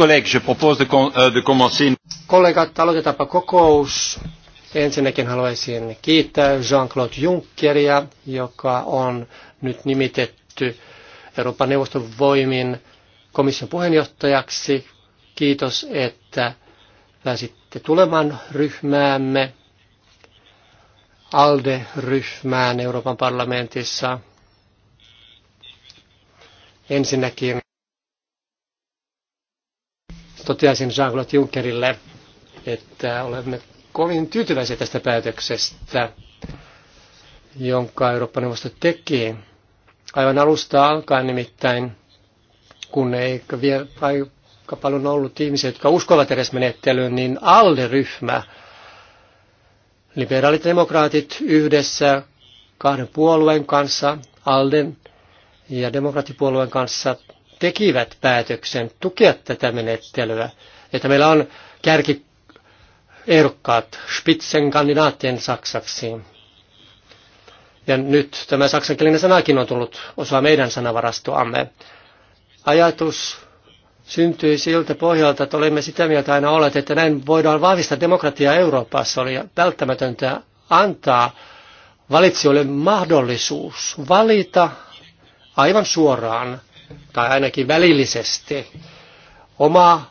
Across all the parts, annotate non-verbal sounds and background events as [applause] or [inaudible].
Euh, Kollegat, aloitetaanpa kokous. Ensinnäkin haluaisin kiittää Jean-Claude Junckeria, joka on nyt nimitetty Euroopan neuvoston voimin komission puheenjohtajaksi. Kiitos, että pääsitte tulemaan ryhmäämme, ALDE-ryhmään Euroopan parlamentissa. Ensinnäkin toteaisin Jean-Claude Junckerille, että olemme kovin tyytyväisiä tästä päätöksestä, jonka Eurooppa-neuvosto teki. Aivan alusta alkaen nimittäin, kun ei vielä aika paljon ollut ihmisiä, jotka uskovat edes menettelyyn, niin alderyhmä, ryhmä demokraatit yhdessä kahden puolueen kanssa, ALDEn ja demokraattipuolueen kanssa tekivät päätöksen tukea tätä menettelyä, että meillä on kärki ehdokkaat Spitzen kandidaattien saksaksi. Ja nyt tämä saksankielinen sanakin on tullut osa meidän sanavarastoamme. Ajatus syntyi siltä pohjalta, että olemme sitä mieltä aina olleet, että näin voidaan vahvistaa demokratiaa Euroopassa. Oli välttämätöntä antaa valitsijoille mahdollisuus valita aivan suoraan tai ainakin välillisesti, oma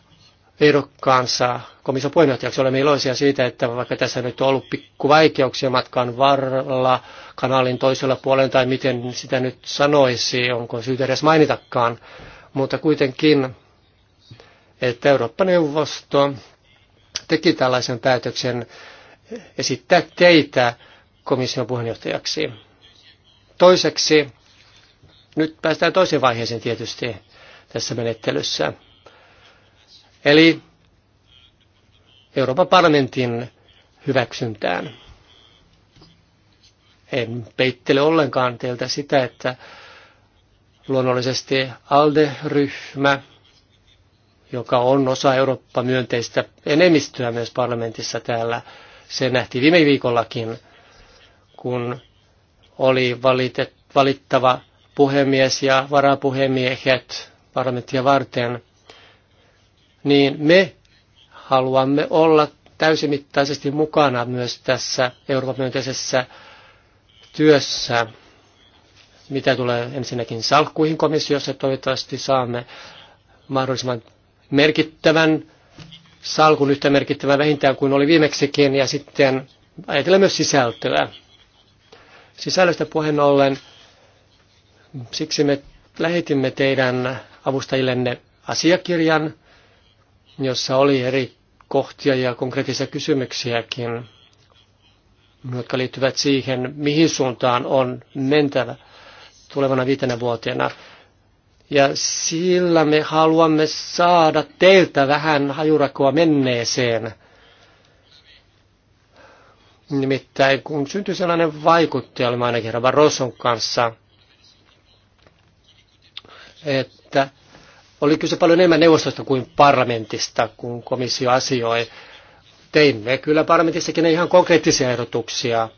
ehdokkaansa komission puheenjohtajaksi. Olemme iloisia siitä, että vaikka tässä nyt on ollut pikkuvaikeuksia vaikeuksia matkan varrella, kanalin toisella puolella tai miten sitä nyt sanoisi, onko syytä edes mainitakaan, mutta kuitenkin, että Eurooppa-neuvosto teki tällaisen päätöksen esittää teitä komission puheenjohtajaksi. Toiseksi nyt päästään toiseen vaiheeseen tietysti tässä menettelyssä. Eli Euroopan parlamentin hyväksyntään. En peittele ollenkaan teiltä sitä, että luonnollisesti ALDE-ryhmä, joka on osa Eurooppa-myönteistä enemmistöä myös parlamentissa täällä, se nähtiin viime viikollakin, kun oli valitettava valittava puhemies ja varapuhemiehet parlamenttia varten, niin me haluamme olla täysimittaisesti mukana myös tässä Euroopan myönteisessä työssä, mitä tulee ensinnäkin salkkuihin komissiossa. Toivottavasti saamme mahdollisimman merkittävän salkun, yhtä merkittävän vähintään kuin oli viimeksikin, ja sitten ajatella myös sisältöä. Sisällöstä puheen ollen Siksi me lähetimme teidän avustajillenne asiakirjan, jossa oli eri kohtia ja konkreettisia kysymyksiäkin, jotka liittyvät siihen, mihin suuntaan on mentävä tulevana viitenä vuotena. Ja sillä me haluamme saada teiltä vähän hajurakoa menneeseen. Nimittäin kun syntyi sellainen vaikuttelma olimme ainakin Rosson kanssa – että oli kyse paljon enemmän neuvostosta kuin parlamentista, kun komissio asioi. Teimme kyllä parlamentissakin ihan konkreettisia ehdotuksia.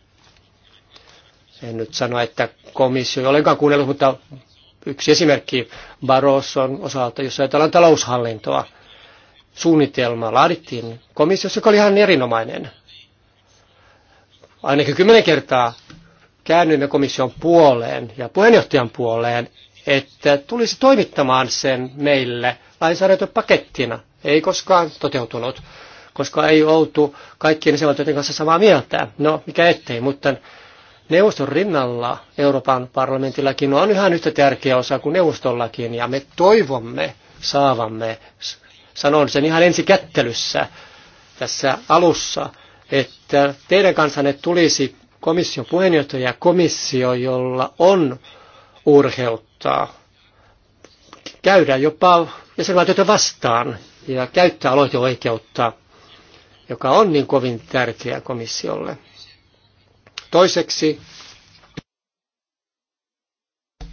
En nyt sano, että komissio ei olekaan kuunnellut, mutta yksi esimerkki Barroson osalta, jos ajatellaan taloushallintoa. Suunnitelma laadittiin komissiossa, joka oli ihan erinomainen. Ainakin kymmenen kertaa käännyimme komission puoleen ja puheenjohtajan puoleen että tulisi toimittamaan sen meille lainsäädäntöpakettina. Ei koskaan toteutunut, koska ei oltu kaikkien jäsenvaltioiden kanssa samaa mieltä. No, mikä ettei, mutta neuvoston rinnalla Euroopan parlamentillakin on ihan yhtä tärkeä osa kuin neuvostollakin, ja me toivomme saavamme, sanon sen ihan ensikättelyssä tässä alussa, että teidän kansanne tulisi komission puheenjohtaja ja komissio, jolla on urheilu saattaa käydä jopa jäsenvaltioita vastaan ja käyttää aloiteoikeutta, joka on niin kovin tärkeä komissiolle. Toiseksi,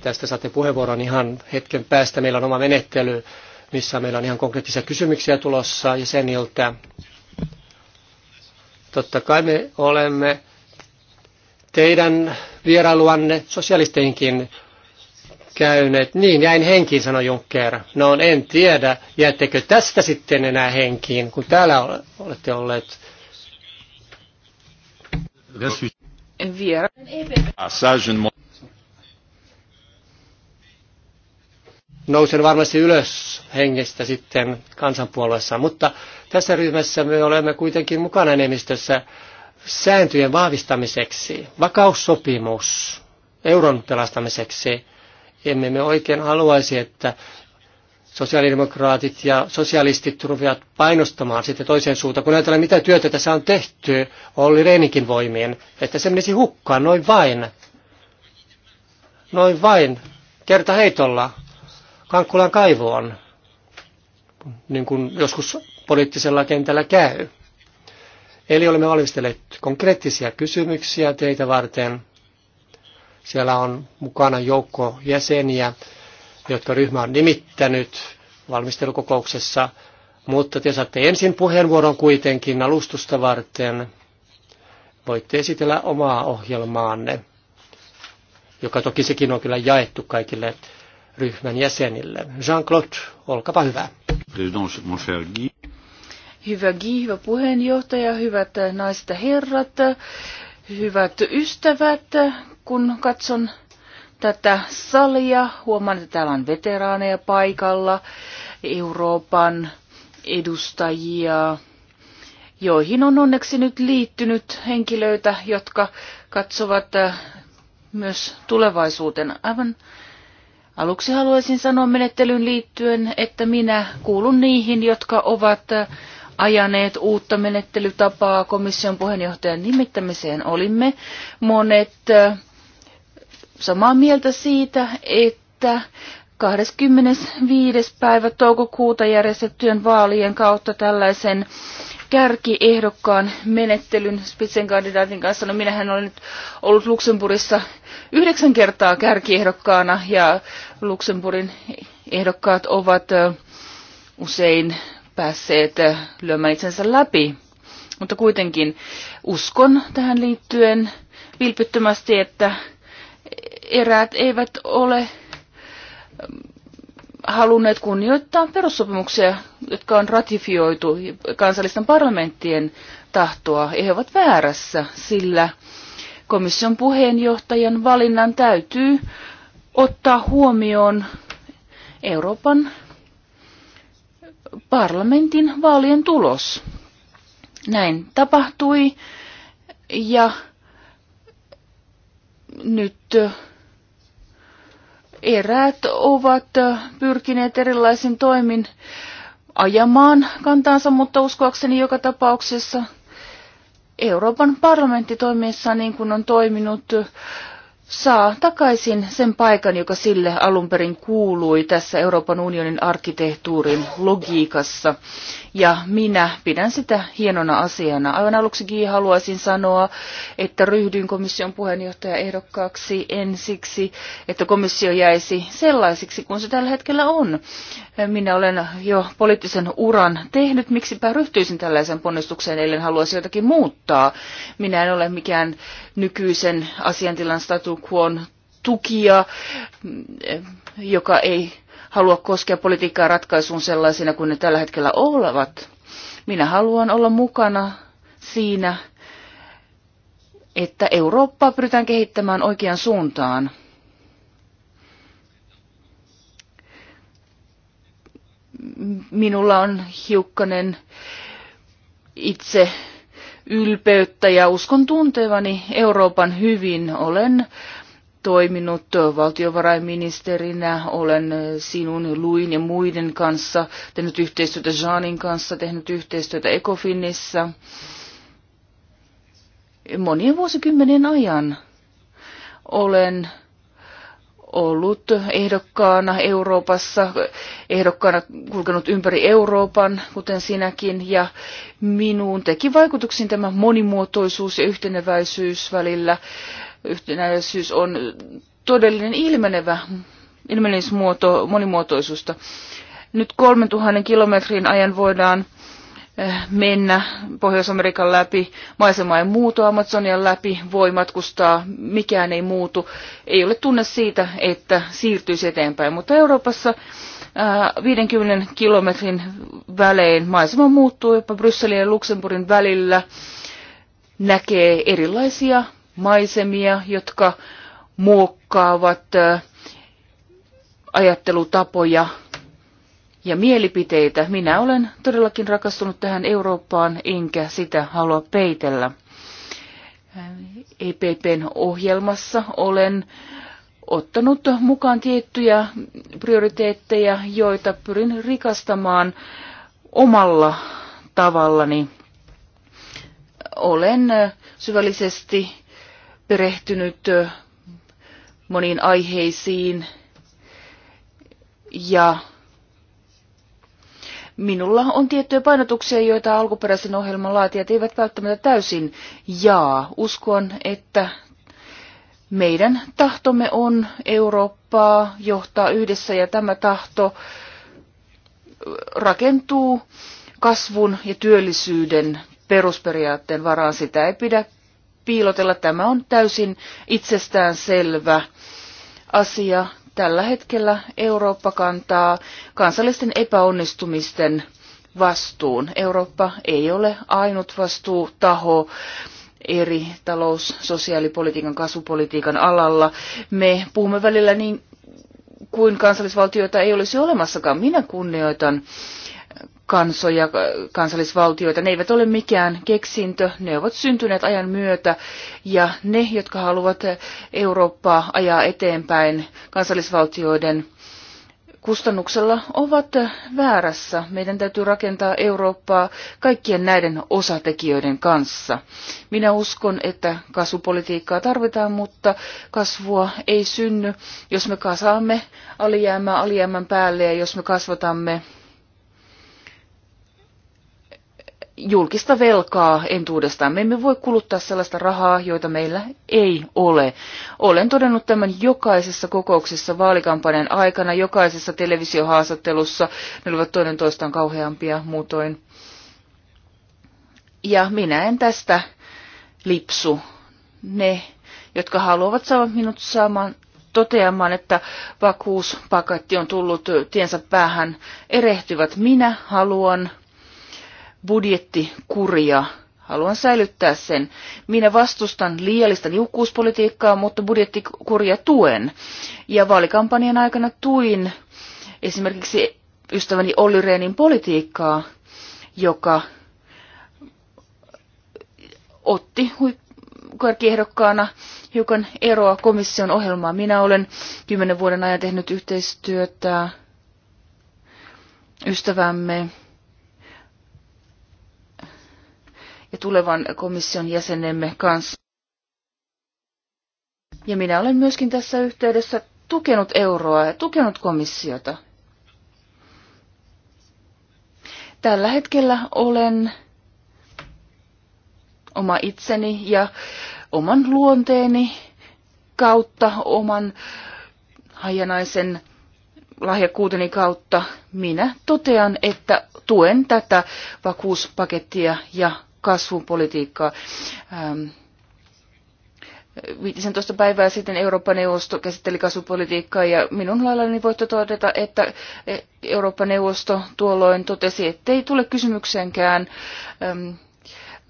tästä saatte puheenvuoron ihan hetken päästä, meillä on oma menettely, missä meillä on ihan konkreettisia kysymyksiä tulossa jäseniltä. Totta kai me olemme teidän vierailuanne sosialisteinkin käyneet. Niin, jäin henkiin, sanoi Juncker. No en tiedä, jäättekö tästä sitten enää henkiin, kun täällä olette olleet. Nousen varmasti ylös hengestä sitten kansanpuolueessa, mutta tässä ryhmässä me olemme kuitenkin mukana enemmistössä sääntöjen vahvistamiseksi, vakaussopimus euron pelastamiseksi emme me oikein haluaisi, että sosiaalidemokraatit ja sosialistit ruvivat painostamaan sitten toiseen suuntaan, kun ajatellaan mitä työtä tässä on tehty oli Reinikin voimien, että se menisi hukkaan noin vain. Noin vain, kerta heitolla, Kankkulan kaivoon, niin kuin joskus poliittisella kentällä käy. Eli olemme valmistelleet konkreettisia kysymyksiä teitä varten. Siellä on mukana joukko jäseniä, jotka ryhmä on nimittänyt valmistelukokouksessa, mutta te saatte ensin puheenvuoron kuitenkin alustusta varten. Voitte esitellä omaa ohjelmaanne, joka toki sekin on kyllä jaettu kaikille ryhmän jäsenille. Jean-Claude, olkapa hyvä. Hyvä Guy, hyvä puheenjohtaja, hyvät naiset ja herrat. Hyvät ystävät, kun katson tätä salia, huomaan, että täällä on veteraaneja paikalla, Euroopan edustajia, joihin on onneksi nyt liittynyt henkilöitä, jotka katsovat äh, myös tulevaisuuteen. Aivan aluksi haluaisin sanoa menettelyyn liittyen, että minä kuulun niihin, jotka ovat äh, ajaneet uutta menettelytapaa komission puheenjohtajan nimittämiseen. Olimme monet samaa mieltä siitä, että 25. päivä toukokuuta järjestettyjen vaalien kautta tällaisen kärkiehdokkaan menettelyn Spitzenkandidaatin kanssa. No minähän olen nyt ollut Luxemburissa yhdeksän kertaa kärkiehdokkaana ja Luxemburgin ehdokkaat ovat usein päässeet eh, lyömään itsensä läpi. Mutta kuitenkin uskon tähän liittyen vilpittömästi, että eräät eivät ole mm, halunneet kunnioittaa perussopimuksia, jotka on ratifioitu kansallisten parlamenttien tahtoa. He ovat väärässä, sillä komission puheenjohtajan valinnan täytyy ottaa huomioon Euroopan parlamentin vaalien tulos. Näin tapahtui ja nyt eräät ovat pyrkineet erilaisin toimin ajamaan kantaansa, mutta uskoakseni joka tapauksessa Euroopan parlamentti toimiessaan niin kuin on toiminut saa takaisin sen paikan, joka sille alun perin kuului tässä Euroopan unionin arkkitehtuurin logiikassa. Ja minä pidän sitä hienona asiana. Aivan aluksi Gii haluaisin sanoa, että ryhdyin komission puheenjohtaja ehdokkaaksi ensiksi, että komissio jäisi sellaisiksi kuin se tällä hetkellä on. Minä olen jo poliittisen uran tehnyt, miksipä ryhtyisin tällaisen ponnistukseen, ellen haluaisi jotakin muuttaa. Minä en ole mikään nykyisen asiantilan statu quon tukija, mm, joka ei halua koskea politiikkaa ratkaisuun sellaisina kuin ne tällä hetkellä olevat. Minä haluan olla mukana siinä, että Eurooppaa pyritään kehittämään oikean suuntaan. minulla on hiukkanen itse ylpeyttä ja uskon tuntevani Euroopan hyvin. Olen toiminut valtiovarainministerinä, olen sinun, Luin ja muiden kanssa tehnyt yhteistyötä Jaanin kanssa, tehnyt yhteistyötä Ecofinissa monien vuosikymmenien ajan. Olen ollut ehdokkaana Euroopassa, ehdokkaana kulkenut ympäri Euroopan, kuten sinäkin, ja minuun teki vaikutuksen tämä monimuotoisuus ja yhteneväisyys välillä. yhteneväisyys on todellinen ilmenevä ilmenemismuoto monimuotoisuusta. Nyt 3000 kilometrin ajan voidaan Eh, mennä Pohjois-Amerikan läpi, maisema ei muutu, Amazonian läpi, voi matkustaa, mikään ei muutu. Ei ole tunne siitä, että siirtyisi eteenpäin, mutta Euroopassa 50 eh, kilometrin välein maisema muuttuu jopa Brysselin ja Luxemburgin välillä. Näkee erilaisia maisemia, jotka muokkaavat eh, ajattelutapoja ja mielipiteitä. Minä olen todellakin rakastunut tähän Eurooppaan, enkä sitä halua peitellä. EPPn ohjelmassa olen ottanut mukaan tiettyjä prioriteetteja, joita pyrin rikastamaan omalla tavallani. Olen syvällisesti perehtynyt moniin aiheisiin ja Minulla on tiettyjä painotuksia, joita alkuperäisen ohjelman laatijat eivät välttämättä täysin jaa. Uskon, että meidän tahtomme on Eurooppaa johtaa yhdessä ja tämä tahto rakentuu kasvun ja työllisyyden perusperiaatteen varaan. Sitä ei pidä piilotella. Tämä on täysin itsestään selvä asia. Tällä hetkellä Eurooppa kantaa kansallisten epäonnistumisten vastuun. Eurooppa ei ole ainut vastuutaho eri talous-, sosiaalipolitiikan, kasvupolitiikan alalla. Me puhumme välillä niin kuin kansallisvaltioita ei olisi olemassakaan. Minä kunnioitan kansoja, kansallisvaltioita. Ne eivät ole mikään keksintö, ne ovat syntyneet ajan myötä ja ne, jotka haluavat Eurooppaa ajaa eteenpäin kansallisvaltioiden kustannuksella, ovat väärässä. Meidän täytyy rakentaa Eurooppaa kaikkien näiden osatekijöiden kanssa. Minä uskon, että kasvupolitiikkaa tarvitaan, mutta kasvua ei synny, jos me kasaamme alijäämää alijäämän päälle ja jos me kasvatamme julkista velkaa entuudestaan. Me emme voi kuluttaa sellaista rahaa, joita meillä ei ole. Olen todennut tämän jokaisessa kokouksessa vaalikampanjan aikana, jokaisessa televisiohaastattelussa. Ne olivat toinen toistaan kauheampia muutoin. Ja minä en tästä lipsu. Ne, jotka haluavat saada minut saamaan toteamaan, että vakuuspaketti on tullut tiensä päähän, erehtyvät. Minä haluan budjettikuria. Haluan säilyttää sen. Minä vastustan liiallista niukkuuspolitiikkaa, mutta budjettikuria tuen. Ja vaalikampanjan aikana tuin esimerkiksi ystäväni Olli Rehnin politiikkaa, joka otti kärkiehdokkaana hiukan eroa komission ohjelmaa. Minä olen kymmenen vuoden ajan tehnyt yhteistyötä ystävämme ja tulevan komission jäsenemme kanssa. Ja minä olen myöskin tässä yhteydessä tukenut euroa ja tukenut komissiota. Tällä hetkellä olen oma itseni ja oman luonteeni kautta, oman hajanaisen lahjakuuteni kautta minä totean, että tuen tätä vakuuspakettia ja Ähm, 15 päivää sitten Euroopan neuvosto käsitteli kasvupolitiikkaa ja minun laillani voitte todeta, että Euroopan neuvosto tuolloin totesi, ei tule kysymykseenkään ähm,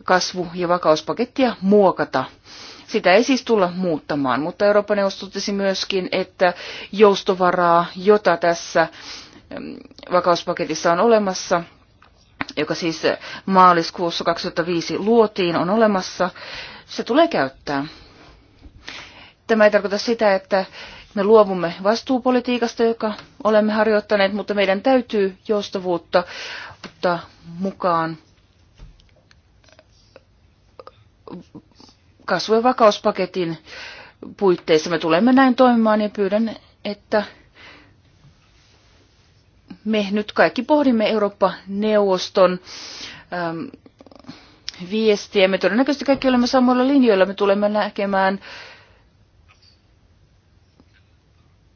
kasvu- ja vakauspakettia muokata. Sitä ei siis tulla muuttamaan, mutta Euroopan neuvosto totesi myöskin, että joustovaraa, jota tässä ähm, vakauspaketissa on olemassa – joka siis maaliskuussa 2005 luotiin, on olemassa. Se tulee käyttää. Tämä ei tarkoita sitä, että me luovumme vastuupolitiikasta, joka olemme harjoittaneet, mutta meidän täytyy joustavuutta ottaa mukaan kasvu- ja vakauspaketin puitteissa. Me tulemme näin toimimaan ja pyydän, että me nyt kaikki pohdimme Eurooppa-neuvoston äm, viestiä. Me todennäköisesti kaikki olemme samoilla linjoilla. Me tulemme näkemään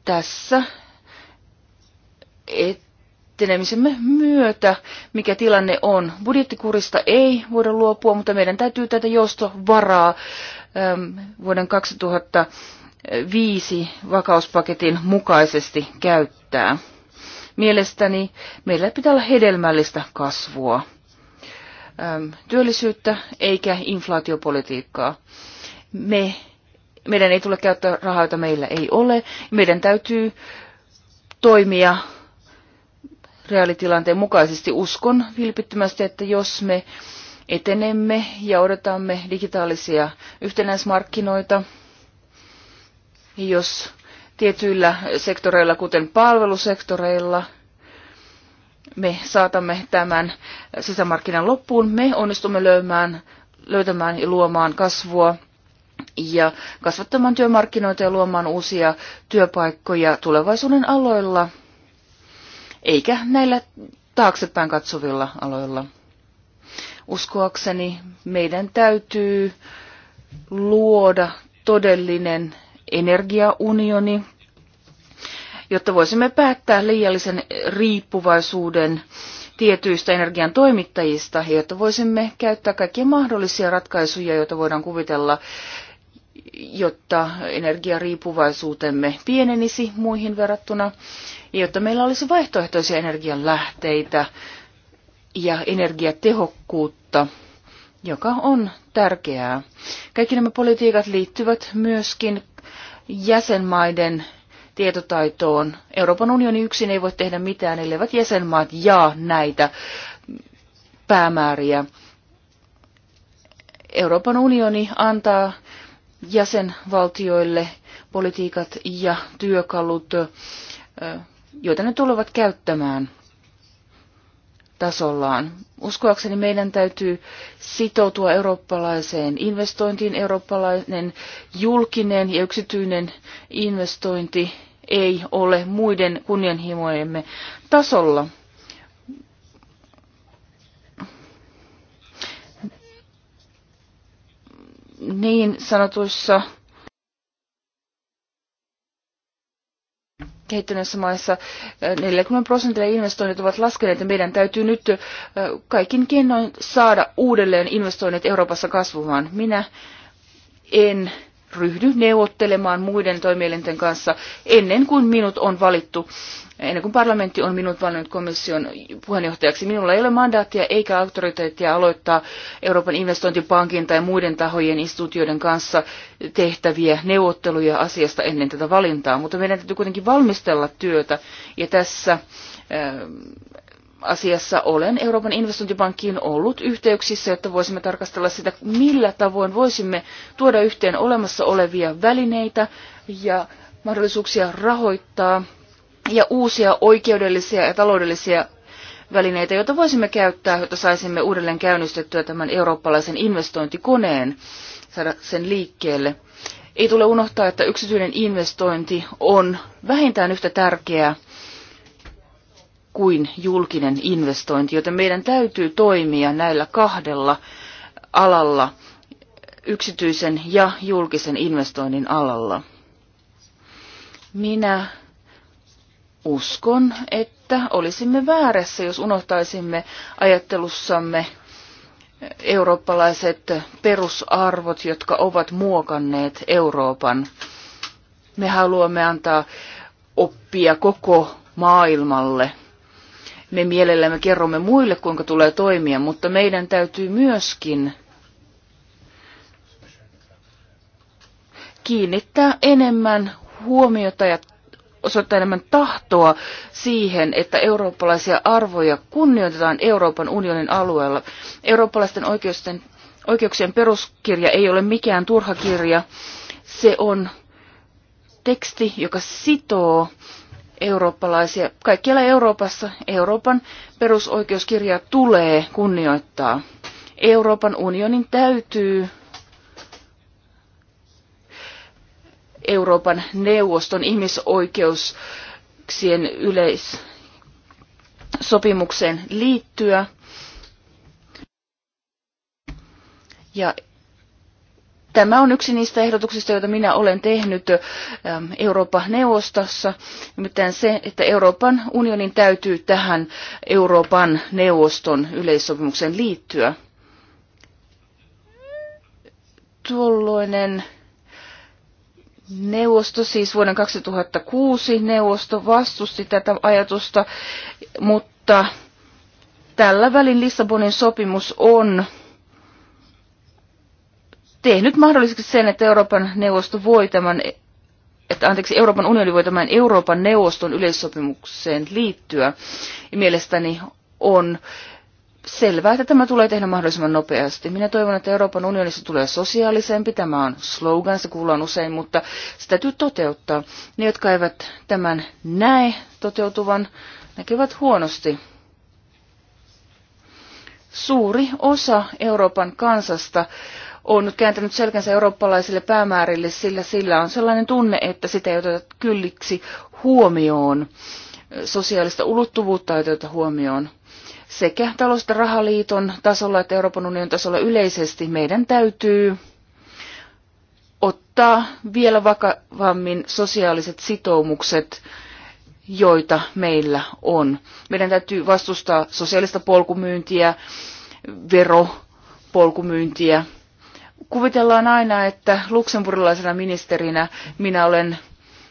tässä etenemisemme myötä, mikä tilanne on. Budjettikurista ei voida luopua, mutta meidän täytyy tätä joustovaraa äm, vuoden 2005 vakauspaketin mukaisesti käyttää mielestäni meillä pitää olla hedelmällistä kasvua, työllisyyttä eikä inflaatiopolitiikkaa. Me, meidän ei tule käyttää rahaa, jota meillä ei ole. Meidän täytyy toimia reaalitilanteen mukaisesti. Uskon vilpittömästi, että jos me etenemme ja odotamme digitaalisia yhtenäismarkkinoita, jos tietyillä sektoreilla, kuten palvelusektoreilla. Me saatamme tämän sisämarkkinan loppuun. Me onnistumme löymään, löytämään ja luomaan kasvua ja kasvattamaan työmarkkinoita ja luomaan uusia työpaikkoja tulevaisuuden aloilla, eikä näillä taaksepäin katsovilla aloilla. Uskoakseni meidän täytyy luoda todellinen energiaunioni, jotta voisimme päättää liiallisen riippuvaisuuden tietyistä energian toimittajista, jotta voisimme käyttää kaikkia mahdollisia ratkaisuja, joita voidaan kuvitella, jotta energiariippuvaisuutemme pienenisi muihin verrattuna, ja jotta meillä olisi vaihtoehtoisia energianlähteitä ja energiatehokkuutta, joka on tärkeää. Kaikki nämä politiikat liittyvät myöskin jäsenmaiden tietotaitoon. Euroopan unioni yksin ei voi tehdä mitään, elleivät jäsenmaat jaa näitä päämääriä. Euroopan unioni antaa jäsenvaltioille politiikat ja työkalut, joita ne tulevat käyttämään tasollaan. Uskoakseni meidän täytyy sitoutua eurooppalaiseen investointiin, eurooppalainen julkinen ja yksityinen investointi ei ole muiden kunnianhimojemme tasolla. Niin sanotuissa kehittyneissä maissa 40 äh, prosentilla investoinnit ovat laskeneet ja meidän täytyy nyt äh, kaikin keinoin saada uudelleen investoinnit Euroopassa kasvumaan. Minä en ryhdy neuvottelemaan muiden toimielinten kanssa ennen kuin minut on valittu, ennen kuin parlamentti on minut valinnut komission puheenjohtajaksi. Minulla ei ole mandaattia eikä auktoriteettia aloittaa Euroopan investointipankin tai muiden tahojen instituutioiden kanssa tehtäviä neuvotteluja asiasta ennen tätä valintaa, mutta meidän täytyy kuitenkin valmistella työtä ja tässä asiassa olen Euroopan investointipankkiin ollut yhteyksissä, että voisimme tarkastella sitä, millä tavoin voisimme tuoda yhteen olemassa olevia välineitä ja mahdollisuuksia rahoittaa ja uusia oikeudellisia ja taloudellisia välineitä, joita voisimme käyttää, jotta saisimme uudelleen käynnistettyä tämän eurooppalaisen investointikoneen, saada sen liikkeelle. Ei tule unohtaa, että yksityinen investointi on vähintään yhtä tärkeää kuin julkinen investointi, joten meidän täytyy toimia näillä kahdella alalla, yksityisen ja julkisen investoinnin alalla. Minä uskon, että olisimme väärässä, jos unohtaisimme ajattelussamme eurooppalaiset perusarvot, jotka ovat muokanneet Euroopan. Me haluamme antaa oppia koko maailmalle me mielellämme kerromme muille, kuinka tulee toimia, mutta meidän täytyy myöskin kiinnittää enemmän huomiota ja osoittaa enemmän tahtoa siihen, että eurooppalaisia arvoja kunnioitetaan Euroopan unionin alueella. Eurooppalaisten oikeusten, oikeuksien peruskirja ei ole mikään turha kirja. Se on teksti, joka sitoo eurooppalaisia. Kaikkialla Euroopassa Euroopan perusoikeuskirja tulee kunnioittaa. Euroopan unionin täytyy Euroopan neuvoston ihmisoikeuksien yleissopimukseen liittyä. Ja Tämä on yksi niistä ehdotuksista, joita minä olen tehnyt ähm, Euroopan neuvostossa, nimittäin se, että Euroopan unionin täytyy tähän Euroopan neuvoston yleissopimukseen liittyä. Tuolloinen neuvosto, siis vuoden 2006 neuvosto vastusti tätä ajatusta, mutta tällä välin Lissabonin sopimus on tehnyt mahdolliseksi sen, että Euroopan neuvosto voi tämän että anteeksi, Euroopan unioni voi tämän Euroopan neuvoston yleissopimukseen liittyä. Ja mielestäni on selvää, että tämä tulee tehdä mahdollisimman nopeasti. Minä toivon, että Euroopan unionissa tulee sosiaalisempi. Tämä on slogan, se kuullaan usein, mutta sitä täytyy toteuttaa. Ne, jotka eivät tämän näe toteutuvan, näkevät huonosti. Suuri osa Euroopan kansasta on nyt kääntänyt selkänsä eurooppalaisille päämäärille, sillä sillä on sellainen tunne, että sitä ei oteta kylliksi huomioon. Sosiaalista ulottuvuutta ei oteta huomioon. Sekä talous- ja rahaliiton tasolla että Euroopan unionin tasolla yleisesti meidän täytyy ottaa vielä vakavammin sosiaaliset sitoumukset joita meillä on. Meidän täytyy vastustaa sosiaalista polkumyyntiä, veropolkumyyntiä Kuvitellaan aina, että luksemburilaisena ministerinä minä olen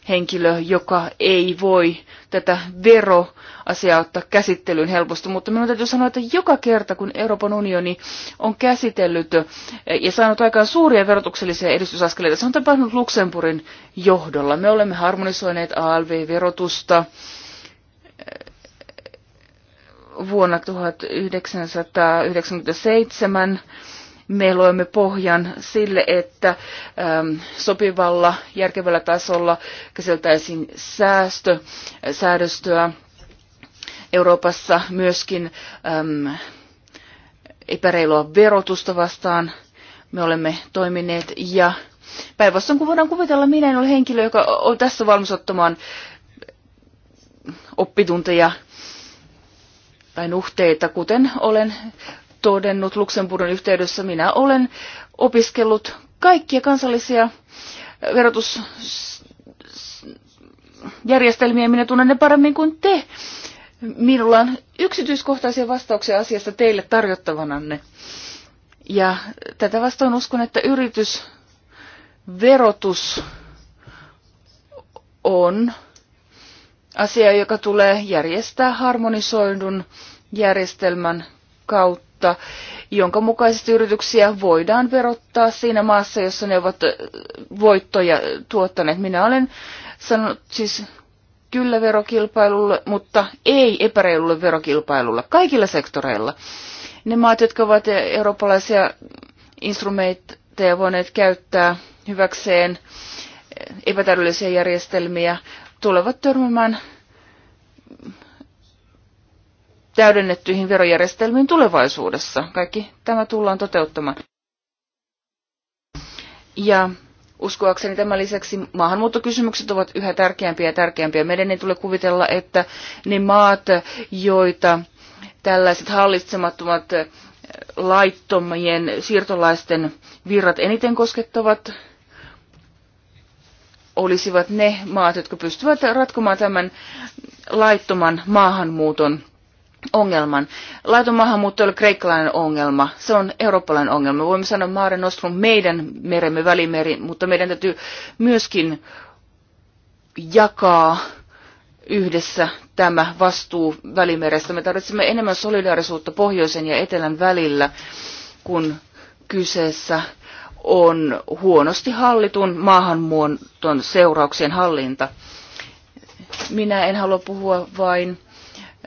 henkilö, joka ei voi tätä veroasiaa ottaa käsittelyyn helposti. Mutta minun täytyy sanoa, että joka kerta kun Euroopan unioni on käsitellyt eh, ja saanut aikaan suuria verotuksellisia edistysaskeleita, se on tapahtunut Luxemburgin johdolla. Me olemme harmonisoineet ALV-verotusta eh, vuonna 1997 me loimme pohjan sille, että ähm, sopivalla, järkevällä tasolla käsiteltäisiin säästö, äh, säädöstöä Euroopassa myöskin äm, epäreilua verotusta vastaan. Me olemme toimineet ja päinvastoin kun voidaan kuvitella, minä en ole henkilö, joka on tässä valmis ottamaan oppitunteja tai nuhteita, kuten olen todennut Luxemburgin yhteydessä, minä olen opiskellut kaikkia kansallisia verotusjärjestelmiä, minä tunnen ne paremmin kuin te. Minulla on yksityiskohtaisia vastauksia asiasta teille tarjottavananne. Ja tätä vastoin uskon, että yritysverotus on asia, joka tulee järjestää harmonisoidun järjestelmän kautta oikeutta, jonka mukaisesti yrityksiä voidaan verottaa siinä maassa, jossa ne ovat voittoja tuottaneet. Minä olen sanonut siis kyllä verokilpailulle, mutta ei epäreilulle verokilpailulle, kaikilla sektoreilla. Ne maat, jotka ovat eurooppalaisia instrumentteja voineet käyttää hyväkseen epätäydellisiä järjestelmiä, tulevat törmämään täydennettyihin verojärjestelmiin tulevaisuudessa. Kaikki tämä tullaan toteuttamaan. Ja uskoakseni tämän lisäksi maahanmuuttokysymykset ovat yhä tärkeämpiä ja tärkeämpiä. Meidän ei tule kuvitella, että ne maat, joita tällaiset hallitsemattomat laittomien siirtolaisten virrat eniten koskettavat, olisivat ne maat, jotka pystyvät ratkomaan tämän laittoman maahanmuuton ongelman. Laiton maahanmuutto oli kreikkalainen ongelma, se on eurooppalainen ongelma. Voimme sanoa Maare Nostrum meidän meremme välimeri, mutta meidän täytyy myöskin jakaa yhdessä tämä vastuu välimerestä. Me tarvitsemme enemmän solidaarisuutta pohjoisen ja etelän välillä, kun kyseessä on huonosti hallitun maahanmuuton seurauksien hallinta. Minä en halua puhua vain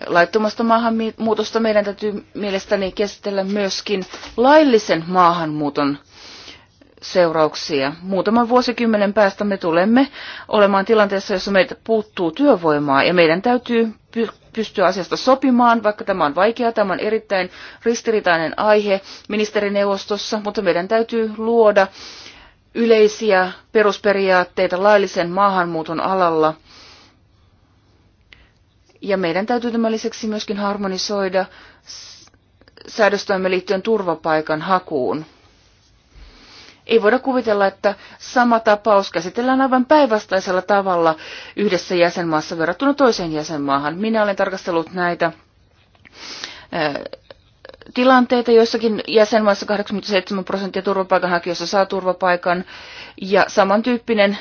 laittomasta maahanmuutosta meidän täytyy mielestäni käsitellä myöskin laillisen maahanmuuton seurauksia. Muutaman vuosikymmenen päästä me tulemme olemaan tilanteessa, jossa meitä puuttuu työvoimaa ja meidän täytyy pystyä asiasta sopimaan, vaikka tämä on vaikea, tämä on erittäin ristiriitainen aihe ministerineuvostossa, mutta meidän täytyy luoda yleisiä perusperiaatteita laillisen maahanmuuton alalla – ja meidän täytyy tämän lisäksi myöskin harmonisoida säädöstoimme liittyen turvapaikan hakuun. Ei voida kuvitella, että sama tapaus käsitellään aivan päinvastaisella tavalla yhdessä jäsenmaassa verrattuna toiseen jäsenmaahan. Minä olen tarkastellut näitä tilanteita. Joissakin jäsenmaassa 87 prosenttia turvapaikanhakijoista saa turvapaikan ja samantyyppinen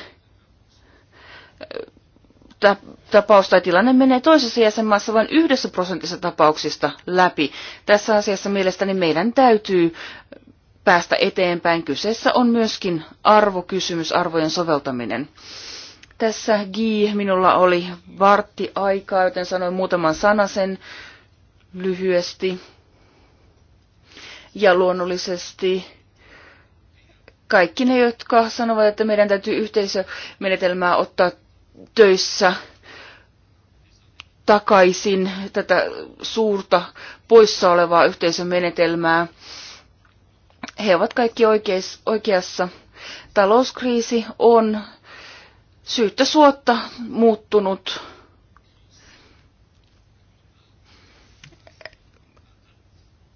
tapaus tai tilanne menee toisessa jäsenmaassa vain yhdessä prosentissa tapauksista läpi. Tässä asiassa mielestäni meidän täytyy päästä eteenpäin. Kyseessä on myöskin arvokysymys, arvojen soveltaminen. Tässä G, minulla oli vartti aikaa, joten sanoin muutaman sanasen lyhyesti. Ja luonnollisesti kaikki ne, jotka sanovat, että meidän täytyy yhteisömenetelmää ottaa töissä takaisin tätä suurta poissa olevaa yhteisön menetelmää. He ovat kaikki oikeis, oikeassa. Talouskriisi on syyttä suotta muuttunut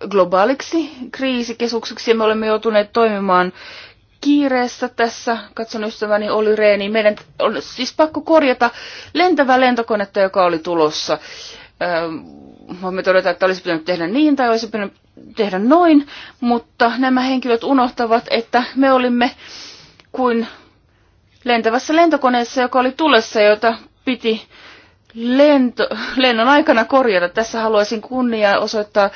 globaaliksi kriisikeskukseksi ja me olemme joutuneet toimimaan kiireessä tässä, katson ystäväni Oli Reeni, meidän on siis pakko korjata lentävää lentokonetta, joka oli tulossa. Voimme todeta, että olisi pitänyt tehdä niin tai olisi pitänyt tehdä noin, mutta nämä henkilöt unohtavat, että me olimme kuin lentävässä lentokoneessa, joka oli tulessa, jota piti lento, lennon aikana korjata. Tässä haluaisin kunniaa osoittaa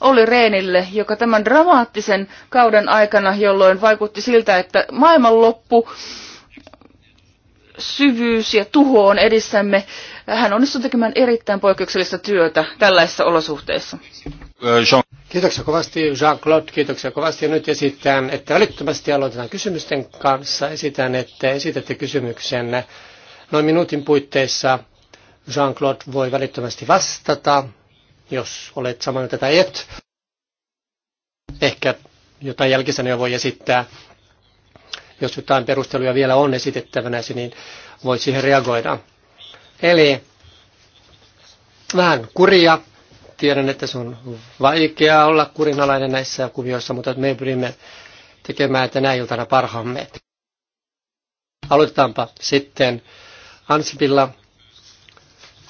Olli Reenille, joka tämän dramaattisen kauden aikana, jolloin vaikutti siltä, että maailmanloppu, syvyys ja tuho on edessämme, hän onnistui tekemään erittäin poikkeuksellista työtä tällaisissa olosuhteissa. Kiitoksia kovasti Jean-Claude, kiitoksia kovasti. Ja nyt esitän, että välittömästi aloitetaan kysymysten kanssa. Esitän, että esitätte kysymyksenne noin minuutin puitteissa Jean-Claude voi välittömästi vastata, jos olet samaa mieltä tai et. Ehkä jotain jälkisanoja voi esittää. Jos jotain perusteluja vielä on esitettävänä, niin voi siihen reagoida. Eli vähän kuria. Tiedän, että se on vaikeaa olla kurinalainen näissä kuvioissa, mutta me pyrimme tekemään tänä iltana parhaamme. Aloitetaanpa sitten Ansipilla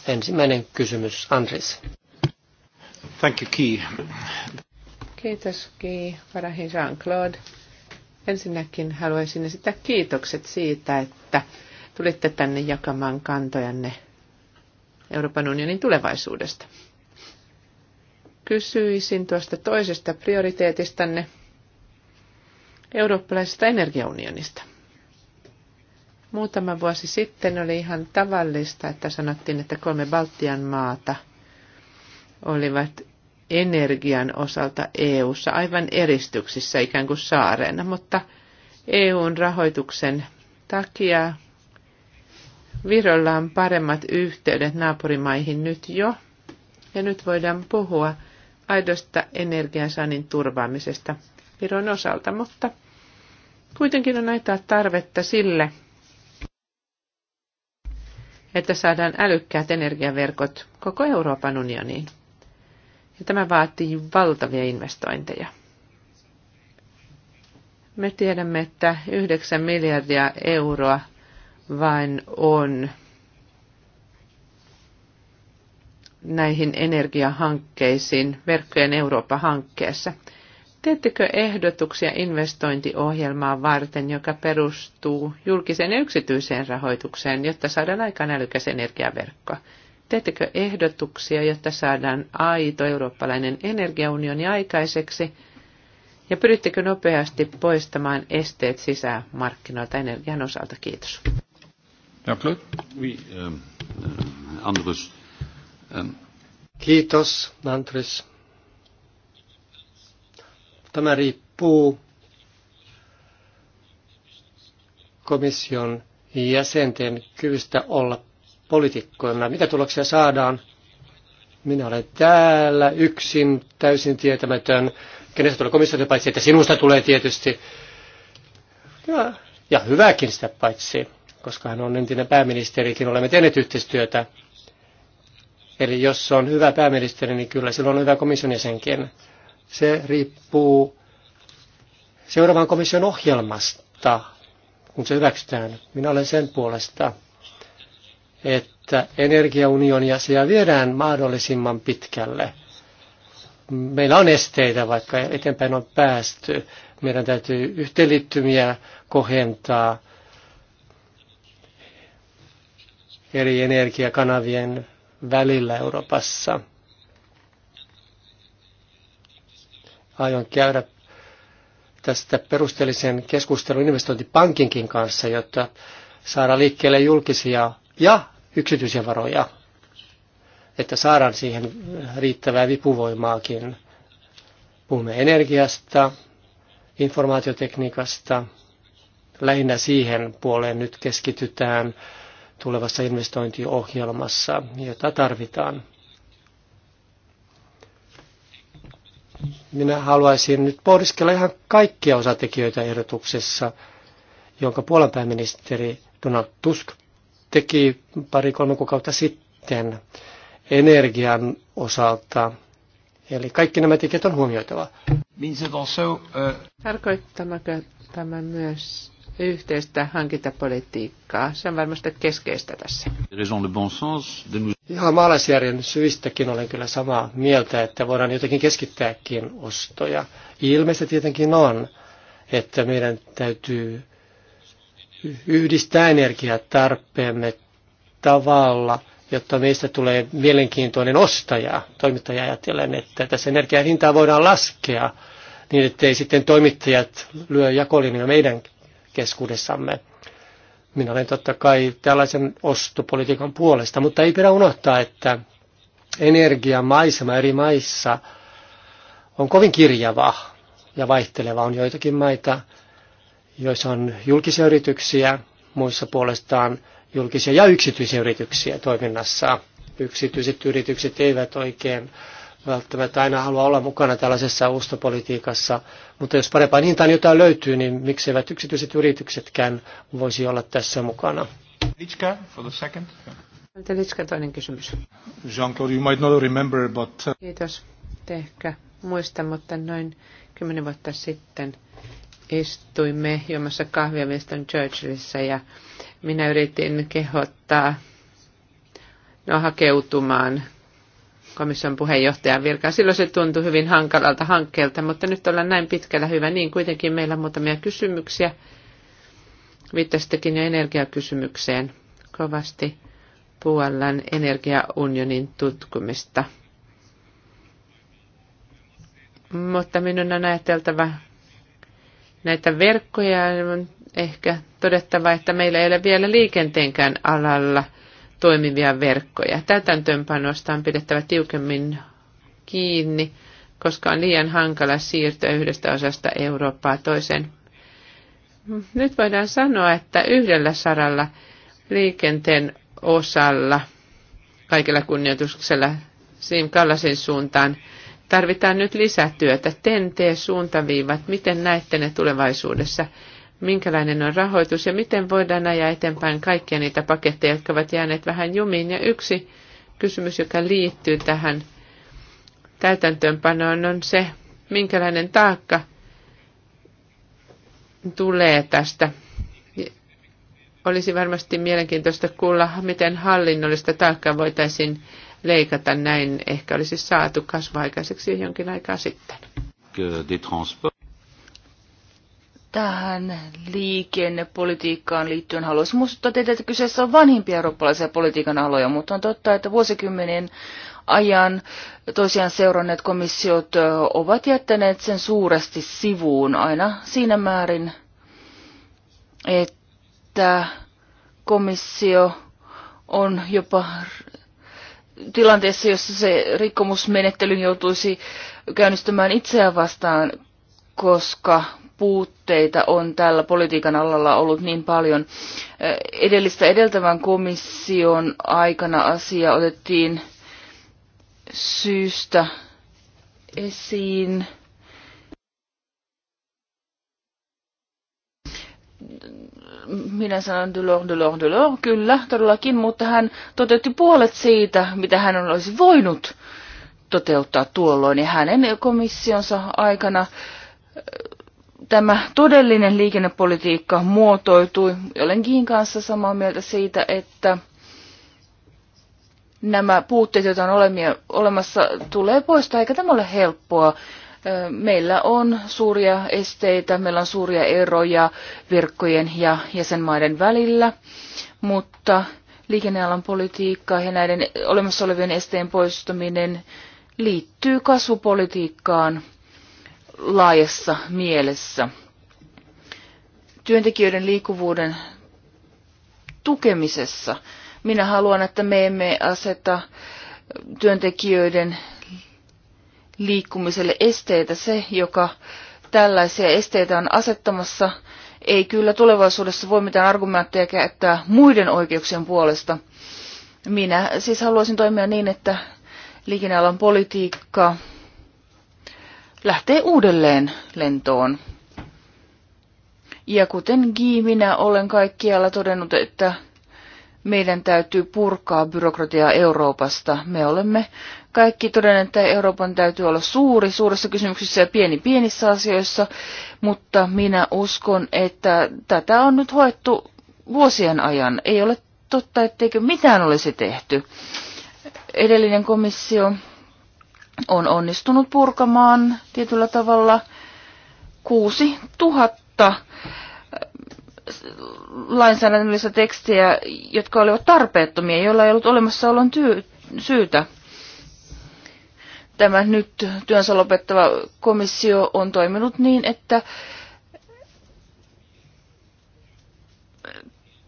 Ensimmäinen kysymys, Andris. Thank you, Ki. Kiitos, Ki, varahin Jean-Claude. Ensinnäkin haluaisin esittää kiitokset siitä, että tulitte tänne jakamaan kantojanne Euroopan unionin tulevaisuudesta. Kysyisin tuosta toisesta prioriteetistanne, eurooppalaisesta energiaunionista. Muutama vuosi sitten oli ihan tavallista, että sanottiin, että kolme Baltian maata olivat energian osalta EU:ssa aivan eristyksissä ikään kuin saarena, mutta EUn rahoituksen takia Virolla on paremmat yhteydet naapurimaihin nyt jo, ja nyt voidaan puhua aidosta energiansaannin turvaamisesta Viron osalta, mutta kuitenkin on näitä tarvetta sille, että saadaan älykkäät energiaverkot koko Euroopan unioniin. Ja tämä vaatii valtavia investointeja. Me tiedämme, että 9 miljardia euroa vain on näihin energiahankkeisiin verkkojen Eurooppa-hankkeessa – Teettekö ehdotuksia investointiohjelmaa varten, joka perustuu julkiseen ja yksityiseen rahoitukseen, jotta saadaan aikaan älykäs energiaverkko? Teettekö ehdotuksia, jotta saadaan aito eurooppalainen energiaunioni aikaiseksi? Ja pyrittekö nopeasti poistamaan esteet sisämarkkinoilta energian osalta? Kiitos. Euh, euh, euh. Kiitos, Andres. Tämä riippuu komission jäsenten kyvystä olla poliitikkoina. Mitä tuloksia saadaan? Minä olen täällä yksin, täysin tietämätön. Kenestä tulee komissiota paitsi, että sinusta tulee tietysti. Ja, ja hyväkin sitä paitsi, koska hän on entinen pääministerikin, olemme tehneet yhteistyötä. Eli jos on hyvä pääministeri, niin kyllä silloin on hyvä komission jäsenkin. Se riippuu seuraavan komission ohjelmasta, kun se hyväksytään. Minä olen sen puolesta, että energiaunionia siellä viedään mahdollisimman pitkälle. Meillä on esteitä, vaikka eteenpäin on päästy. Meidän täytyy yhteenliittymiä kohentaa eri energiakanavien välillä Euroopassa – aion käydä tästä perusteellisen keskustelun investointipankinkin kanssa, jotta saadaan liikkeelle julkisia ja yksityisiä varoja, että saadaan siihen riittävää vipuvoimaakin. Puhumme energiasta, informaatiotekniikasta, lähinnä siihen puoleen nyt keskitytään tulevassa investointiohjelmassa, jota tarvitaan. minä haluaisin nyt pohdiskella ihan kaikkia osatekijöitä ehdotuksessa, jonka Puolan pääministeri Donald Tusk teki pari-kolme kuukautta sitten energian osalta. Eli kaikki nämä tekijät on huomioitava. Uh, Tarkoittamako tämä myös yhteistä hankintapolitiikkaa. Se on varmasti keskeistä tässä. Ihan maalaisjärjen syistäkin olen kyllä samaa mieltä, että voidaan jotenkin keskittääkin ostoja. Ilmeisesti tietenkin on, että meidän täytyy yhdistää energiatarpeemme tavalla, jotta meistä tulee mielenkiintoinen ostaja. Toimittaja ajatellen, että tässä energian hintaa voidaan laskea niin, ettei sitten toimittajat lyö jakolinja meidän keskuudessamme. Minä olen totta kai tällaisen ostopolitiikan puolesta, mutta ei pidä unohtaa, että energiamaisema eri maissa on kovin kirjava ja vaihteleva. On joitakin maita, joissa on julkisia yrityksiä, muissa puolestaan julkisia ja yksityisiä yrityksiä toiminnassa. Yksityiset yritykset eivät oikein välttämättä aina halua olla mukana tällaisessa ostopolitiikassa, mutta jos parempaa hintaan jotain löytyy, niin mikseivät yksityiset yrityksetkään voisi olla tässä mukana. Litska, for the second. Litska, toinen kysymys. Jean-Claude, you might not remember, but... Uh, Kiitos. Te ehkä muista, mutta noin kymmenen vuotta sitten istuimme juomassa kahvia Winston Churchillissa ja minä yritin kehottaa no, hakeutumaan komission puheenjohtajan virkaan. Silloin se tuntui hyvin hankalalta hankkeelta, mutta nyt ollaan näin pitkällä hyvä. Niin kuitenkin meillä on muutamia kysymyksiä. Viittasittekin jo energiakysymykseen kovasti Puolan energiaunionin tutkumista. Mutta minun on ajateltava näitä verkkoja. On ehkä todettava, että meillä ei ole vielä liikenteenkään alalla – toimivia verkkoja. Täytäntöönpanosta on pidettävä tiukemmin kiinni, koska on liian hankala siirtyä yhdestä osasta Eurooppaa toiseen. Nyt voidaan sanoa, että yhdellä saralla liikenteen osalla, kaikilla kunnioituksella Siim Kallasin suuntaan, tarvitaan nyt lisätyötä. ten suuntaviivat miten näette ne tulevaisuudessa? minkälainen on rahoitus ja miten voidaan ajaa eteenpäin kaikkia niitä paketteja, jotka ovat jääneet vähän jumiin. Ja yksi kysymys, joka liittyy tähän täytäntöönpanoon, on se, minkälainen taakka tulee tästä. Olisi varmasti mielenkiintoista kuulla, miten hallinnollista taakkaa voitaisiin leikata. Näin ehkä olisi saatu kasvaikaiseksi jonkin aikaa sitten tähän liikennepolitiikkaan liittyen haluaisin muistuttaa teitä, että kyseessä on vanhimpia eurooppalaisia politiikan aloja, mutta on totta, että vuosikymmenen ajan tosiaan seuranneet komissiot ovat jättäneet sen suuresti sivuun aina siinä määrin, että komissio on jopa tilanteessa, jossa se rikkomusmenettely joutuisi käynnistämään itseään vastaan, koska puutteita on tällä politiikan alalla ollut niin paljon. Edellistä edeltävän komission aikana asia otettiin syystä esiin. minä sanon Delors, Delors, Delors, kyllä, todellakin, mutta hän toteutti puolet siitä, mitä hän olisi voinut toteuttaa tuolloin, ja hänen komissionsa aikana tämä todellinen liikennepolitiikka muotoitui. Jolenkin kanssa samaa mieltä siitä, että nämä puutteet, joita on olemassa, tulee poistaa, eikä tämä ole helppoa. Meillä on suuria esteitä, meillä on suuria eroja verkkojen ja jäsenmaiden välillä, mutta liikennealan politiikka ja näiden olemassa olevien esteen poistaminen liittyy kasvupolitiikkaan laajassa mielessä. Työntekijöiden liikkuvuuden tukemisessa minä haluan, että me emme aseta työntekijöiden liikkumiselle esteitä. Se, joka tällaisia esteitä on asettamassa, ei kyllä tulevaisuudessa voi mitään argumentteja käyttää muiden oikeuksien puolesta. Minä siis haluaisin toimia niin, että liikennealan politiikka lähtee uudelleen lentoon. Ja kuten Gi, minä olen kaikkialla todennut, että meidän täytyy purkaa byrokratiaa Euroopasta. Me olemme kaikki todenneet, että Euroopan täytyy olla suuri suurissa kysymyksissä ja pieni pienissä asioissa, mutta minä uskon, että tätä on nyt hoettu vuosien ajan. Ei ole totta, etteikö mitään olisi tehty. Edellinen komissio on onnistunut purkamaan tietyllä tavalla 6000 äh, lainsäädännöllistä tekstiä, jotka olivat tarpeettomia, joilla ei ollut olemassaolon tyy- syytä. Tämä nyt työnsä lopettava komissio on toiminut niin, että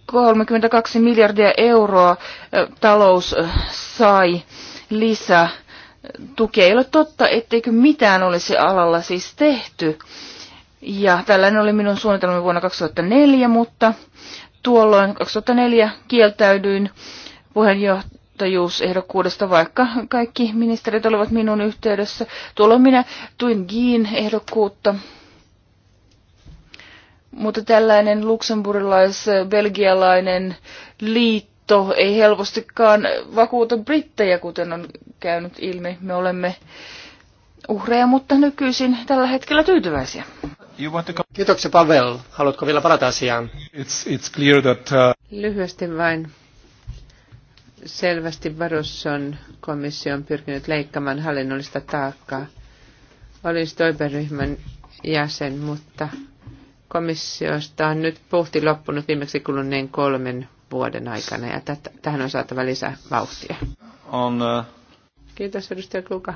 32 miljardia euroa äh, talous äh, sai lisää tuki. Ei ole totta, etteikö mitään olisi alalla siis tehty. Ja tällainen oli minun suunnitelmani vuonna 2004, mutta tuolloin 2004 kieltäydyin puheenjohtajuusehdokkuudesta, vaikka kaikki ministerit olivat minun yhteydessä. Tuolloin minä tuin Giin ehdokkuutta, mutta tällainen luksemburilais-belgialainen liitto, liitto ei helpostikaan vakuuta brittejä, kuten on käynyt ilmi. Me olemme uhreja, mutta nykyisin tällä hetkellä tyytyväisiä. Kiitoksia Pavel. Haluatko vielä parata asiaan? It's, it's clear that, uh... Lyhyesti vain. Selvästi Barusson komissio on pyrkinyt leikkaamaan hallinnollista taakkaa. Olin Stoiberryhmän jäsen, mutta komissiosta on nyt puhti loppunut viimeksi kuluneen kolmen vuoden aikana ja tätä, tähän on saatava lisää vauhtia. On, uh... Kiitos edustaja Kluka.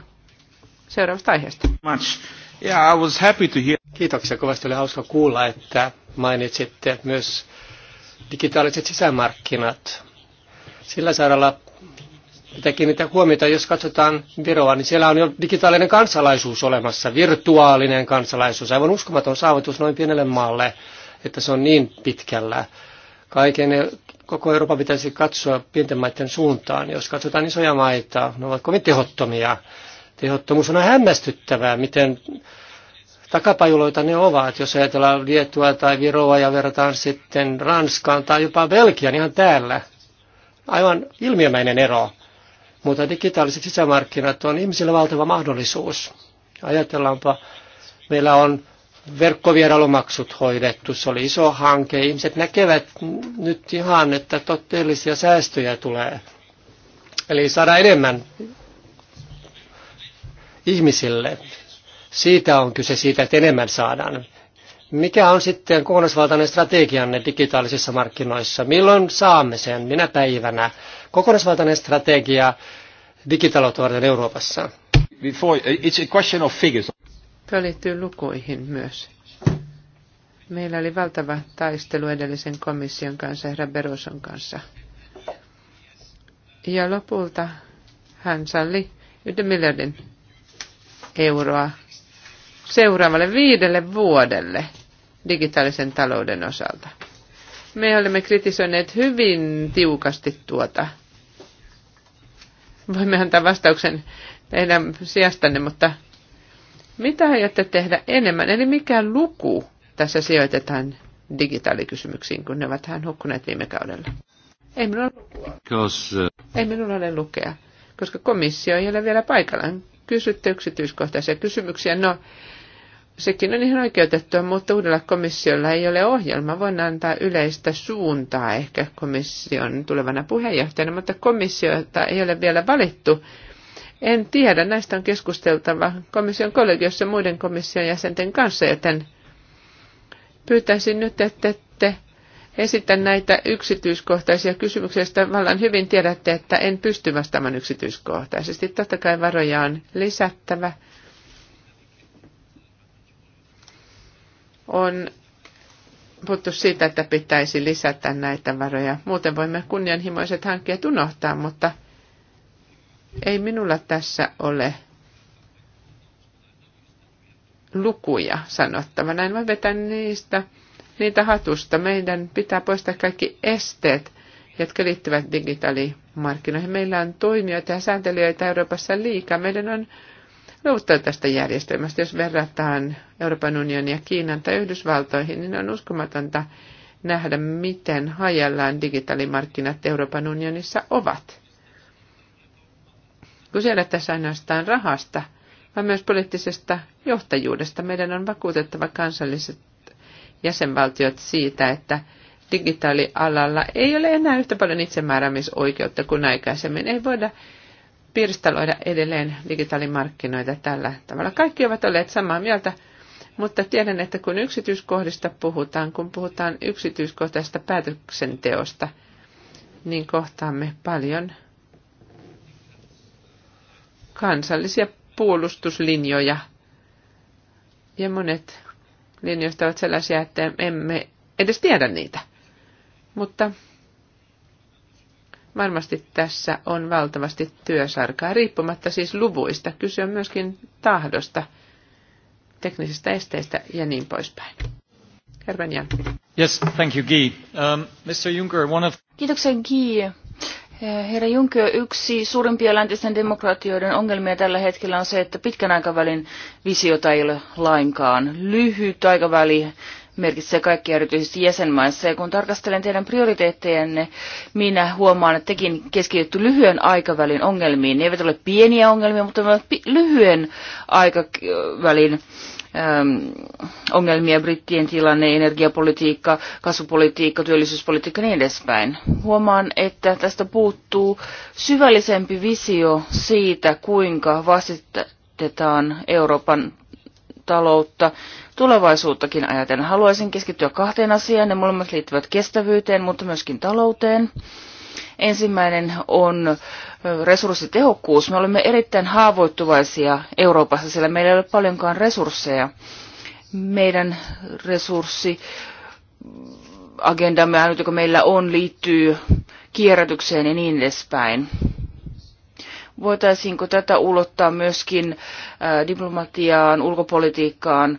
Seuraavasta aiheesta. Much. Yeah, I was happy to hear. Kiitoksia kovasti. Oli hauska kuulla, että mainitsitte myös digitaaliset sisämarkkinat. Sillä saralla pitää kiinnittää huomiota, jos katsotaan Viroa, niin siellä on jo digitaalinen kansalaisuus olemassa, virtuaalinen kansalaisuus. Aivan uskomaton saavutus noin pienelle maalle, että se on niin pitkällä. Kaiken koko Eurooppa pitäisi katsoa pienten maiden suuntaan. Jos katsotaan isoja maita, ne ovat kovin tehottomia. Tehottomuus on hämmästyttävää, miten takapajuloita ne ovat. Jos ajatellaan Lietua tai Viroa ja verrataan sitten Ranskaan tai jopa Belgian ihan täällä. Aivan ilmiömäinen ero. Mutta digitaaliset sisämarkkinat on ihmisille valtava mahdollisuus. Ajatellaanpa, meillä on verkkovierailumaksut hoidettu. Se oli iso hanke. Ihmiset näkevät nyt ihan, että totteellisia säästöjä tulee. Eli saada enemmän ihmisille. Siitä on kyse siitä, että enemmän saadaan. Mikä on sitten kokonaisvaltainen strategianne digitaalisissa markkinoissa? Milloin saamme sen? Minä päivänä? Kokonaisvaltainen strategia digitalotuorten Euroopassa. Before, it's a question of figures. Tämä liittyy lukuihin myös. Meillä oli valtava taistelu edellisen komission kanssa, herra Beruson kanssa. Ja lopulta hän salli yhden miljardin euroa seuraavalle viidelle vuodelle digitaalisen talouden osalta. Me olemme kritisoineet hyvin tiukasti tuota. Voimme antaa vastauksen teidän sijastanne, mutta mitä aiotte tehdä enemmän? Eli mikä luku tässä sijoitetaan digitaalikysymyksiin, kun ne ovat hän hukkuneet viime kaudella? Ei minulla, Because... ei minulla ole lukea, koska komissio ei ole vielä paikallaan. Kysytte yksityiskohtaisia kysymyksiä. No, sekin on ihan oikeutettua, mutta uudella komissiolla ei ole ohjelma. Voin antaa yleistä suuntaa ehkä komission tulevana puheenjohtajana, mutta komissiota ei ole vielä valittu en tiedä, näistä on keskusteltava komission kollegiossa muiden komission jäsenten kanssa, joten pyytäisin nyt, että te esitä näitä yksityiskohtaisia kysymyksiä, joista vallan hyvin tiedätte, että en pysty vastaamaan yksityiskohtaisesti. Totta kai varoja on lisättävä. On puhuttu siitä, että pitäisi lisätä näitä varoja. Muuten voimme kunnianhimoiset hankkeet unohtaa, mutta – ei minulla tässä ole lukuja sanottavana. En voi vetää niistä, niitä hatusta. Meidän pitää poistaa kaikki esteet, jotka liittyvät digitaalimarkkinoihin. Meillä on toimijoita ja sääntelijöitä Euroopassa liikaa. Meidän on luovuttaa tästä järjestelmästä. Jos verrataan Euroopan unionia Kiinan tai Yhdysvaltoihin, niin on uskomatonta nähdä, miten hajallaan digitaalimarkkinat Euroopan unionissa ovat. Kyse ei tässä ainoastaan rahasta, vaan myös poliittisesta johtajuudesta. Meidän on vakuutettava kansalliset jäsenvaltiot siitä, että digitaalialalla ei ole enää yhtä paljon itsemääräämisoikeutta kuin aikaisemmin. Ei voida pirstaloida edelleen digitaalimarkkinoita tällä tavalla. Kaikki ovat olleet samaa mieltä, mutta tiedän, että kun yksityiskohdista puhutaan, kun puhutaan yksityiskohtaisesta päätöksenteosta, niin kohtaamme paljon kansallisia puolustuslinjoja. Ja monet linjoista ovat sellaisia, että emme edes tiedä niitä. Mutta varmasti tässä on valtavasti työsarkaa, riippumatta siis luvuista. Kyse on myöskin tahdosta, teknisistä esteistä ja niin poispäin. Herben Jan. Yes, thank you, Guy. Um, Mr. Juncker, one of... Kiitoksia, Guy. Eh, herra Juncker, yksi suurimpia läntisten demokratioiden ongelmia tällä hetkellä on se, että pitkän aikavälin visiota ei ole lainkaan. Lyhyt aikaväli merkitsee kaikkia erityisesti jäsenmaissa. Ja kun tarkastelen teidän prioriteettejanne, minä huomaan, että tekin keskitytty lyhyen aikavälin ongelmiin. Ne eivät ole pieniä ongelmia, mutta ne ovat lyhyen aikavälin ongelmia ongelmia, brittien tilanne, energiapolitiikka, kasvupolitiikka, työllisyyspolitiikka ja niin edespäin. Huomaan, että tästä puuttuu syvällisempi visio siitä, kuinka vastitetaan Euroopan taloutta tulevaisuuttakin ajatellen. Haluaisin keskittyä kahteen asiaan. Ne molemmat liittyvät kestävyyteen, mutta myöskin talouteen. Ensimmäinen on resurssitehokkuus. Me olemme erittäin haavoittuvaisia Euroopassa, sillä meillä ei ole paljonkaan resursseja. Meidän resurssi agendamme, joka meillä on, liittyy kierrätykseen ja niin edespäin. Voitaisiinko tätä ulottaa myöskin diplomatiaan, ulkopolitiikkaan,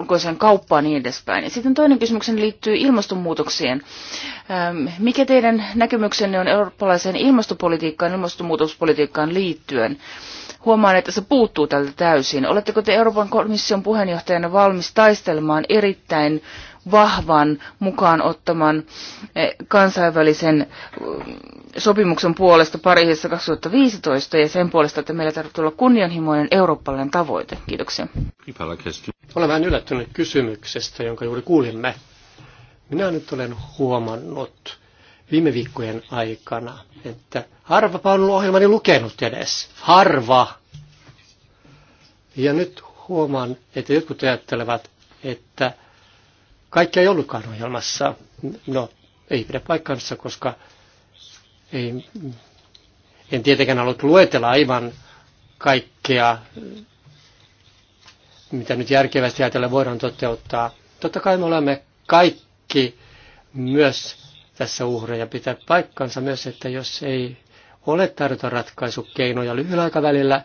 ulkoiseen kauppaan niin edespäin. Ja sitten toinen kysymyksen liittyy ilmastonmuutokseen. Mikä teidän näkemyksenne on eurooppalaiseen ilmastopolitiikkaan, ilmastonmuutospolitiikkaan liittyen? Huomaan, että se puuttuu tältä täysin. Oletteko te Euroopan komission puheenjohtajana valmis taistelemaan erittäin vahvan mukaan ottaman eh, kansainvälisen mm, sopimuksen puolesta Pariisissa 2015 ja sen puolesta, että meillä tarvitsee olla kunnianhimoinen eurooppalainen tavoite. Kiitoksia. Olen vähän yllättynyt kysymyksestä, jonka juuri kuulimme. Minä nyt olen huomannut viime viikkojen aikana, että harvapa on ohjelmani lukenut edes. Harva! Ja nyt huomaan, että jotkut ajattelevat, että kaikki ei ollutkaan ohjelmassa. No, ei pidä paikkansa, koska ei, en tietenkään halua luetella aivan kaikkea, mitä nyt järkevästi ajatellen voidaan toteuttaa. Totta kai me olemme kaikki myös tässä uhreja pitää paikkansa myös, että jos ei ole tarjota ratkaisukeinoja lyhyellä aikavälillä,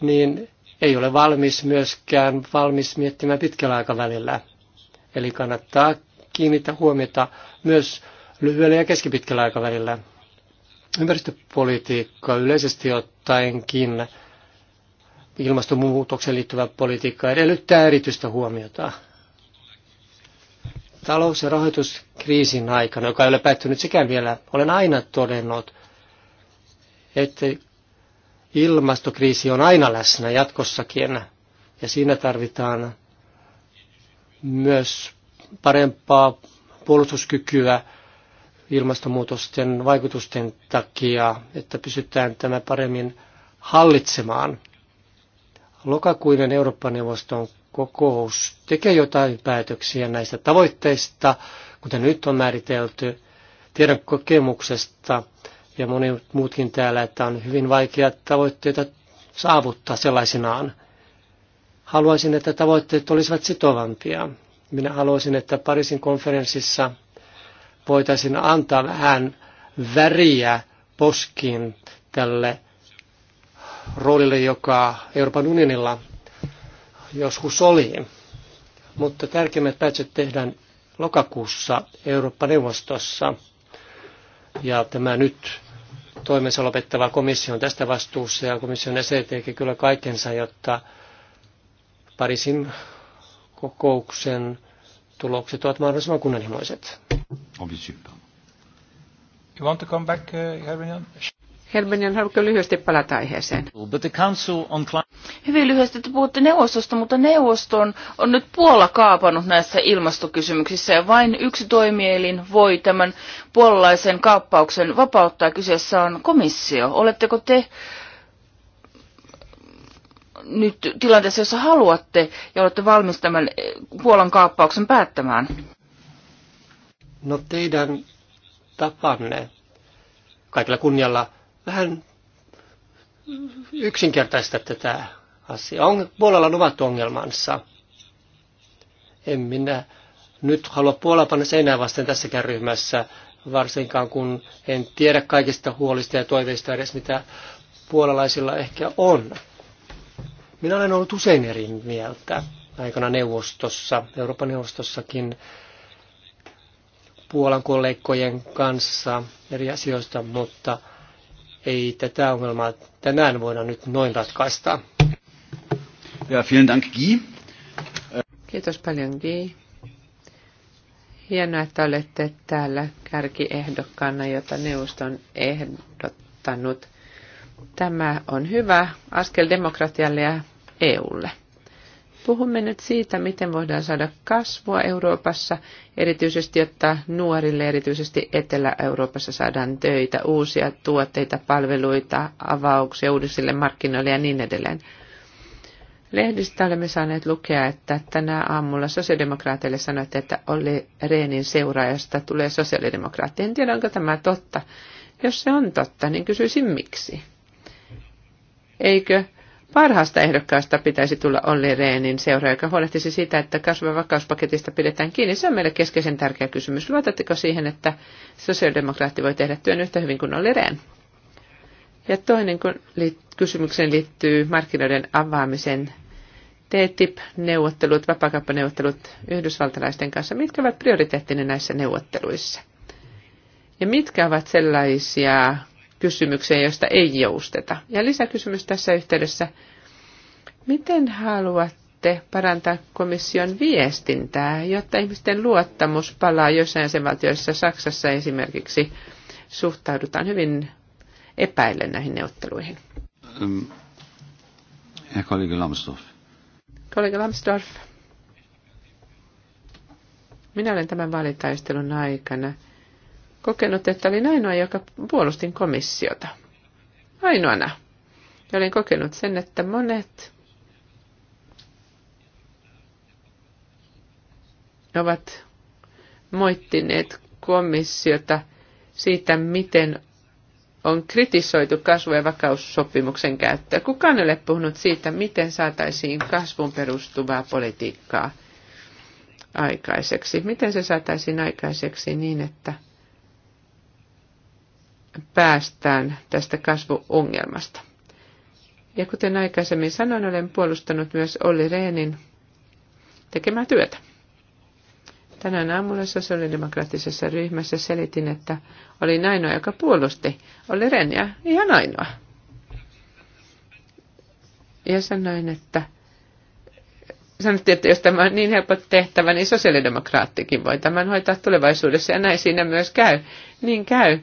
niin ei ole valmis myöskään valmis miettimään pitkällä aikavälillä – Eli kannattaa kiinnittää huomiota myös lyhyellä ja keskipitkällä aikavälillä. Ympäristöpolitiikka yleisesti ottaenkin ilmastonmuutokseen liittyvä politiikka edellyttää erityistä huomiota. Talous- ja rahoituskriisin aikana, joka ei ole päättynyt sekään vielä, olen aina todennut, että ilmastokriisi on aina läsnä jatkossakin ja siinä tarvitaan myös parempaa puolustuskykyä ilmastonmuutosten vaikutusten takia, että pysytään tämä paremmin hallitsemaan. Lokakuinen eurooppa neuvoston kokous tekee jotain päätöksiä näistä tavoitteista, kuten nyt on määritelty. Tiedän kokemuksesta ja moni muutkin täällä, että on hyvin vaikea tavoitteita saavuttaa sellaisinaan. Haluaisin, että tavoitteet olisivat sitovampia. Minä haluaisin, että Pariisin konferenssissa voitaisiin antaa vähän väriä poskiin tälle roolille, joka Euroopan unionilla joskus oli. Mutta tärkeimmät päätökset tehdään lokakuussa Eurooppa-neuvostossa. Ja tämä nyt toimensa lopettava komissio on tästä vastuussa ja komission jäsen kyllä kaikensa, jotta Pariisin kokouksen tulokset ovat mahdollisimman kunnianhimoiset. You want to come back, uh, haluatko lyhyesti palata aiheeseen? But the council on Hyvin lyhyesti, että puhutte neuvostosta, mutta neuvoston on nyt Puola kaapannut näissä ilmastokysymyksissä ja vain yksi toimielin voi tämän puolalaisen kaappauksen vapauttaa. Kyseessä on komissio. Oletteko te nyt tilanteessa, jossa haluatte ja olette valmis tämän eh, Puolan kaappauksen päättämään? No teidän tapanne kaikilla kunnialla vähän yksinkertaista tätä asiaa. On, Puolalla on omat ongelmansa. En minä nyt halua Puolaa panna seinään vasten tässäkään ryhmässä, varsinkaan kun en tiedä kaikista huolista ja toiveista edes, mitä puolalaisilla ehkä on. Minä olen ollut usein eri mieltä aikana neuvostossa, Euroopan neuvostossakin, Puolan kollegojen kanssa eri asioista, mutta ei tätä ongelmaa tänään voida nyt noin ratkaista. Ja, vielen dank, Guy. Kiitos paljon, Guy. Hienoa, että olette täällä kärkiehdokkaana, jota neuvosto on ehdottanut. Tämä on hyvä askel demokratialle ja EUlle. Puhumme nyt siitä, miten voidaan saada kasvua Euroopassa, erityisesti jotta nuorille, erityisesti Etelä-Euroopassa saadaan töitä, uusia tuotteita, palveluita, avauksia uudisille markkinoille ja niin edelleen. Lehdistä olemme saaneet lukea, että tänä aamulla sosiaalidemokraateille sanoitte, että oli Reenin seuraajasta tulee sosiaalidemokraatti. En tiedä, onko tämä totta. Jos se on totta, niin kysyisin miksi. Eikö Parhaasta ehdokkaasta pitäisi tulla Olli Rehnin seura, joka huolehtisi siitä, että kasvava vakauspaketista pidetään kiinni. Se on meille keskeisen tärkeä kysymys. Luotatteko siihen, että sosiaalidemokraatti voi tehdä työn yhtä hyvin kuin Olli Rehn? Ja toinen kysymykseen liittyy markkinoiden avaamisen TTIP-neuvottelut, vapaakauppaneuvottelut yhdysvaltalaisten kanssa. Mitkä ovat prioriteettinen näissä neuvotteluissa? Ja mitkä ovat sellaisia kysymykseen, josta ei jousteta. Ja lisäkysymys tässä yhteydessä. Miten haluatte parantaa komission viestintää, jotta ihmisten luottamus palaa jossain jäsenvaltioissa, Saksassa esimerkiksi, suhtaudutaan hyvin epäillen näihin neuvotteluihin? Um, ähm, kollega Lambsdorff. Kollega Lambsdorff. Minä olen tämän valitaistelun aikana kokenut, että olin ainoa, joka puolustin komissiota. Ainoana. Ja olin kokenut sen, että monet ovat moittineet komissiota siitä, miten on kritisoitu kasvu- ja vakaussopimuksen käyttöä. Kukaan ei ole puhunut siitä, miten saataisiin kasvun perustuvaa politiikkaa aikaiseksi. Miten se saataisiin aikaiseksi niin, että päästään tästä kasvuongelmasta. Ja kuten aikaisemmin sanoin, olen puolustanut myös Olli Rehnin tekemää työtä. Tänään aamulla sosiaalidemokraattisessa ryhmässä selitin, että olin ainoa, joka puolusti. Oli Renja, ihan ainoa. Ja sanoin, että sanottiin, että jos tämä on niin helppo tehtävä, niin sosiaalidemokraattikin voi tämän hoitaa tulevaisuudessa. Ja näin siinä myös käy. Niin käy.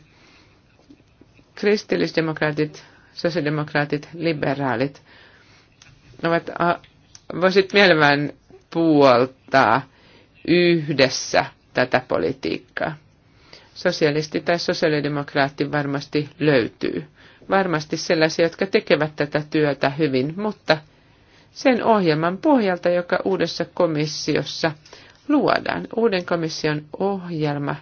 Kristillisdemokraatit, sosiaalidemokraatit, liberaalit ovat, voisit mielellään puoltaa yhdessä tätä politiikkaa. Sosialisti tai sosiaalidemokraatti varmasti löytyy. Varmasti sellaisia, jotka tekevät tätä työtä hyvin, mutta sen ohjelman pohjalta, joka uudessa komissiossa luodaan. Uuden komission ohjelma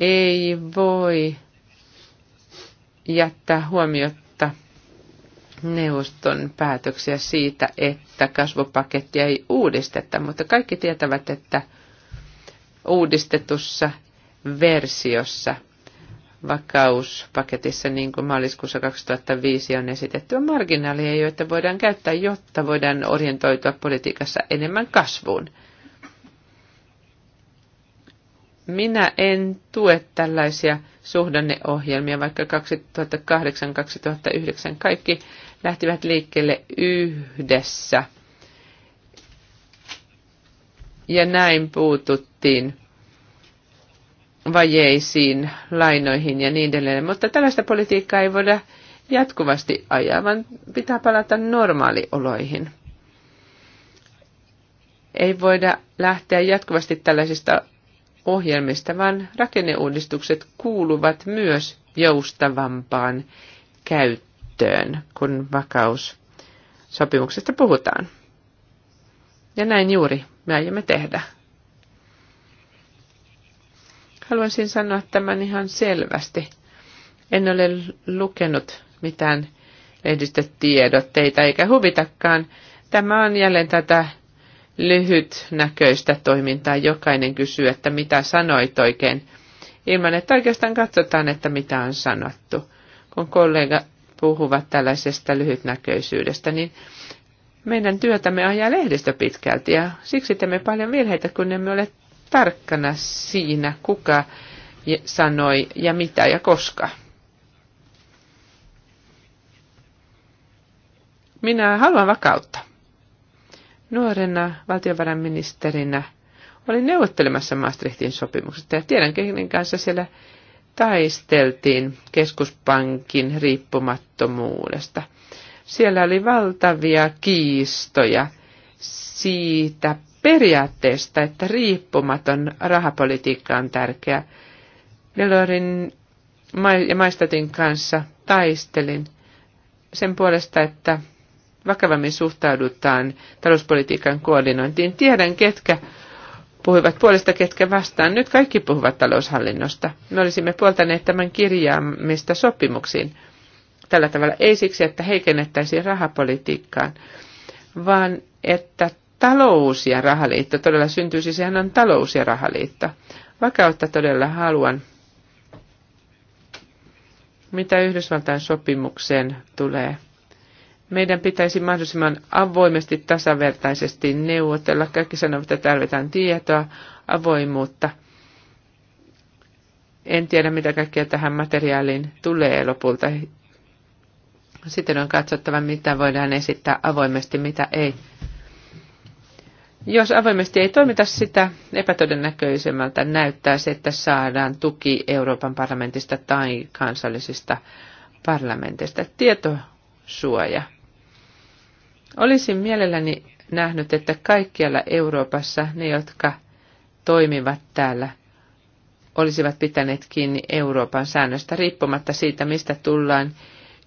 ei voi jättää huomiota neuvoston päätöksiä siitä, että kasvupakettia ei uudisteta, mutta kaikki tietävät, että uudistetussa versiossa vakauspaketissa, niin kuin maaliskuussa 2005 on esitetty, on marginaaleja, joita voidaan käyttää, jotta voidaan orientoitua politiikassa enemmän kasvuun. Minä en tue tällaisia suhdanneohjelmia, vaikka 2008-2009 kaikki lähtivät liikkeelle yhdessä. Ja näin puututtiin vajeisiin, lainoihin ja niin edelleen. Mutta tällaista politiikkaa ei voida jatkuvasti ajaa, vaan pitää palata normaalioloihin. Ei voida lähteä jatkuvasti tällaisista ohjelmista, vaan rakenneuudistukset kuuluvat myös joustavampaan käyttöön, kun vakaussopimuksesta puhutaan. Ja näin juuri me aiomme tehdä. Haluaisin sanoa tämän ihan selvästi. En ole lukenut mitään lehdistötiedotteita eikä huvitakaan. Tämä on jälleen tätä Lyhyt näköistä toimintaa. Jokainen kysyy, että mitä sanoit oikein, ilman että oikeastaan katsotaan, että mitä on sanottu. Kun kollega puhuvat tällaisesta lyhytnäköisyydestä, niin meidän työtämme ajaa lehdistö pitkälti ja siksi teemme paljon virheitä, kun emme ole tarkkana siinä, kuka sanoi ja mitä ja koska. Minä haluan vakautta. Nuorena valtiovarainministerinä olin neuvottelemassa Maastrichtin sopimuksesta ja tiedän, kenen kanssa siellä taisteltiin keskuspankin riippumattomuudesta. Siellä oli valtavia kiistoja siitä periaatteesta, että riippumaton rahapolitiikka on tärkeä. Delorin ja Maistatin kanssa taistelin sen puolesta, että vakavammin suhtaudutaan talouspolitiikan koordinointiin. Tiedän, ketkä puhuivat puolesta, ketkä vastaan. Nyt kaikki puhuvat taloushallinnosta. Me olisimme puoltaneet tämän kirjaamista sopimuksiin. Tällä tavalla ei siksi, että heikennettäisiin rahapolitiikkaan, vaan että talous- ja rahaliitto todella syntyisi, sehän on talous- ja rahaliitto. Vakautta todella haluan. Mitä Yhdysvaltain sopimukseen tulee? Meidän pitäisi mahdollisimman avoimesti, tasavertaisesti neuvotella. Kaikki sanovat, että tarvitaan tietoa, avoimuutta. En tiedä, mitä kaikkea tähän materiaaliin tulee lopulta. Sitten on katsottava, mitä voidaan esittää avoimesti, mitä ei. Jos avoimesti ei toimita sitä, epätodennäköisemmältä näyttää se, että saadaan tuki Euroopan parlamentista tai kansallisista parlamentista. Tietosuoja. Olisin mielelläni nähnyt, että kaikkialla Euroopassa ne, jotka toimivat täällä, olisivat pitäneet kiinni Euroopan säännöstä riippumatta siitä, mistä tullaan.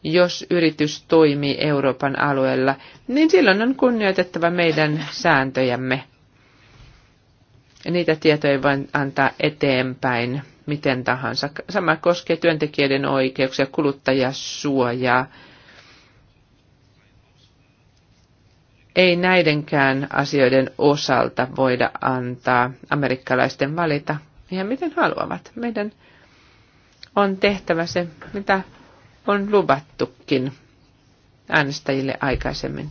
Jos yritys toimii Euroopan alueella, niin silloin on kunnioitettava meidän sääntöjämme. Niitä tietoja ei voi antaa eteenpäin miten tahansa. Sama koskee työntekijöiden oikeuksia, kuluttajasuojaa, suojaa ei näidenkään asioiden osalta voida antaa amerikkalaisten valita ihan miten haluavat. Meidän on tehtävä se, mitä on luvattukin äänestäjille aikaisemmin.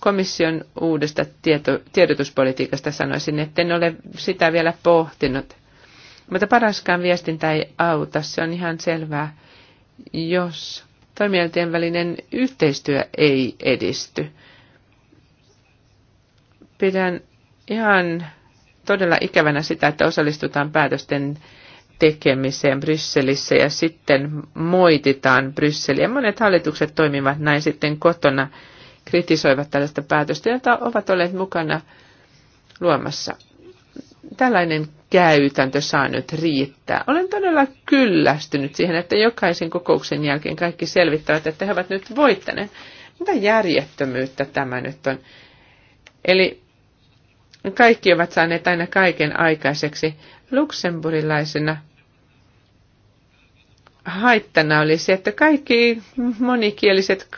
Komission uudesta tieto, tiedotuspolitiikasta sanoisin, että en ole sitä vielä pohtinut. Mutta paraskaan viestintä ei auta, se on ihan selvää, jos toimijoiden välinen yhteistyö ei edisty Pidän ihan todella ikävänä sitä, että osallistutaan päätösten tekemiseen Brysselissä ja sitten moititaan Brysseliä. Monet hallitukset toimivat näin sitten kotona, kritisoivat tällaista päätöstä, jota ovat olleet mukana luomassa. Tällainen käytäntö saa nyt riittää. Olen todella kyllästynyt siihen, että jokaisen kokouksen jälkeen kaikki selvittävät, että he ovat nyt voittaneet. Mitä järjettömyyttä tämä nyt on? Eli kaikki ovat saaneet aina kaiken aikaiseksi. Luxemburilaisena haittana oli se, että kaikki monikieliset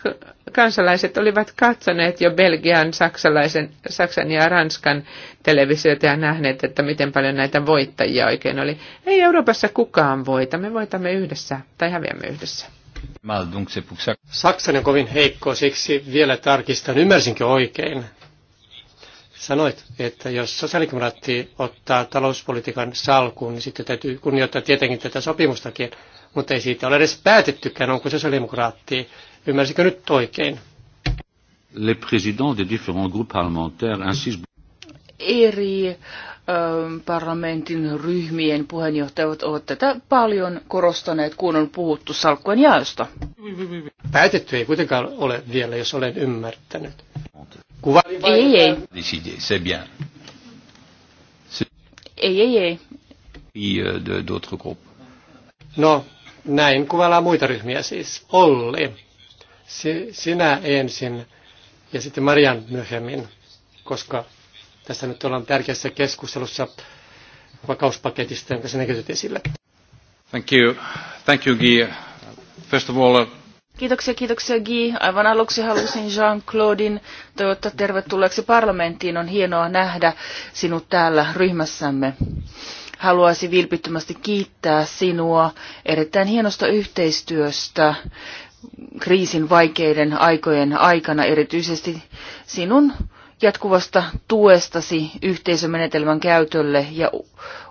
kansalaiset olivat katsoneet jo Belgian, saksalaisen, Saksan ja Ranskan televisiota ja nähneet, että miten paljon näitä voittajia oikein oli. Ei Euroopassa kukaan voita, me voitamme yhdessä tai häviämme yhdessä. Saksan on kovin heikko, siksi vielä tarkistan, ymmärsinkö oikein, Sanoit, että jos sosiaalidemokraatti ottaa talouspolitiikan salkuun, niin sitten täytyy kunnioittaa tietenkin tätä sopimustakin, mutta ei siitä ole edes päätettykään, onko sosiaalidemokraatti. Ymmärsikö nyt oikein? Le président des différents groupes parlementaires insiste. eri parlamentin ryhmien puheenjohtajat ovat tätä paljon korostaneet, kun on puhuttu salkkujen jaosta. Päätetty ei kuitenkaan ole vielä, jos olen ymmärtänyt. Kuva... Ei, ei. Décider, c'est bien. Ei, ei, ei. Euh, d'autres groupes. No, näin kuvaillaan muita ryhmiä siis. Olli, si, sinä ensin ja sitten Marian myöhemmin, koska tässä nyt ollaan tärkeässä keskustelussa vakauspaketista, jonka sinä käytit esille. Thank you. Thank you, Guy. First of all, uh, Kiitoksia, kiitoksia Guy. Aivan aluksi halusin Jean-Claudin toivottaa tervetulleeksi parlamenttiin. On hienoa nähdä sinut täällä ryhmässämme. Haluaisin vilpittömästi kiittää sinua erittäin hienosta yhteistyöstä kriisin vaikeiden aikojen aikana, erityisesti sinun jatkuvasta tuestasi yhteisömenetelmän käytölle ja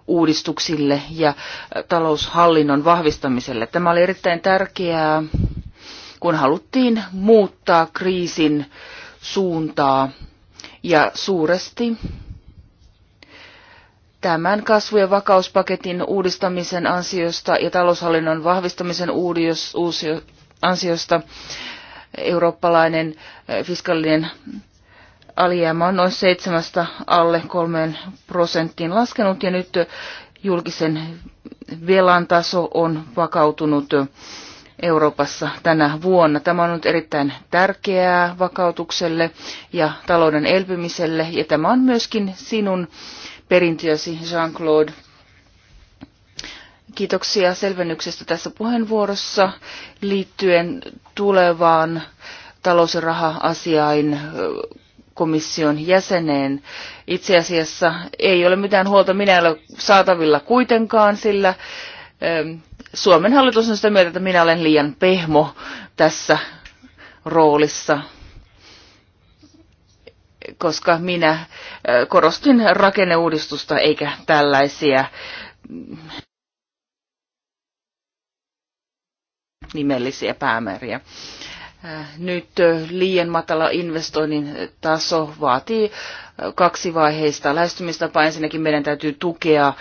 uudistuksille ja taloushallinnon vahvistamiselle. Tämä oli erittäin tärkeää kun haluttiin muuttaa kriisin suuntaa. Ja suuresti tämän kasvu- ja vakauspaketin uudistamisen ansiosta ja taloushallinnon vahvistamisen uudios, ansiosta eurooppalainen eh, fiskallinen alijäämä on noin seitsemästä alle kolmeen prosenttiin laskenut ja nyt julkisen velan taso on vakautunut Euroopassa tänä vuonna. Tämä on ollut erittäin tärkeää vakautukselle ja talouden elpymiselle, ja tämä on myöskin sinun perintöäsi, Jean-Claude. Kiitoksia selvennyksestä tässä puheenvuorossa liittyen tulevaan talous- ja raha-asiain komission jäseneen. Itse asiassa ei ole mitään huolta, minä en ole saatavilla kuitenkaan, sillä Suomen hallitus on sitä mieltä, että minä olen liian pehmo tässä roolissa, koska minä korostin rakenneuudistusta eikä tällaisia mm, nimellisiä päämääriä nyt liian matala investoinnin taso vaatii kaksi vaiheista lähestymistapaa. Ensinnäkin meidän täytyy tukea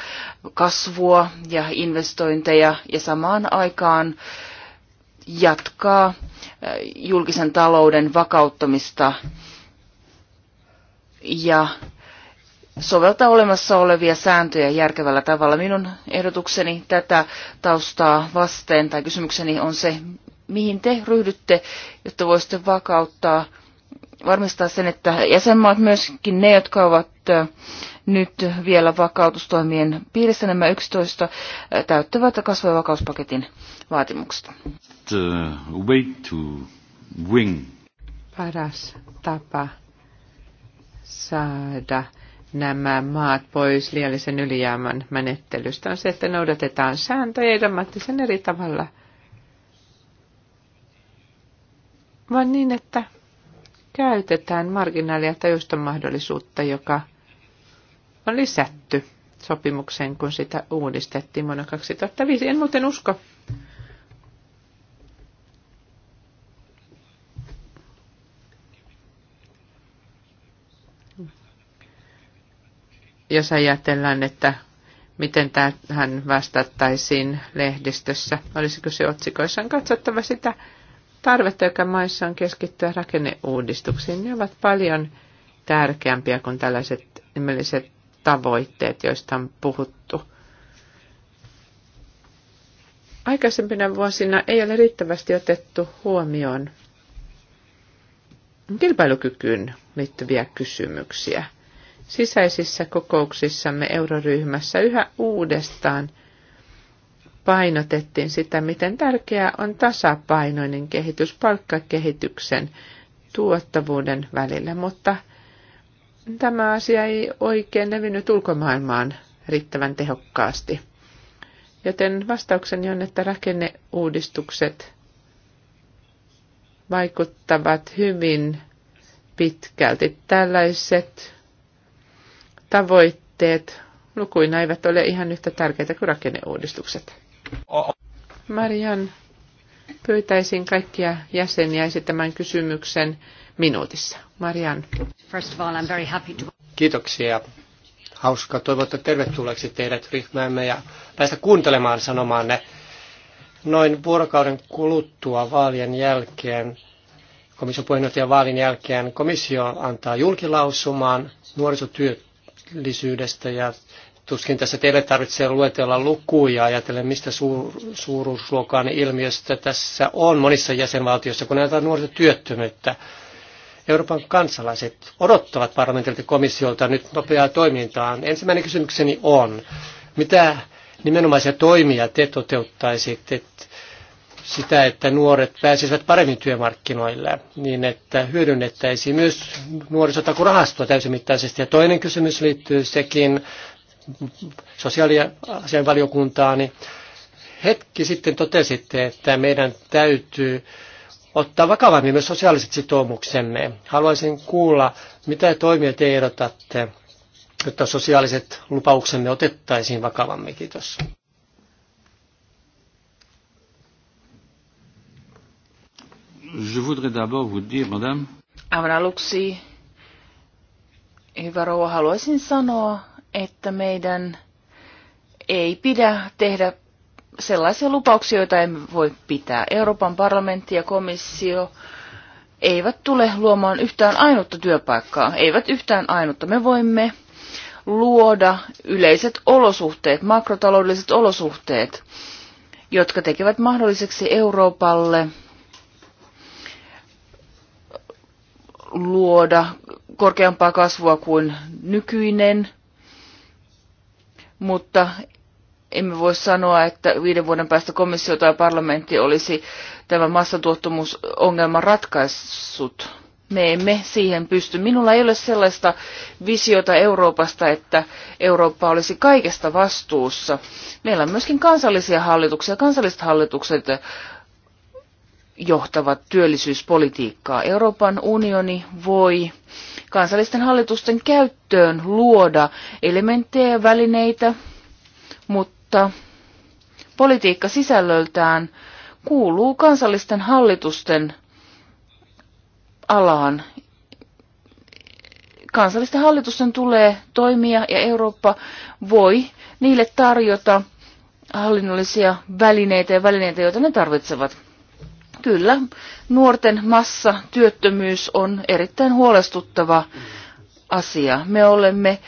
kasvua ja investointeja ja samaan aikaan jatkaa eh, julkisen talouden vakauttamista ja soveltaa olemassa olevia sääntöjä järkevällä tavalla. Minun ehdotukseni tätä taustaa vasten tai kysymykseni on se, mihin te ryhdytte, jotta voisitte vakauttaa, varmistaa sen, että jäsenmaat myöskin ne, jotka ovat nyt vielä vakautustoimien piirissä nämä 11 täyttävät kasvu- ja vakauspaketin vaatimukset. way to win. Paras tapa saada nämä maat pois liiallisen ylijäämän menettelystä on se, että noudatetaan sääntöjä ja eri tavalla – vaan niin, että käytetään marginaalia tai mahdollisuutta, joka on lisätty sopimukseen, kun sitä uudistettiin vuonna 2005. En muuten usko. Jos ajatellaan, että miten tähän vastattaisiin lehdistössä, olisiko se otsikoissaan katsottava sitä, tarvetta, joka maissa on keskittyä rakenneuudistuksiin. Ne ovat paljon tärkeämpiä kuin tällaiset nimelliset tavoitteet, joista on puhuttu. Aikaisempina vuosina ei ole riittävästi otettu huomioon kilpailukykyyn liittyviä kysymyksiä. Sisäisissä kokouksissamme euroryhmässä yhä uudestaan – painotettiin sitä, miten tärkeää on tasapainoinen kehitys palkkakehityksen tuottavuuden välillä, mutta tämä asia ei oikein levinnyt ulkomaailmaan riittävän tehokkaasti. Joten vastaukseni on, että rakenneuudistukset vaikuttavat hyvin pitkälti. Tällaiset tavoitteet lukuina eivät ole ihan yhtä tärkeitä kuin rakenneuudistukset. Marian, pyytäisin kaikkia jäseniä esittämään kysymyksen minuutissa. Marian. First of all, I'm very happy to... Kiitoksia. Hauska toivottaa tervetulleeksi teidät ryhmäämme ja päästä kuuntelemaan ne Noin vuorokauden kuluttua vaalien jälkeen, komission puheenjohtajan vaalin jälkeen, komissio antaa julkilausumaan nuorisotyöllisyydestä ja Tuskin tässä teille tarvitsee luetella lukuja ajatellen, mistä suur, suuruusluokan ilmiöstä tässä on monissa jäsenvaltioissa, kun näitä työttömyyttä. Euroopan kansalaiset odottavat parlamentilta komissiolta nyt nopeaa toimintaa. Ensimmäinen kysymykseni on, mitä nimenomaisia toimia te toteuttaisitte että sitä, että nuoret pääsisivät paremmin työmarkkinoille, niin että hyödynnettäisiin myös nuorisotakurahastoa täysimittaisesti. Ja toinen kysymys liittyy sekin sosiaaliasianvaliokuntaa, niin hetki sitten totesitte, että meidän täytyy ottaa vakavammin myös sosiaaliset sitoumuksemme. Haluaisin kuulla, mitä toimia te ehdotatte, jotta sosiaaliset lupauksemme otettaisiin vakavammin. Kiitos. Je voudrais d'abord vous dire, madame. Aivan aluksi, hyvä rouva, haluaisin sanoa että meidän ei pidä tehdä sellaisia lupauksia, joita emme voi pitää. Euroopan parlamentti ja komissio eivät tule luomaan yhtään ainutta työpaikkaa, eivät yhtään ainutta. Me voimme luoda yleiset olosuhteet, makrotaloudelliset olosuhteet, jotka tekevät mahdolliseksi Euroopalle luoda korkeampaa kasvua kuin nykyinen mutta emme voi sanoa, että viiden vuoden päästä komissio tai parlamentti olisi tämän massatuottomuusongelman ratkaissut. Me emme siihen pysty. Minulla ei ole sellaista visiota Euroopasta, että Eurooppa olisi kaikesta vastuussa. Meillä on myöskin kansallisia hallituksia. Kansalliset hallitukset johtavat työllisyyspolitiikkaa. Euroopan unioni voi kansallisten hallitusten käyttöön luoda elementtejä ja välineitä, mutta politiikka sisällöltään kuuluu kansallisten hallitusten alaan. Kansallisten hallitusten tulee toimia ja Eurooppa voi niille tarjota hallinnollisia välineitä ja välineitä, joita ne tarvitsevat kyllä, nuorten massa työttömyys on erittäin huolestuttava asia. Me olemme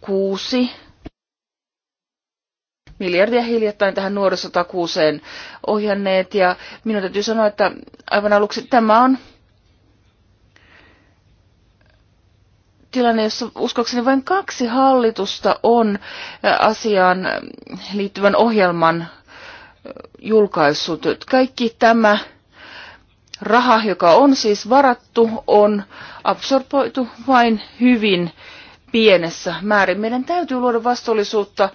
kuusi miljardia hiljattain tähän nuorisotakuuseen ohjanneet ja minun täytyy sanoa, että aivan aluksi tämä on tilanne, jossa uskokseni vain kaksi hallitusta on asiaan liittyvän ohjelman julkaissut. Kaikki tämä raha, joka on siis varattu, on absorboitu vain hyvin pienessä määrin. Meidän täytyy luoda vastuullisuutta.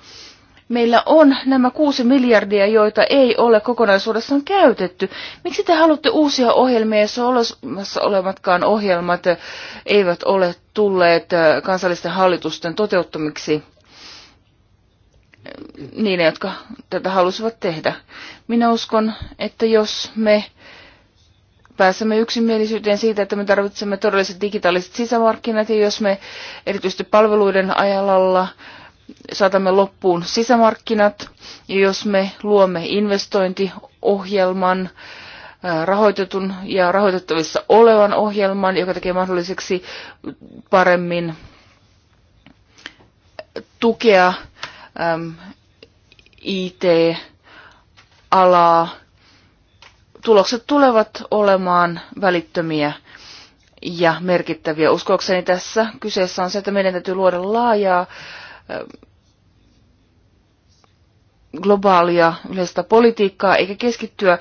Meillä on nämä kuusi miljardia, joita ei ole kokonaisuudessaan käytetty. Miksi te haluatte uusia ohjelmia, jos olemassa olematkaan ohjelmat eivät ole tulleet äh, kansallisten hallitusten toteuttamiksi? niille, jotka tätä halusivat tehdä. Minä uskon, että jos me pääsemme yksimielisyyteen siitä, että me tarvitsemme todelliset digitaaliset sisämarkkinat ja jos me erityisesti palveluiden ajalalla saatamme loppuun sisämarkkinat ja jos me luomme investointiohjelman, äh, rahoitetun ja rahoitettavissa olevan ohjelman, joka tekee mahdolliseksi paremmin äh, tukea IT-alaa tulokset tulevat olemaan välittömiä ja merkittäviä. Uskoakseni tässä kyseessä on se, että meidän täytyy luoda laajaa globaalia yleistä politiikkaa eikä keskittyä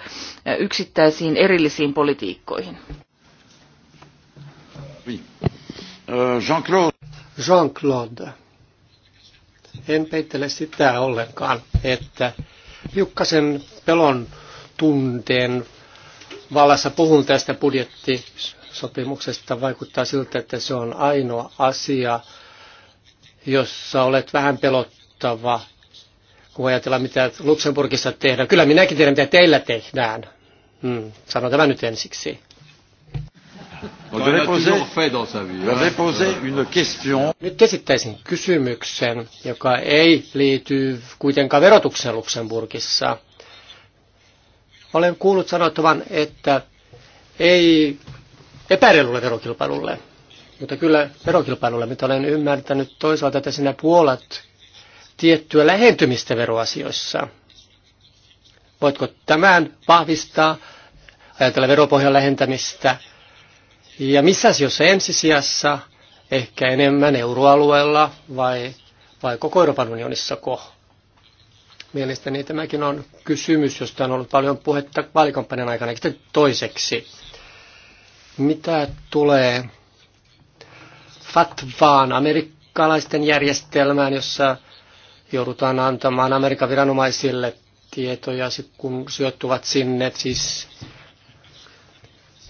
yksittäisiin erillisiin politiikkoihin. Euh, Jean-Claude. Jean-Claude. En peittele sitä ollenkaan, että Jukkasen pelon tunteen vallassa puhun tästä budjettisopimuksesta, vaikuttaa siltä, että se on ainoa asia, jossa olet vähän pelottava, kun ajatellaan, mitä Luxemburgissa tehdään. Kyllä minäkin tiedän, mitä teillä tehdään. Hmm, Sano tämä nyt ensiksi. Nyt esittäisin kysymyksen, joka ei liity kuitenkaan verotukseen Luxemburgissa. Olen kuullut sanottavan, että ei epäreilulle verokilpailulle, mutta kyllä verokilpailulle, mitä olen ymmärtänyt toisaalta, että sinä puolat tiettyä lähentymistä veroasioissa. Voitko tämän vahvistaa, ajatella veropohjan lähentämistä? Ja missä asioissa ensisijassa, ehkä enemmän euroalueella vai, vai koko Euroopan unionissako? Mielestäni tämäkin on kysymys, josta on ollut paljon puhetta vaalikampanjan aikana. Sitten toiseksi? Mitä tulee FATVAan, amerikkalaisten järjestelmään, jossa joudutaan antamaan Amerikan viranomaisille tietoja, kun sijoittuvat sinne, siis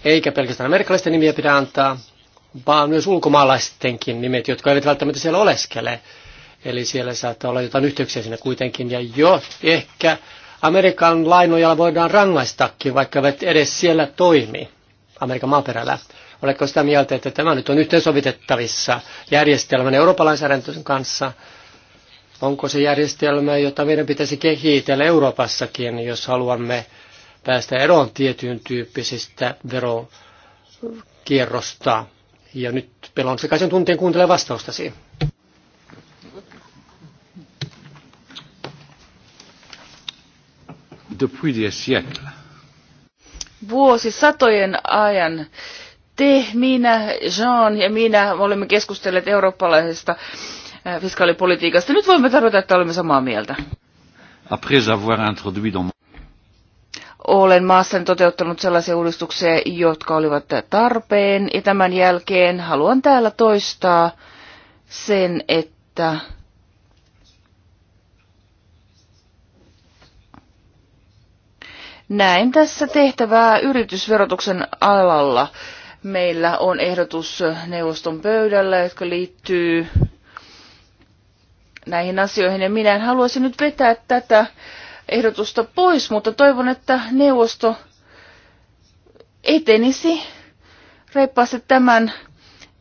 eikä pelkästään amerikkalaisten nimiä pidä antaa, vaan myös ulkomaalaistenkin nimet, jotka eivät välttämättä siellä oleskele. Eli siellä saattaa olla jotain yhteyksiä sinne kuitenkin. Ja jo ehkä Amerikan lainojalla voidaan rangaistakin, vaikka eivät edes siellä toimi Amerikan maaperällä. Oletko sitä mieltä, että tämä nyt on yhteensovitettavissa järjestelmän Euroopan lainsäädäntöön kanssa? Onko se järjestelmä, jota meidän pitäisi kehitellä Euroopassakin, jos haluamme päästä eroon tietyn tyyppisistä verokierrosta? Ja nyt pelon sekaisen tunteen kuuntele vastaustasi. depuis des siècles. Vuosisatojen ajan te, minä, Jean ja minä olemme keskustelleet eurooppalaisesta äh, fiskaalipolitiikasta. Nyt voimme tarkoittaa, että olemme samaa mieltä. Après avoir introduit dans olen maassani toteuttanut sellaisia uudistuksia, jotka olivat tarpeen, ja tämän jälkeen haluan täällä toistaa sen, että Näin tässä tehtävää yritysverotuksen alalla. Meillä on ehdotus neuvoston pöydällä, jotka liittyy näihin asioihin. Ja minä en haluaisi nyt vetää tätä ehdotusta pois, mutta toivon, että neuvosto etenisi reippaasti tämän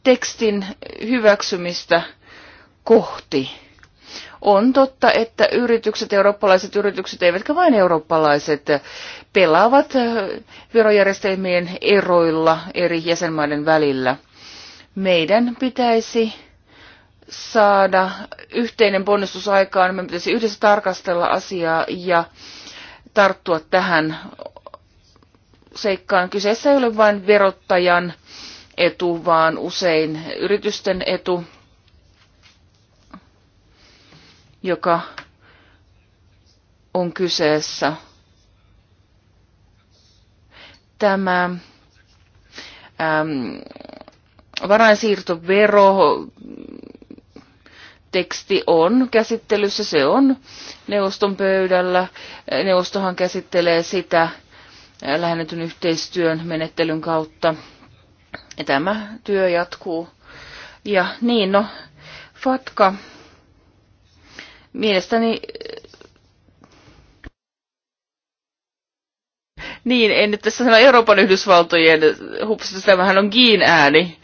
tekstin hyväksymistä kohti on totta, että yritykset, eurooppalaiset yritykset, eivätkä vain eurooppalaiset, pelaavat verojärjestelmien eroilla eri jäsenmaiden välillä. Meidän pitäisi saada yhteinen ponnistus aikaan, meidän pitäisi yhdessä tarkastella asiaa ja tarttua tähän seikkaan. Kyseessä ei ole vain verottajan etu, vaan usein yritysten etu joka on kyseessä. Tämä äm, varainsiirtovero teksti on käsittelyssä, se on neuvoston pöydällä. Neuvostohan käsittelee sitä lähennetyn yhteistyön menettelyn kautta. Ja tämä työ jatkuu. Ja niin, no, FATKA Mielestäni Niin, en nyt tässä sano Euroopan Yhdysvaltojen hupsista, tämähän on Giin ääni.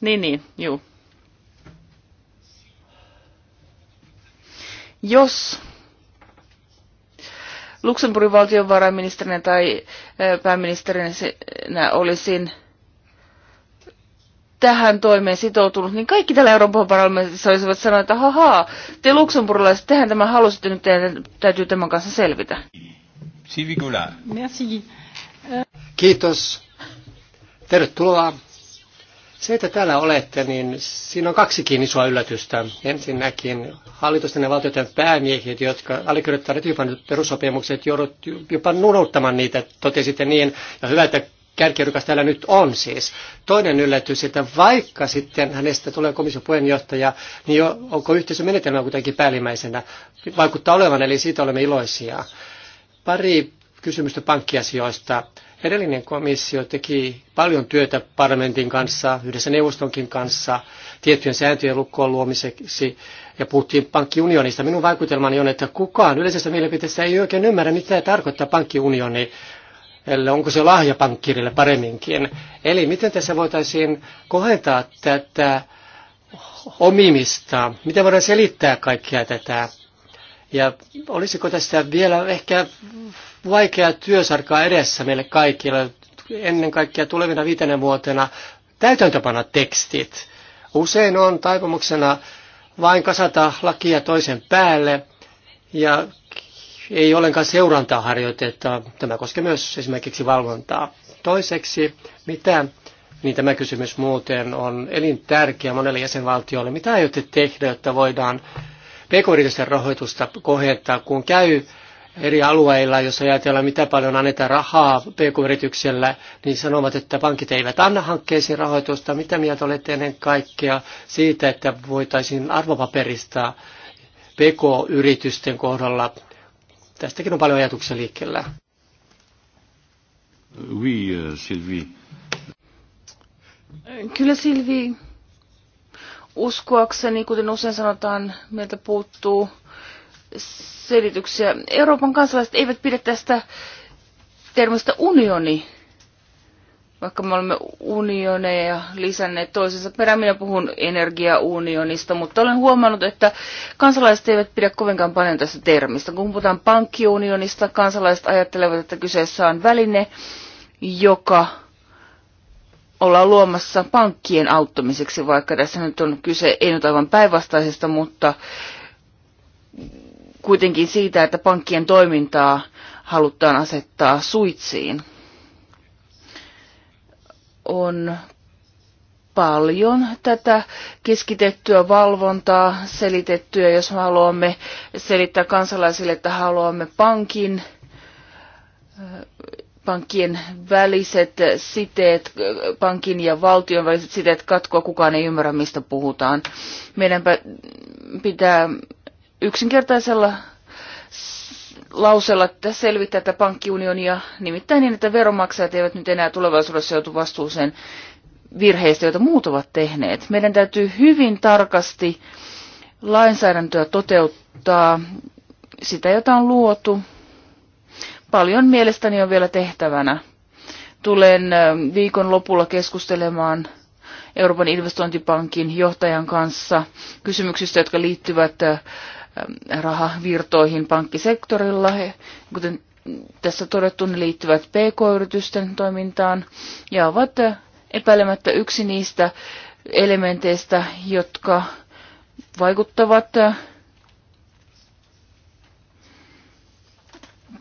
Niin, niin, juu. Jos Luxemburgin valtionvarainministerinä tai eh, pääministerinä olisin tähän toimeen sitoutunut, niin kaikki täällä Euroopan parlamentissa olisivat sanoneet, että hahaa, te luksemburilaiset, tehän tämä halusitte, nyt teidän täytyy tämän kanssa selvitä. Merci. Kiitos. Tervetuloa. Se, että täällä olette, niin siinä on kaksikin isoa yllätystä. Ensinnäkin hallitusten ja valtioiden päämiehet, jotka allekirjoittavat jopa perussopimukset, joudut jopa nunouttamaan niitä, totesitte niin. Ja hyvä, että kärkiehdokas täällä nyt on siis. Toinen yllätys, että vaikka sitten hänestä tulee komission puheenjohtaja, niin jo, onko menetelmä kuitenkin päällimmäisenä? Vaikuttaa olevan, eli siitä olemme iloisia. Pari kysymystä pankkiasioista. Edellinen komissio teki paljon työtä parlamentin kanssa, yhdessä neuvostonkin kanssa, tiettyjen sääntöjen lukkoon luomiseksi, ja puhuttiin pankkiunionista. Minun vaikutelmani on, että kukaan yleisessä mielipiteessä ei oikein ymmärrä, mitä tarkoittaa pankkiunioni eli onko se lahjapankkirille paremminkin. Eli miten tässä voitaisiin kohentaa tätä omimista, miten voidaan selittää kaikkea tätä. Ja olisiko tästä vielä ehkä vaikea työsarkaa edessä meille kaikille, ennen kaikkea tulevina viitenä vuotena, täytäntöpana tekstit. Usein on taipumuksena vain kasata lakia toisen päälle ja ei ollenkaan seurantaa harjoiteta. Tämä koskee myös esimerkiksi valvontaa. Toiseksi, mitä, niin tämä kysymys muuten on elintärkeä monelle jäsenvaltiolle. Mitä aiotte tehdä, jotta voidaan pk rahoitusta kohentaa, kun käy eri alueilla, jos ajatellaan, mitä paljon annetaan rahaa pk-yrityksellä, niin sanovat, että pankit eivät anna hankkeisiin rahoitusta. Mitä mieltä olette ennen kaikkea siitä, että voitaisiin arvopaperistaa pk-yritysten kohdalla Tästäkin on paljon ajatuksia liikkeellä. Oui, euh, Sylvie. Kyllä Silvi, uskoakseni, kuten usein sanotaan, meiltä puuttuu selityksiä. Euroopan kansalaiset eivät pidä tästä termistä unioni vaikka me olemme unioneja lisänneet toisensa perään, minä puhun energiaunionista, mutta olen huomannut, että kansalaiset eivät pidä kovinkaan paljon tästä termistä. Kun puhutaan pankkiunionista, kansalaiset ajattelevat, että kyseessä on väline, joka ollaan luomassa pankkien auttamiseksi, vaikka tässä nyt on kyse ei nyt aivan päinvastaisesta, mutta kuitenkin siitä, että pankkien toimintaa halutaan asettaa suitsiin on paljon tätä keskitettyä valvontaa selitettyä, jos me haluamme selittää kansalaisille, että haluamme pankin, äh, pankkien väliset siteet, pankin ja valtion väliset siteet katkoa, kukaan ei ymmärrä, mistä puhutaan. Meidän pitää yksinkertaisella Lauseella että selvittää tätä pankkiunionia, nimittäin niin, että veronmaksajat eivät nyt enää tulevaisuudessa joutu vastuuseen virheistä, joita muut ovat tehneet. Meidän täytyy hyvin tarkasti lainsäädäntöä toteuttaa, sitä jota on luotu. Paljon mielestäni on vielä tehtävänä. Tulen viikon lopulla keskustelemaan Euroopan investointipankin johtajan kanssa kysymyksistä, jotka liittyvät rahavirtoihin pankkisektorilla. Kuten tässä todettu, ne liittyvät pk-yritysten toimintaan ja ovat epäilemättä yksi niistä elementeistä, jotka vaikuttavat äh,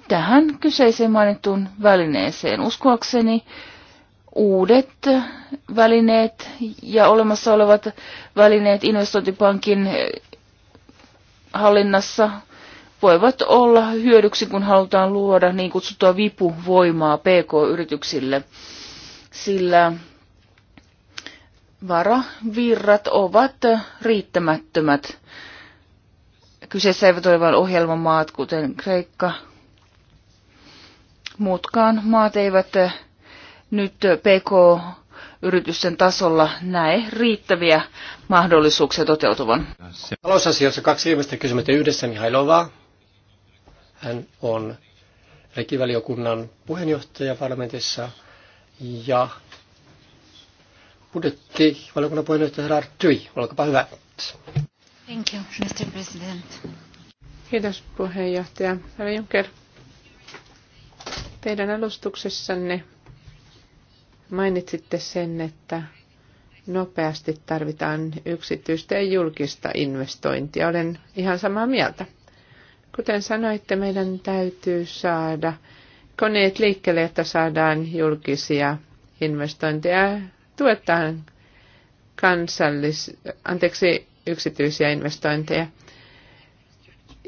tähän kyseiseen mainittuun välineeseen. Uskoakseni uudet välineet ja olemassa olevat välineet investointipankin hallinnassa voivat olla hyödyksi, kun halutaan luoda niin kutsuttua vipuvoimaa PK-yrityksille, sillä varavirrat ovat riittämättömät. Kyseessä eivät ole vain ohjelmamaat, kuten Kreikka. Muutkaan maat eivät nyt PK yritysten tasolla näe riittäviä mahdollisuuksia toteutuvan. Talousasioissa kaksi viimeistä kysymystä yhdessä Mihailovaa. Hän on rekivaliokunnan puheenjohtaja parlamentissa ja budjettivaliokunnan puheenjohtaja Herra Tyi. Olkaapa hyvä. Thank you, Mr. President. Kiitos puheenjohtaja Herra Juncker. Teidän alustuksessanne Mainitsitte sen, että nopeasti tarvitaan yksityistä ja julkista investointia. Olen ihan samaa mieltä. Kuten sanoitte, meidän täytyy saada koneet liikkeelle, että saadaan julkisia investointeja. Tuetaan kansallis, anteeksi, yksityisiä investointeja.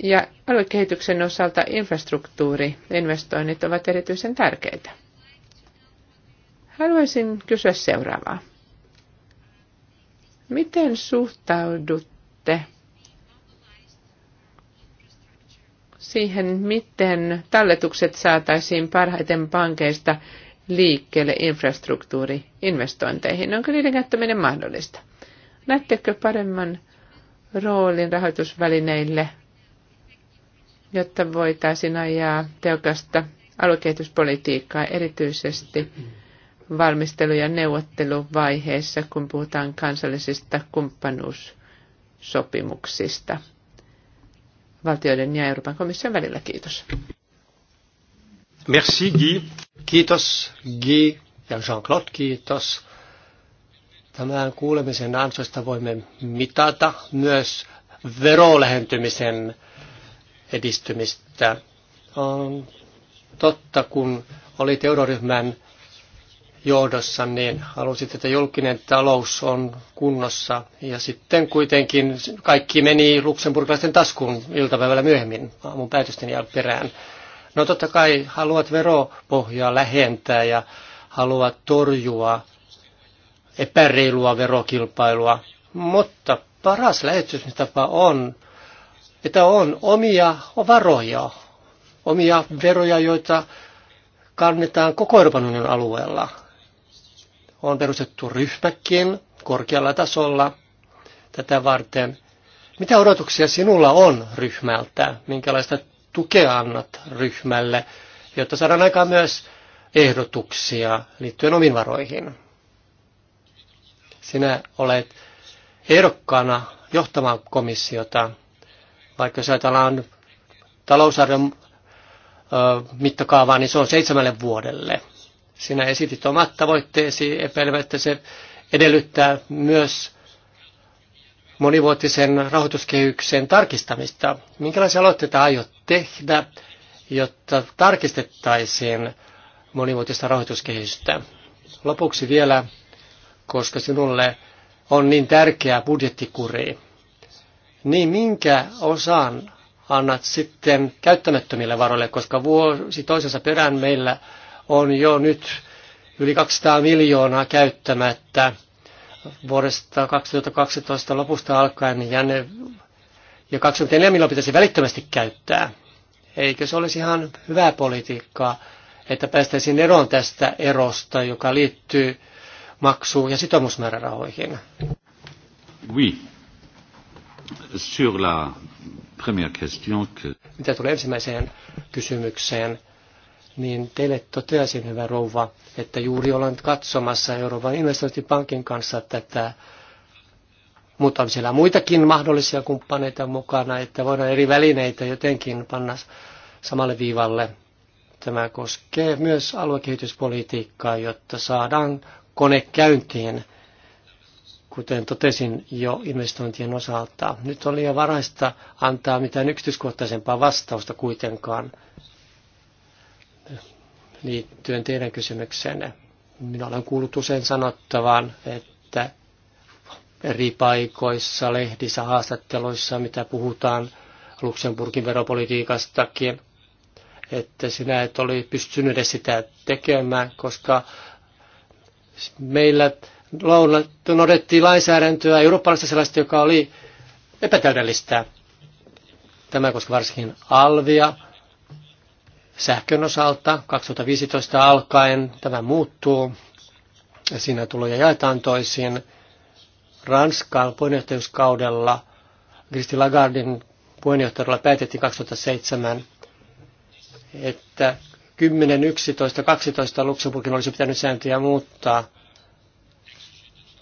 Ja aluekehityksen osalta infrastruktuuriinvestoinnit ovat erityisen tärkeitä. Haluaisin kysyä seuraavaa. Miten suhtaudutte siihen, miten talletukset saataisiin parhaiten pankeista liikkeelle infrastruktuuriinvestointeihin? Onko niiden käyttäminen mahdollista? Näettekö paremman roolin rahoitusvälineille, jotta voitaisiin ajaa teokasta aluekehityspolitiikkaa erityisesti valmistelu- ja neuvotteluvaiheessa, kun puhutaan kansallisista kumppanuussopimuksista valtioiden ja Euroopan komission välillä. Kiitos. Merci Guy. Kiitos Guy ja Jean-Claude, kiitos. Tämän kuulemisen ansoista voimme mitata myös verolehentymisen edistymistä. On totta, kun olit euroryhmän johdossa, niin halusit, että julkinen talous on kunnossa. Ja sitten kuitenkin kaikki meni luksemburgilaisten taskuun iltapäivällä myöhemmin aamun päätösten perään. No totta kai haluat veropohjaa lähentää ja haluat torjua epäreilua verokilpailua, mutta paras lähestymistapa on, että on omia varoja, omia veroja, joita kannetaan koko Euroopan unionin alueella on perustettu ryhmäkin korkealla tasolla tätä varten. Mitä odotuksia sinulla on ryhmältä? Minkälaista tukea annat ryhmälle, jotta saadaan aikaan myös ehdotuksia liittyen omiin varoihin? Sinä olet ehdokkaana johtamaan komissiota, vaikka jos ajatellaan talousarvion mittakaavaa, niin se on seitsemälle vuodelle. Sinä esitit omat tavoitteesi, epäilemättä se edellyttää myös monivuotisen rahoituskehyksen tarkistamista. Minkälaisia aloitteita aiot tehdä, jotta tarkistettaisiin monivuotista rahoituskehystä? Lopuksi vielä, koska sinulle on niin tärkeä budjettikuri, niin minkä osan annat sitten käyttämättömille varoille, koska vuosi toisensa perään meillä on jo nyt yli 200 miljoonaa käyttämättä vuodesta 2012 lopusta alkaen ja, ne, ja 24 miljoonaa pitäisi välittömästi käyttää. Eikö se olisi ihan hyvää politiikkaa, että päästäisiin eroon tästä erosta, joka liittyy maksu- ja sitoumusmäärärahoihin? Oui. Sur la première question que... Mitä tulee ensimmäiseen kysymykseen, niin teille toteaisin, hyvä rouva, että juuri olen katsomassa Euroopan investointipankin kanssa tätä, mutta on siellä muitakin mahdollisia kumppaneita mukana, että voidaan eri välineitä jotenkin panna samalle viivalle. Tämä koskee myös aluekehityspolitiikkaa, jotta saadaan kone käyntiin, kuten totesin jo investointien osalta. Nyt on liian varaista antaa mitään yksityiskohtaisempaa vastausta kuitenkaan liittyen teidän kysymykseenne. Minä olen kuullut usein sanottavan, että eri paikoissa, lehdissä, haastatteluissa, mitä puhutaan Luxemburgin veropolitiikastakin, että sinä et ole pystynyt edes sitä tekemään, koska meillä noudettiin lainsäädäntöä, eurooppalaisesta sellaista, joka oli epätäydellistä. Tämä koska varsinkin alvia, sähkön osalta 2015 alkaen tämä muuttuu. Ja siinä tuloja jaetaan toisiin. Ranskan puheenjohtajuuskaudella Kristi Lagardin puheenjohtajalla päätettiin 2007, että 10, 11, 12 Luxemburgin olisi pitänyt sääntöjä muuttaa,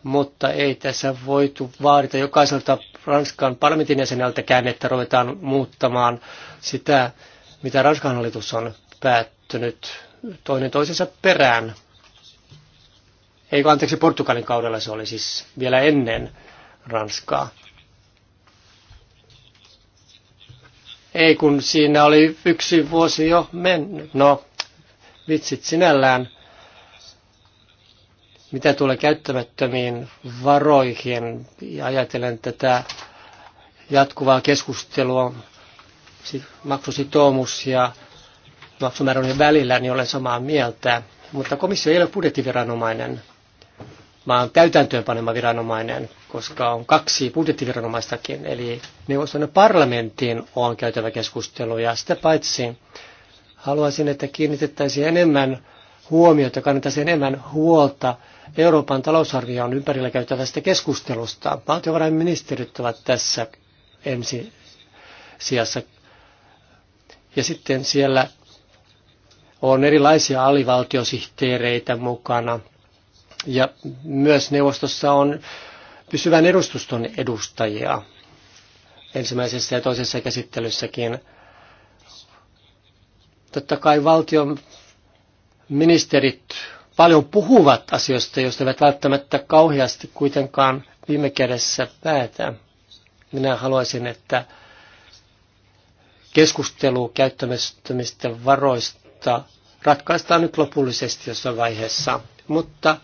mutta ei tässä voitu vaadita jokaiselta Ranskan parlamentin jäseneltäkään, että ruvetaan muuttamaan sitä mitä Ranskan hallitus on päättynyt toinen toisensa perään. Ei anteeksi, Portugalin kaudella se oli siis vielä ennen Ranskaa. Ei kun siinä oli yksi vuosi jo mennyt. No, vitsit sinällään. Mitä tulee käyttämättömiin varoihin ja ajatellen tätä jatkuvaa keskustelua maksusitoumus ja maksumäärän välillä, niin olen samaa mieltä. Mutta komissio ei ole budjettiviranomainen, vaan täytäntöönpanema viranomainen, koska on kaksi budjettiviranomaistakin. Eli neuvoston ja parlamentin on käytävä keskustelu. Ja sitä paitsi haluaisin, että kiinnitettäisiin enemmän huomiota, kannattaisi enemmän huolta Euroopan talousarvion ympärillä käytävästä keskustelusta. Valtiovarainministerit ovat tässä ensi sijassa ja sitten siellä on erilaisia alivaltiosihteereitä mukana. Ja myös neuvostossa on pysyvän edustuston edustajia ensimmäisessä ja toisessa käsittelyssäkin. Totta kai valtion ministerit paljon puhuvat asioista, joista eivät välttämättä kauheasti kuitenkaan viime kädessä päätä. Minä haluaisin, että keskustelu käyttämättömistä varoista ratkaistaan nyt lopullisesti jossain vaiheessa, mutta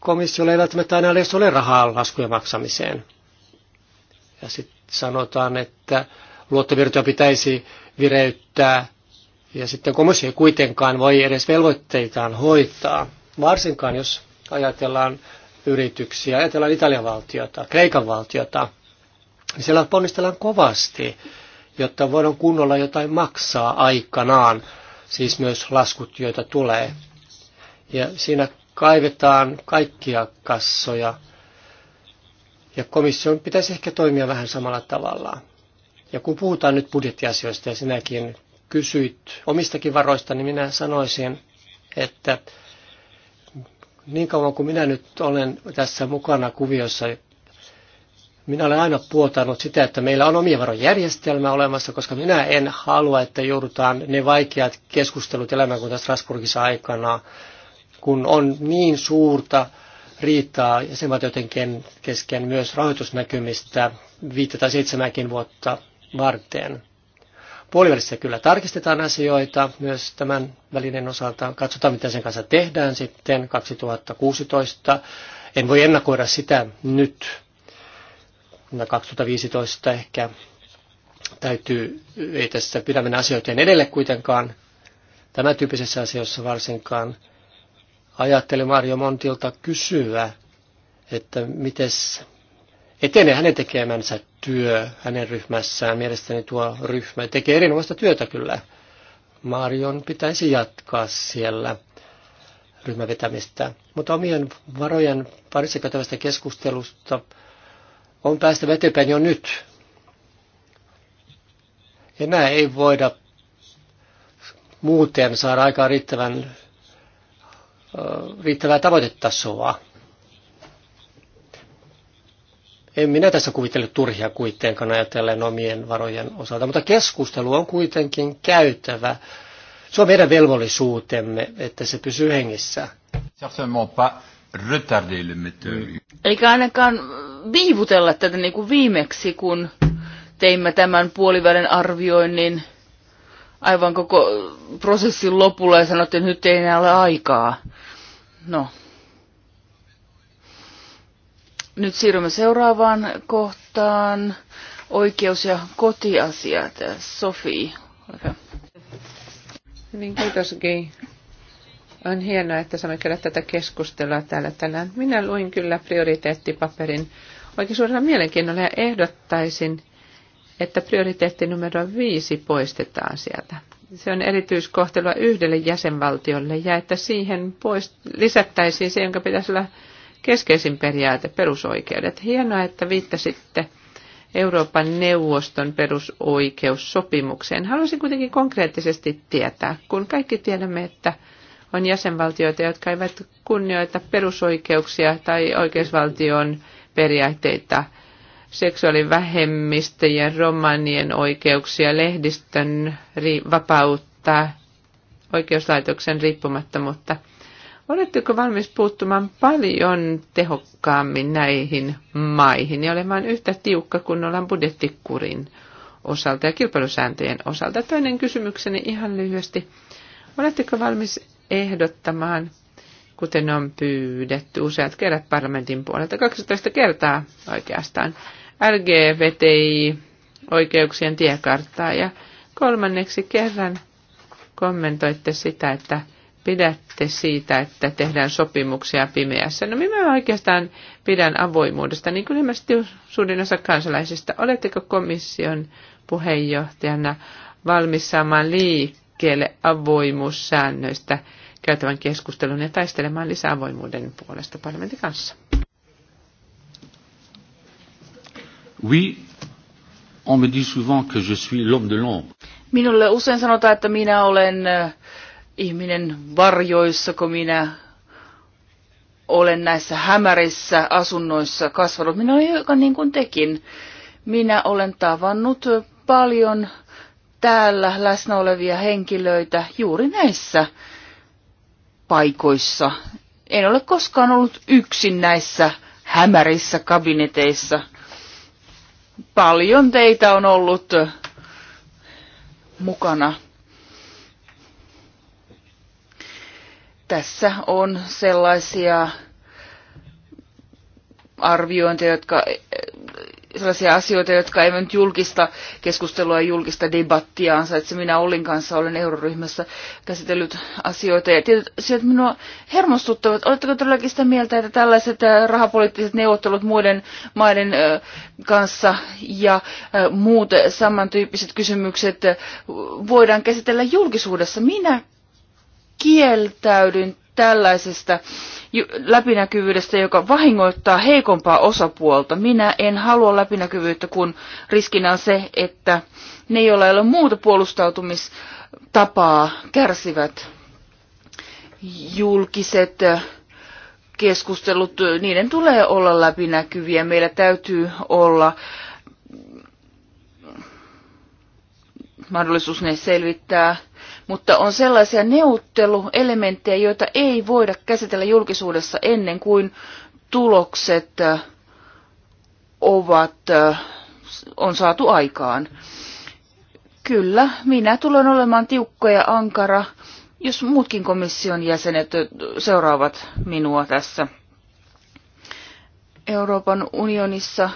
komissiolla ei välttämättä aina edes ole rahaa laskujen maksamiseen. Ja sitten sanotaan, että luottovirtoja pitäisi vireyttää, ja sitten komissio ei kuitenkaan voi edes velvoitteitaan hoitaa, varsinkaan jos ajatellaan yrityksiä, ajatellaan Italian valtiota, Kreikan valtiota, niin siellä ponnistellaan kovasti jotta voidaan kunnolla jotain maksaa aikanaan, siis myös laskut, joita tulee. Ja siinä kaivetaan kaikkia kassoja, ja komission pitäisi ehkä toimia vähän samalla tavalla. Ja kun puhutaan nyt budjettiasioista ja sinäkin kysyit omistakin varoista, niin minä sanoisin, että niin kauan kuin minä nyt olen tässä mukana kuviossa minä olen aina puoltanut sitä, että meillä on omia varojärjestelmä olemassa, koska minä en halua, että joudutaan ne vaikeat keskustelut elämään kuin Strasburgissa aikana, kun on niin suurta riitaa jäsenvaltioiden kesken myös rahoitusnäkymistä viittä tai seitsemänkin vuotta varten. Puolivälissä kyllä tarkistetaan asioita myös tämän välinen osalta. Katsotaan, mitä sen kanssa tehdään sitten 2016. En voi ennakoida sitä nyt 2015 ehkä täytyy, ei tässä pidä mennä asioiden edelle kuitenkaan, tämän tyyppisessä asioissa varsinkaan. ajatteli Mario Montilta kysyä, että miten etenee hänen tekemänsä työ hänen ryhmässään. Mielestäni tuo ryhmä tekee erinomaista työtä kyllä. Marion pitäisi jatkaa siellä ryhmävetämistä. Mutta omien varojen parissa käytävästä keskustelusta on päästävä eteenpäin jo nyt. ja näin ei voida muuten saada aikaan riittävän, riittävää tavoitetasoa. En minä tässä kuvitellut turhia kuitenkaan ajatellen omien varojen osalta, mutta keskustelu on kuitenkin käytävä. Se on meidän velvollisuutemme, että se pysyy hengissä. Certainement pas retarder le mm. Eikä ainakaan viivutella tätä niin kuin viimeksi, kun teimme tämän puolivälin arvioinnin aivan koko prosessin lopulla ja sanottiin, että nyt ei enää ole aikaa. No. Nyt siirrymme seuraavaan kohtaan. Oikeus- ja kotiasiat. Sofi, hyvä. Niin, kiitos Gei. Okay. On hienoa, että saamme käydä tätä keskustelua täällä tänään. Minä luin kyllä prioriteettipaperin oikein suurella mielenkiinnolla ja ehdottaisin, että prioriteetti numero viisi poistetaan sieltä. Se on erityiskohtelua yhdelle jäsenvaltiolle ja että siihen poist- lisättäisiin se, jonka pitäisi olla keskeisin periaate, perusoikeudet. Hienoa, että viittasitte Euroopan neuvoston perusoikeussopimukseen. Haluaisin kuitenkin konkreettisesti tietää, kun kaikki tiedämme, että on jäsenvaltioita, jotka eivät kunnioita perusoikeuksia tai oikeusvaltion periaatteita, seksuaalivähemmistöjen, romanien oikeuksia, lehdistön vapautta, oikeuslaitoksen riippumattomuutta. Oletteko valmis puuttumaan paljon tehokkaammin näihin maihin ja olemaan yhtä tiukka kuin ollaan budjettikurin osalta ja kilpailusääntöjen osalta? Toinen kysymykseni ihan lyhyesti. Oletteko valmis ehdottamaan, kuten on pyydetty useat kerrat parlamentin puolelta, 12 kertaa oikeastaan, LGBTI-oikeuksien tiekarttaa. Ja kolmanneksi kerran kommentoitte sitä, että pidätte siitä, että tehdään sopimuksia pimeässä. No minä oikeastaan pidän avoimuudesta, niin kuin ilmeisesti suurin osa kansalaisista. Oletteko komission puheenjohtajana valmis saamaan liikkeelle? liikkeelle avoimuussäännöistä käytävän keskustelun ja taistelemaan lisää avoimuuden puolesta parlamentin kanssa. Oui, on me dit souvent que je suis l'homme de l'ombre. Minulle usein sanotaan, että minä olen äh, ihminen varjoissa, kun minä olen näissä hämärissä asunnoissa kasvanut. Minä olen joka niin kuin tekin. Minä olen tavannut paljon täällä läsnä olevia henkilöitä juuri näissä paikoissa. En ole koskaan ollut yksin näissä hämärissä kabineteissa. Paljon teitä on ollut mukana. Tässä on sellaisia arviointeja, jotka sellaisia asioita, jotka eivät nyt julkista keskustelua ja julkista debattia ansaitse. Minä Ollin kanssa olen euroryhmässä käsitellyt asioita ja tietyt asiat minua hermostuttavat. Oletteko todellakin sitä mieltä, että tällaiset äh, rahapoliittiset neuvottelut muiden maiden äh, kanssa ja äh, muut samantyyppiset kysymykset voidaan käsitellä julkisuudessa? Minä kieltäydyn tällaisesta äh, läpinäkyvyydestä, joka vahingoittaa heikompaa osapuolta. Minä en halua läpinäkyvyyttä, kun riskinä on se, että ne, joilla ei ole muuta puolustautumistapaa, kärsivät julkiset äh, keskustelut, äh, niiden tulee olla läpinäkyviä. Meillä täytyy olla äh, mahdollisuus ne selvittää mutta on sellaisia neuvotteluelementtejä, joita ei voida käsitellä julkisuudessa ennen kuin tulokset ovat, on saatu aikaan. Kyllä, minä tulen olemaan tiukka ja ankara, jos muutkin komission jäsenet seuraavat minua tässä. Euroopan unionissa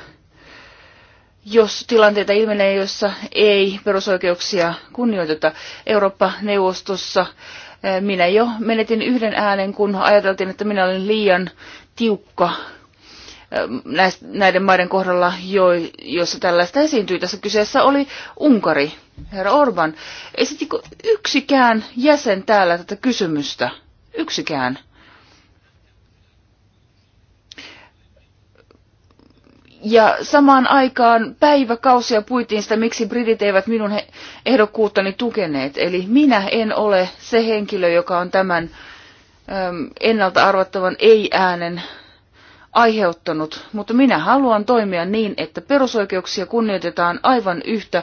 jos tilanteita ilmenee, jossa ei perusoikeuksia kunnioiteta Eurooppa-neuvostossa. Eh, minä jo menetin yhden äänen, kun ajateltiin, että minä olin liian tiukka eh, näiden maiden kohdalla, joissa tällaista esiintyy. Tässä kyseessä oli Unkari, herra Orban. Esittikö yksikään jäsen täällä tätä kysymystä? Yksikään. Ja samaan aikaan päiväkausia puitiin sitä, miksi britit eivät minun ehdokkuuttani tukeneet. Eli minä en ole se henkilö, joka on tämän ennalta arvattavan ei-äänen aiheuttanut, mutta minä haluan toimia niin, että perusoikeuksia kunnioitetaan aivan yhtä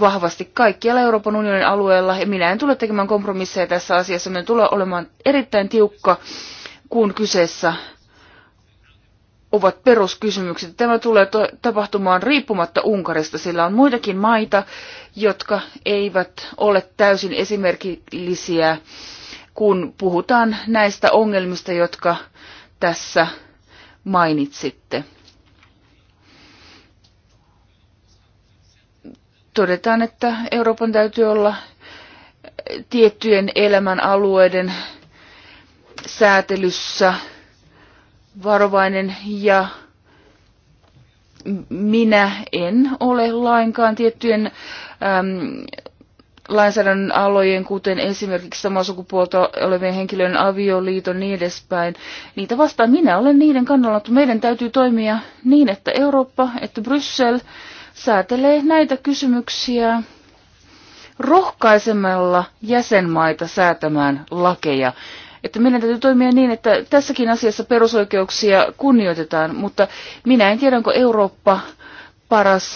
vahvasti kaikkialla Euroopan unionin alueella, ja minä en tule tekemään kompromisseja tässä asiassa, minä tulee olemaan erittäin tiukka, kun kyseessä ovat peruskysymykset. Tämä tulee tapahtumaan riippumatta Unkarista, sillä on muitakin maita, jotka eivät ole täysin esimerkillisiä, kun puhutaan näistä ongelmista, jotka tässä mainitsitte. Todetaan, että Euroopan täytyy olla eh, tiettyjen elämänalueiden säätelyssä varovainen ja minä en ole lainkaan tiettyjen äm, lainsäädännön alojen, kuten esimerkiksi samaa sukupuolta olevien henkilöiden avioliiton niin edespäin, niitä vastaan minä olen niiden kannalla, että meidän täytyy toimia niin, että Eurooppa, että Bryssel säätelee näitä kysymyksiä rohkaisemalla jäsenmaita säätämään lakeja että meidän täytyy toimia niin, että tässäkin asiassa perusoikeuksia kunnioitetaan, mutta minä en tiedä, onko Eurooppa paras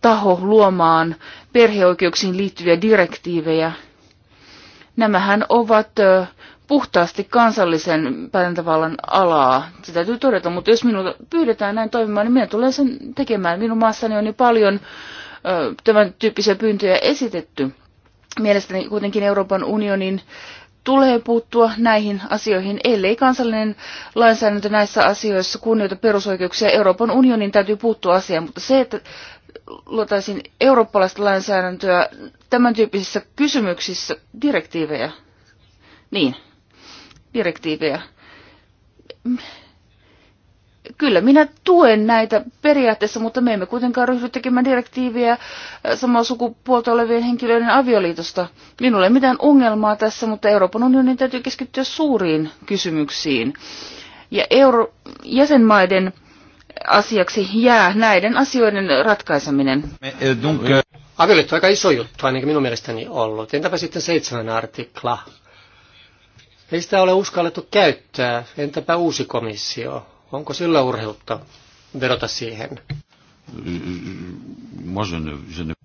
taho luomaan perheoikeuksiin liittyviä direktiivejä. Nämähän ovat puhtaasti kansallisen päätäntävallan alaa. Se täytyy todeta, mutta jos minulta pyydetään näin toimimaan, niin minä tulen sen tekemään. Minun maassani on niin paljon tämän tyyppisiä pyyntöjä esitetty. Mielestäni kuitenkin Euroopan unionin tulee puuttua näihin asioihin, ellei kansallinen lainsäädäntö näissä asioissa kunnioita perusoikeuksia. Euroopan unionin täytyy puuttua asiaan, mutta se, että luotaisiin eurooppalaista lainsäädäntöä tämän tyyppisissä kysymyksissä, direktiivejä, niin, direktiivejä, kyllä minä tuen näitä periaatteessa, mutta me emme kuitenkaan ryhdy tekemään direktiiviä äh, samaa sukupuolta olevien henkilöiden avioliitosta. Minulla ei mitään ongelmaa tässä, mutta Euroopan unionin täytyy keskittyä suuriin kysymyksiin. Ja euro- jäsenmaiden asiaksi jää näiden asioiden ratkaiseminen. Eh, eh, Avioliitto on aika iso juttu, ainakin minun mielestäni ollut. Entäpä sitten seitsemän artikla? Ei sitä ole uskallettu käyttää. Entäpä uusi komissio? Onko sillä urheutta vedota siihen?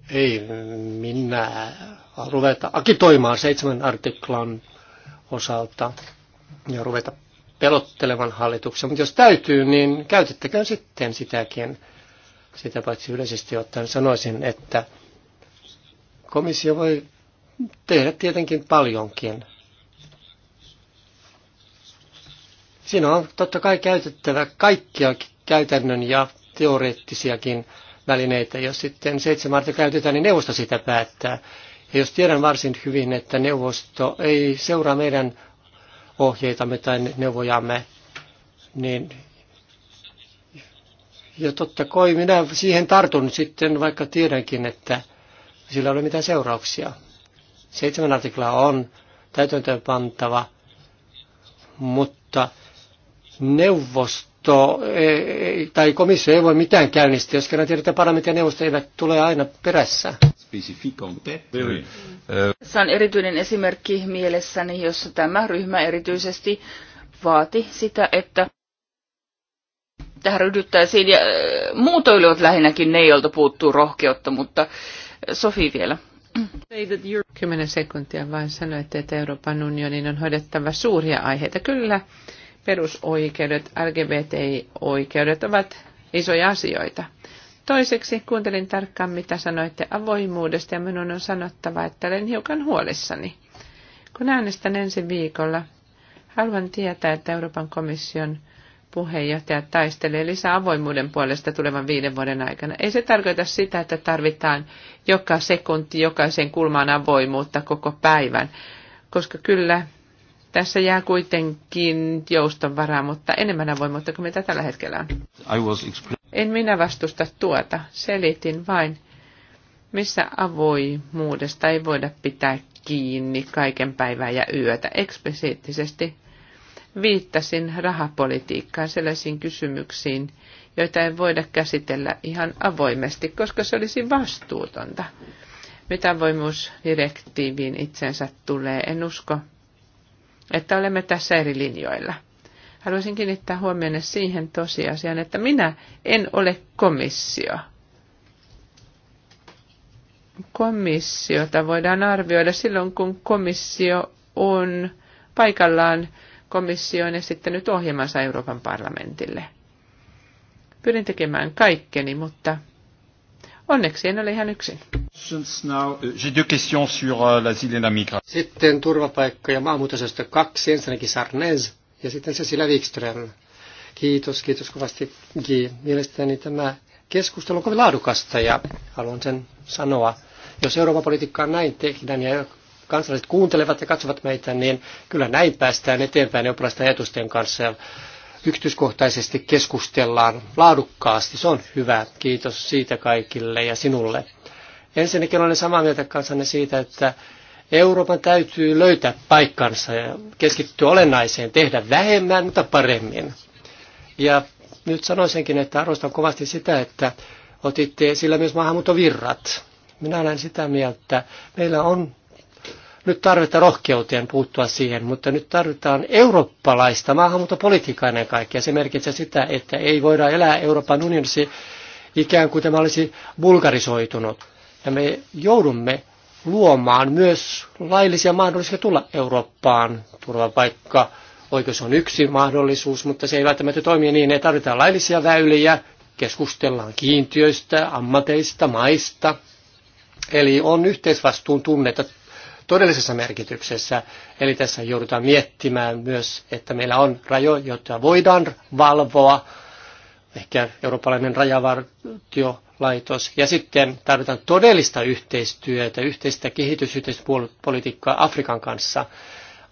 Ei minä ruveta akitoimaan seitsemän artiklan osalta ja ruveta pelottelevan hallituksen, mutta jos täytyy, niin käytettäköön sitten sitäkin. Sitä paitsi yleisesti ottaen sanoisin, että komissio voi tehdä tietenkin paljonkin. Siinä on totta kai käytettävä kaikkia käytännön ja teoreettisiakin välineitä. Jos sitten seitsemän käytetään, niin neuvosto sitä päättää. Ja jos tiedän varsin hyvin, että neuvosto ei seuraa meidän ohjeitamme tai neuvojamme, niin ja totta kai minä siihen tartun sitten, vaikka tiedänkin, että sillä ei ole mitään seurauksia. Seitsemän artiklaa on täytäntöön pantava, mutta neuvosto ei, e, tai komissio ei voi mitään käynnistää, jos kerran tiedetään, että parlamentti ja neuvosto eivät tule aina perässä. Tässä on erityinen esimerkki mielessäni, jossa tämä ryhmä erityisesti vaati sitä, että tähän ryhdyttäisiin. Ja muutoilivat lähinnäkin ne, joilta puuttuu rohkeutta, mutta Sofi vielä. Kymmenen sekuntia vain sanoitte, että Euroopan unionin on hoidettava suuria aiheita. Kyllä, perusoikeudet, LGBTI-oikeudet ovat isoja asioita. Toiseksi kuuntelin tarkkaan, mitä sanoitte avoimuudesta ja minun on sanottava, että olen hiukan huolissani. Kun äänestän ensi viikolla, haluan tietää, että Euroopan komission puheenjohtaja taistelee lisää avoimuuden puolesta tulevan viiden vuoden aikana. Ei se tarkoita sitä, että tarvitaan joka sekunti, jokaisen kulmaan avoimuutta koko päivän, koska kyllä tässä jää kuitenkin jouston varaa, mutta enemmän avoimuutta kuin mitä tällä hetkellä on. En minä vastusta tuota. Selitin vain, missä avoimuudesta ei voida pitää kiinni kaiken päivää ja yötä. Eksplisiittisesti viittasin rahapolitiikkaan sellaisiin kysymyksiin, joita ei voida käsitellä ihan avoimesti, koska se olisi vastuutonta. Mitä voimuusdirektiiviin itsensä tulee, en usko, että olemme tässä eri linjoilla. Haluaisin kiinnittää huomioon siihen tosiasiaan, että minä en ole komissio. Komissiota voidaan arvioida silloin, kun komissio on paikallaan komissio esittänyt ohjelmansa Euroopan parlamentille. Pyrin tekemään kaikkeni, mutta Onneksi en ole ihan yksin. Euh, sitten turvapaikka- ja maahanmuutosiosta kaksi, ensinnäkin Sarnez ja sitten Cecilia Wikström. Kiitos, kiitos kovasti Mielestäni tämä keskustelu on kovin laadukasta ja haluan sen sanoa. Jos Euroopan politiikkaa näin tehdään ja kansalaiset kuuntelevat ja katsovat meitä, niin kyllä näin päästään eteenpäin eurooppalaisten ajatusten kanssa. Ja yksityiskohtaisesti keskustellaan laadukkaasti. Se on hyvä. Kiitos siitä kaikille ja sinulle. Ensinnäkin olen samaa mieltä kanssanne siitä, että Euroopan täytyy löytää paikkansa ja keskittyä olennaiseen, tehdä vähemmän, mutta paremmin. Ja nyt sanoisinkin, että arvostan kovasti sitä, että otitte sillä myös maahanmuuttovirrat. Minä olen sitä mieltä, että meillä on nyt tarvitaan rohkeuteen puuttua siihen, mutta nyt tarvitaan eurooppalaista maahanmuuttopolitiikkaa ennen kaikkea. Se merkitsee sitä, että ei voida elää Euroopan unionissa ikään kuin tämä olisi bulgarisoitunut. Ja me joudumme luomaan myös laillisia mahdollisuuksia tulla Eurooppaan. Turvapaikka, oikeus on yksi mahdollisuus, mutta se ei välttämättä toimi niin, että tarvitaan laillisia väyliä, keskustellaan kiintiöistä, ammateista, maista. Eli on yhteisvastuun tunnetta todellisessa merkityksessä. Eli tässä joudutaan miettimään myös, että meillä on rajoja, joita voidaan valvoa, ehkä eurooppalainen rajavartiolaitos. Ja sitten tarvitaan todellista yhteistyötä, yhteistä kehitysyhteispolitiikkaa Afrikan kanssa.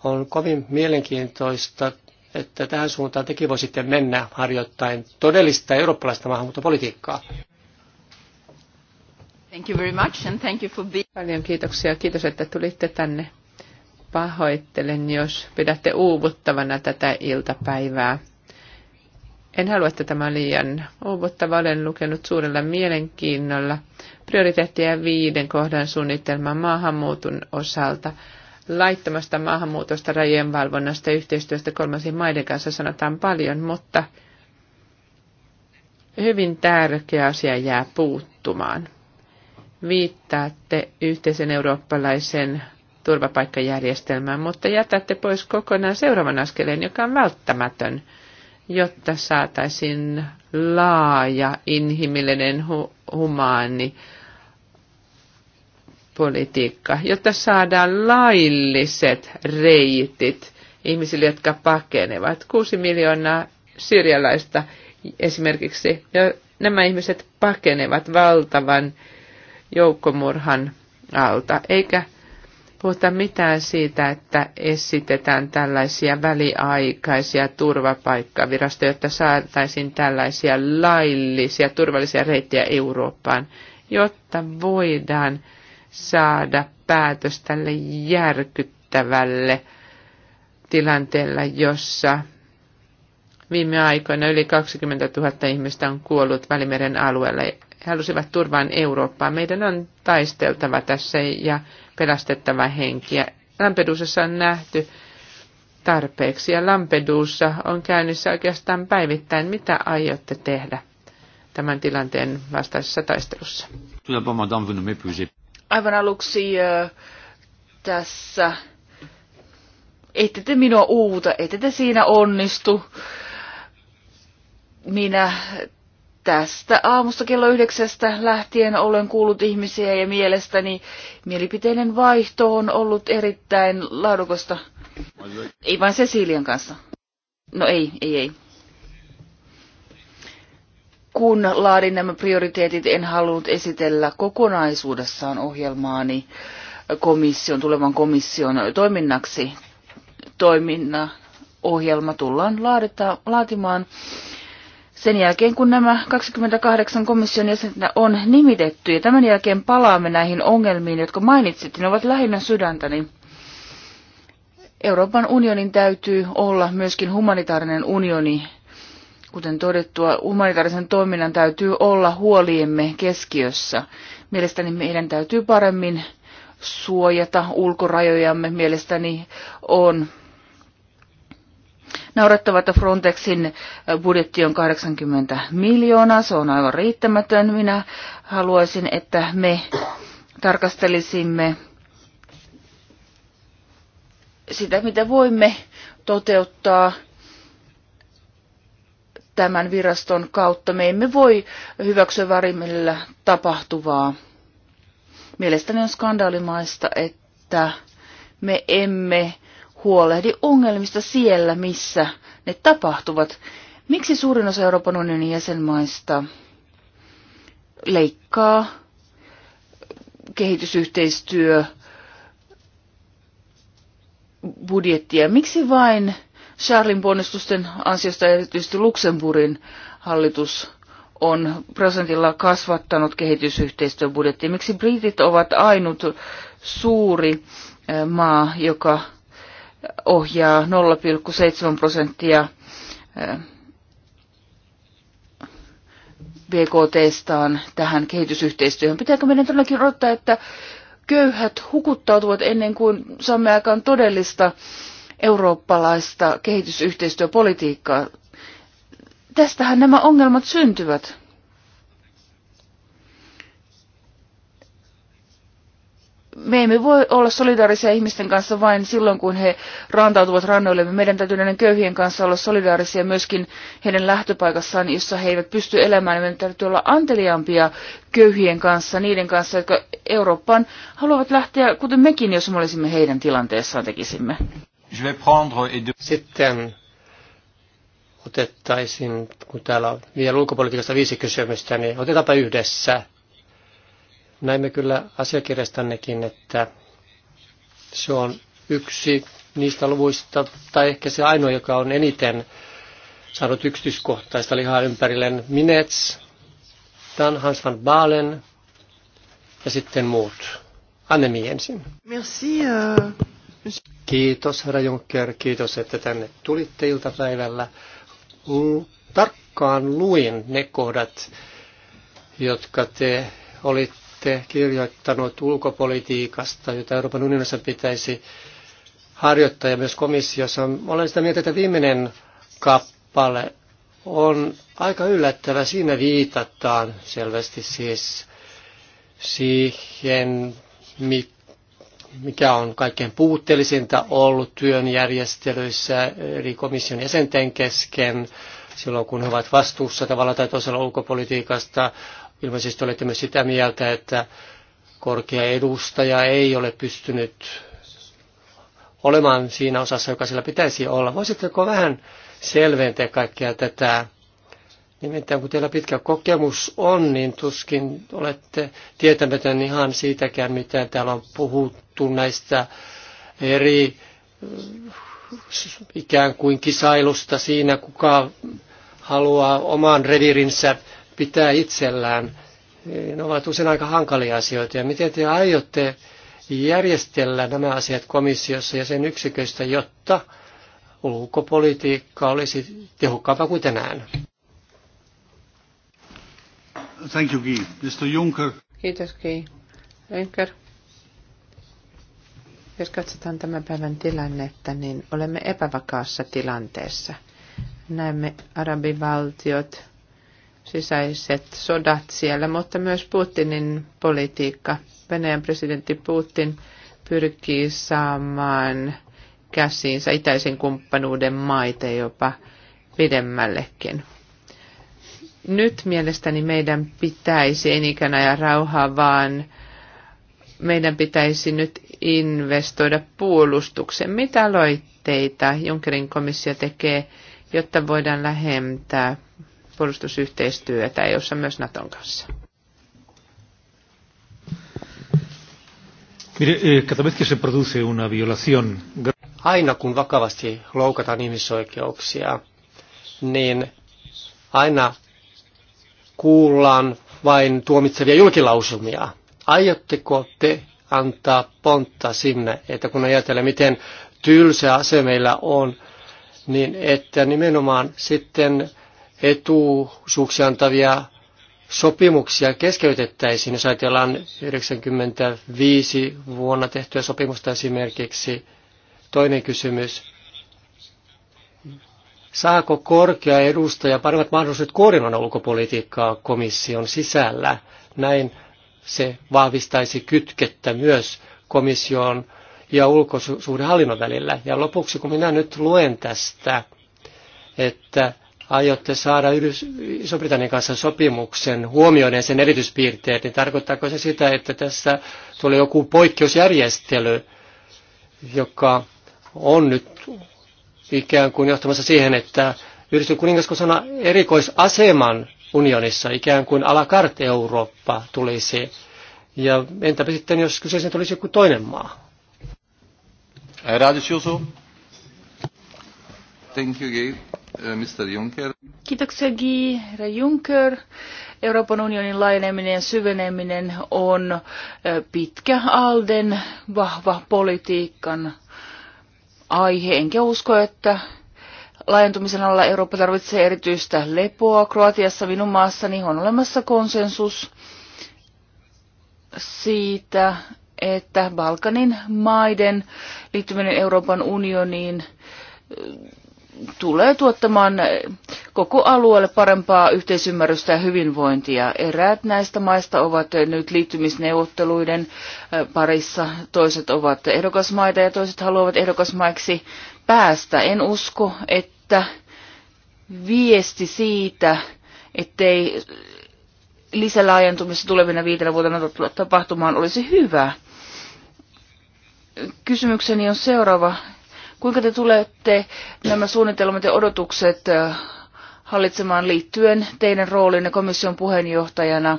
On kovin mielenkiintoista, että tähän suuntaan tekin sitten mennä harjoittain todellista eurooppalaista maahanmuuttopolitiikkaa. Thank you very much and thank you for being... Paljon kiitoksia. Kiitos, että tulitte tänne. Pahoittelen, jos pidätte uuvuttavana tätä iltapäivää. En halua, että tämä on liian uuvuttava. Olen lukenut suurella mielenkiinnolla prioriteettia viiden kohdan suunnitelman maahanmuuton osalta. Laittomasta maahanmuutosta, rajojen valvonnasta ja yhteistyöstä kolmansien maiden kanssa sanotaan paljon, mutta hyvin tärkeä asia jää puuttumaan viittaatte yhteisen eurooppalaisen turvapaikkajärjestelmään, mutta jätätte pois kokonaan seuraavan askeleen, joka on välttämätön, jotta saataisiin laaja, inhimillinen, hu- humaani politiikka, jotta saadaan lailliset reitit ihmisille, jotka pakenevat. Kuusi miljoonaa syrjäläistä esimerkiksi, ja nämä ihmiset pakenevat valtavan joukkomurhan alta, eikä puhuta mitään siitä, että esitetään tällaisia väliaikaisia turvapaikkavirastoja, jotta saataisiin tällaisia laillisia, turvallisia reittejä Eurooppaan, jotta voidaan saada päätös tälle järkyttävälle tilanteella, jossa viime aikoina yli 20 000 ihmistä on kuollut Välimeren alueella halusivat turvaan Eurooppaa. Meidän on taisteltava tässä ja pelastettava henkiä. Lampedusassa on nähty tarpeeksi ja Lampedusa on käynnissä oikeastaan päivittäin. Mitä aiotte tehdä tämän tilanteen vastaisessa taistelussa? Aivan aluksi tässä. Ette te minua uuta, ette te siinä onnistu. Minä tästä aamusta kello yhdeksästä lähtien olen kuullut ihmisiä ja mielestäni mielipiteiden vaihto on ollut erittäin laadukasta. Ei vain Cecilian kanssa. No ei, ei, ei. Kun laadin nämä prioriteetit, en halunnut esitellä kokonaisuudessaan ohjelmaani komission, tulevan komission toiminnaksi. Toiminnan ohjelma tullaan laadita, laatimaan sen jälkeen, kun nämä 28 komission jäsentä on nimitetty, ja tämän jälkeen palaamme näihin ongelmiin, jotka mainitsit, ne ovat lähinnä sydäntäni. Euroopan unionin täytyy olla myöskin humanitaarinen unioni. Kuten todettua, humanitaarisen toiminnan täytyy olla huoliemme keskiössä. Mielestäni meidän täytyy paremmin suojata ulkorajojamme. Mielestäni on Naurettava, että Frontexin äh, budjetti on 80 miljoonaa, se on aivan riittämätön. Minä haluaisin, että me tarkastelisimme sitä, mitä voimme toteuttaa tämän viraston kautta. Me emme voi hyväksyä värimellä tapahtuvaa. Mielestäni on skandaalimaista, että me emme huolehdi ongelmista siellä, missä ne tapahtuvat. Miksi suurin osa Euroopan unionin jäsenmaista leikkaa kehitysyhteistyö budjettia? Miksi vain Charlin ponnistusten ansiosta erityisesti Luxemburgin hallitus on prosentilla kasvattanut kehitysyhteistyöbudjettia? Miksi britit ovat ainut suuri eh, maa, joka ohjaa 0,7 prosenttia eh, BKTstaan tähän kehitysyhteistyöhön. Pitääkö meidän todellakin odottaa, että köyhät hukuttautuvat ennen kuin saamme aikaan todellista eurooppalaista kehitysyhteistyöpolitiikkaa? Tästähän nämä ongelmat syntyvät. me emme voi olla solidaarisia ihmisten kanssa vain silloin, kun he rantautuvat rannoille. Meidän täytyy näiden köyhien kanssa olla solidaarisia myöskin heidän lähtöpaikassaan, jossa he eivät pysty elämään. Meidän täytyy olla anteliaampia köyhien kanssa, niiden kanssa, jotka Eurooppaan haluavat lähteä, kuten mekin, jos me olisimme heidän tilanteessaan tekisimme. Sitten otettaisiin, kun täällä on vielä ulkopolitiikasta viisi kysymystä, niin otetaanpa yhdessä. Näimme kyllä asiakirjastannekin, että se on yksi niistä luvuista, tai ehkä se ainoa, joka on eniten saanut yksityiskohtaista lihaa ympärilleen. Minets, Dan Hans van Baalen ja sitten muut. Annemi ensin. Merci, uh... Kiitos, herra Juncker. Kiitos, että tänne tulitte iltapäivällä. Tarkkaan luin ne kohdat, jotka te olitte olette kirjoittanut ulkopolitiikasta, jota Euroopan unionissa pitäisi harjoittaa ja myös komissiossa. Olen sitä mieltä, että viimeinen kappale on aika yllättävä. Siinä viitataan selvästi siis siihen, mikä on kaikkein puutteellisinta ollut työn järjestelyissä eri komission jäsenten kesken silloin, kun he ovat vastuussa tavalla tai toisella ulkopolitiikasta. Ilmeisesti olette myös sitä mieltä, että korkea edustaja ei ole pystynyt olemaan siinä osassa, joka sillä pitäisi olla. Voisitteko vähän selventää kaikkea tätä? Nimittäin kun teillä pitkä kokemus on, niin tuskin olette tietämätön ihan siitäkään, mitä täällä on puhuttu näistä eri ikään kuin kisailusta siinä, kuka haluaa oman revirinsä pitää itsellään, ne ovat usein aika hankalia asioita. Ja miten te aiotte järjestellä nämä asiat komissiossa ja sen yksiköistä, jotta ulkopolitiikka olisi tehokkaampaa kuin tänään? Thank you, Guy. Mr. Juncker. Kiitos, Guy. Juncker. Jos katsotaan tämän päivän tilannetta, niin olemme epävakaassa tilanteessa. Näemme arabivaltiot, sisäiset sodat siellä, mutta myös Putinin politiikka. Venäjän presidentti Putin pyrkii saamaan käsiinsä itäisen kumppanuuden maita jopa pidemmällekin. Nyt mielestäni meidän pitäisi enikänä ja rauhaa, vaan meidän pitäisi nyt investoida puolustuksen. Mitä aloitteita Junckerin komissio tekee, jotta voidaan lähentää puolustusyhteistyötä EUssa myös Naton kanssa? Eh, aina kun vakavasti loukataan ihmisoikeuksia, niin aina kuullaan vain tuomitsevia julkilausumia. Aiotteko te antaa pontta sinne, että kun ajatellaan, miten tylsä ase meillä on, niin että nimenomaan sitten etuisuuksia antavia sopimuksia keskeytettäisiin, jos ajatellaan 95 vuonna tehtyä sopimusta esimerkiksi. Toinen kysymys. Saako korkea edustaja paremmat mahdollisuudet koordinoida ulkopolitiikkaa komission sisällä? Näin se vahvistaisi kytkettä myös komission ja ulkosuhdehallinnon välillä. Ja lopuksi, kun minä nyt luen tästä, että aiotte saada Iso-Britannian kanssa sopimuksen huomioiden sen erityispiirteet, niin tarkoittaako se sitä, että tässä tulee joku poikkeusjärjestely, joka on nyt ikään kuin johtamassa siihen, että yhdistyn kuningaskunta erikoisaseman unionissa, ikään kuin alakart Eurooppa tulisi. Ja entäpä sitten, jos kyseessä tulisi joku toinen maa? Raadis Thank you, Gabe. Eh, Juncker. Kiitoksia G. herra Juncker. Euroopan unionin laajeneminen ja syveneminen on eh, pitkä Alden vahva politiikan aihe. Enkä usko, että laajentumisen alla Eurooppa tarvitsee erityistä lepoa. Kroatiassa minun maassani on olemassa konsensus siitä, että Balkanin maiden liittyminen Euroopan unioniin eh, tulee tuottamaan koko alueelle parempaa yhteisymmärrystä ja hyvinvointia. Eräät näistä maista ovat nyt liittymisneuvotteluiden parissa, toiset ovat ehdokasmaita ja toiset haluavat ehdokasmaiksi päästä. En usko, että viesti siitä, ettei lisälaajentumista tulevina viitenä vuotena tapahtumaan olisi hyvä. Kysymykseni on seuraava Kuinka te tulette nämä suunnitelmat ja odotukset äh, hallitsemaan liittyen teidän roolinne komission puheenjohtajana äh,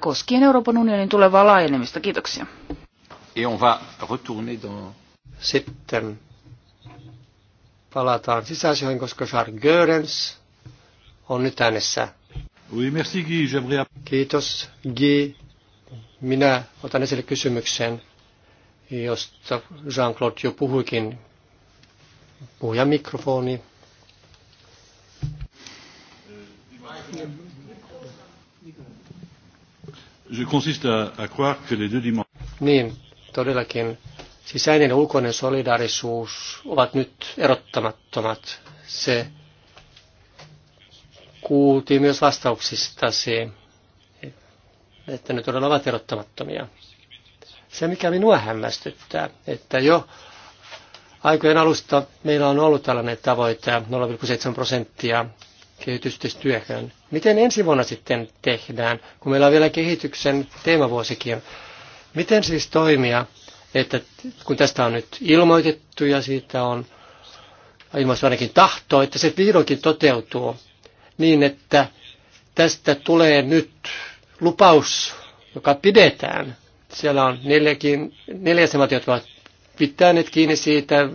koskien Euroopan unionin tulevaa laajenemista? Kiitoksia. Et Sitten palataan sisäasioihin, koska Charles Görens on nyt äänessä. Oui, merci Guy. Kiitos Guy. Minä otan esille kysymyksen, josta Jean-Claude jo puhuikin Puhujan mikrofoni. Je consiste à, à croire que les deux dimensions... Niin, todellakin sisäinen ja ulkoinen solidaarisuus ovat nyt erottamattomat. Se kuultiin myös vastauksistasi, että ne todella ovat erottamattomia. Se, mikä minua hämmästyttää, että jo Aikojen alusta meillä on ollut tällainen tavoite 0,7 prosenttia kehitystyöhön. Miten ensi vuonna sitten tehdään, kun meillä on vielä kehityksen teemavuosikin? Miten siis toimia, että kun tästä on nyt ilmoitettu ja siitä on ilmaistu ainakin tahto, että se vihdoinkin toteutuu niin, että tästä tulee nyt lupaus, joka pidetään. Siellä on neljäkin, neljä jäsenvaltiota, jotka ovat pitäneet kiinni siitä,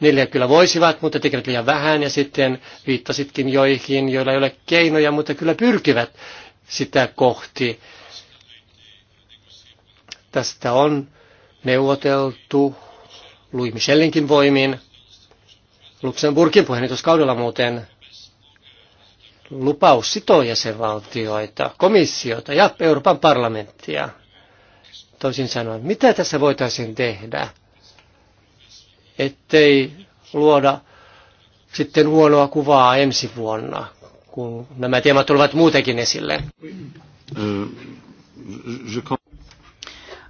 neljä kyllä voisivat, mutta tekevät liian vähän ja sitten viittasitkin joihin, joilla ei ole keinoja, mutta kyllä pyrkivät sitä kohti. Tästä on neuvoteltu Louis Michelinkin voimin, Luxemburgin puheenjohtajuuskaudella muuten lupaus sitoo jäsenvaltioita, komissiota ja Euroopan parlamenttia. Toisin sanoen, mitä tässä voitaisiin tehdä? ettei luoda sitten huonoa kuvaa ensi vuonna, kun nämä teemat tulevat muutenkin esille.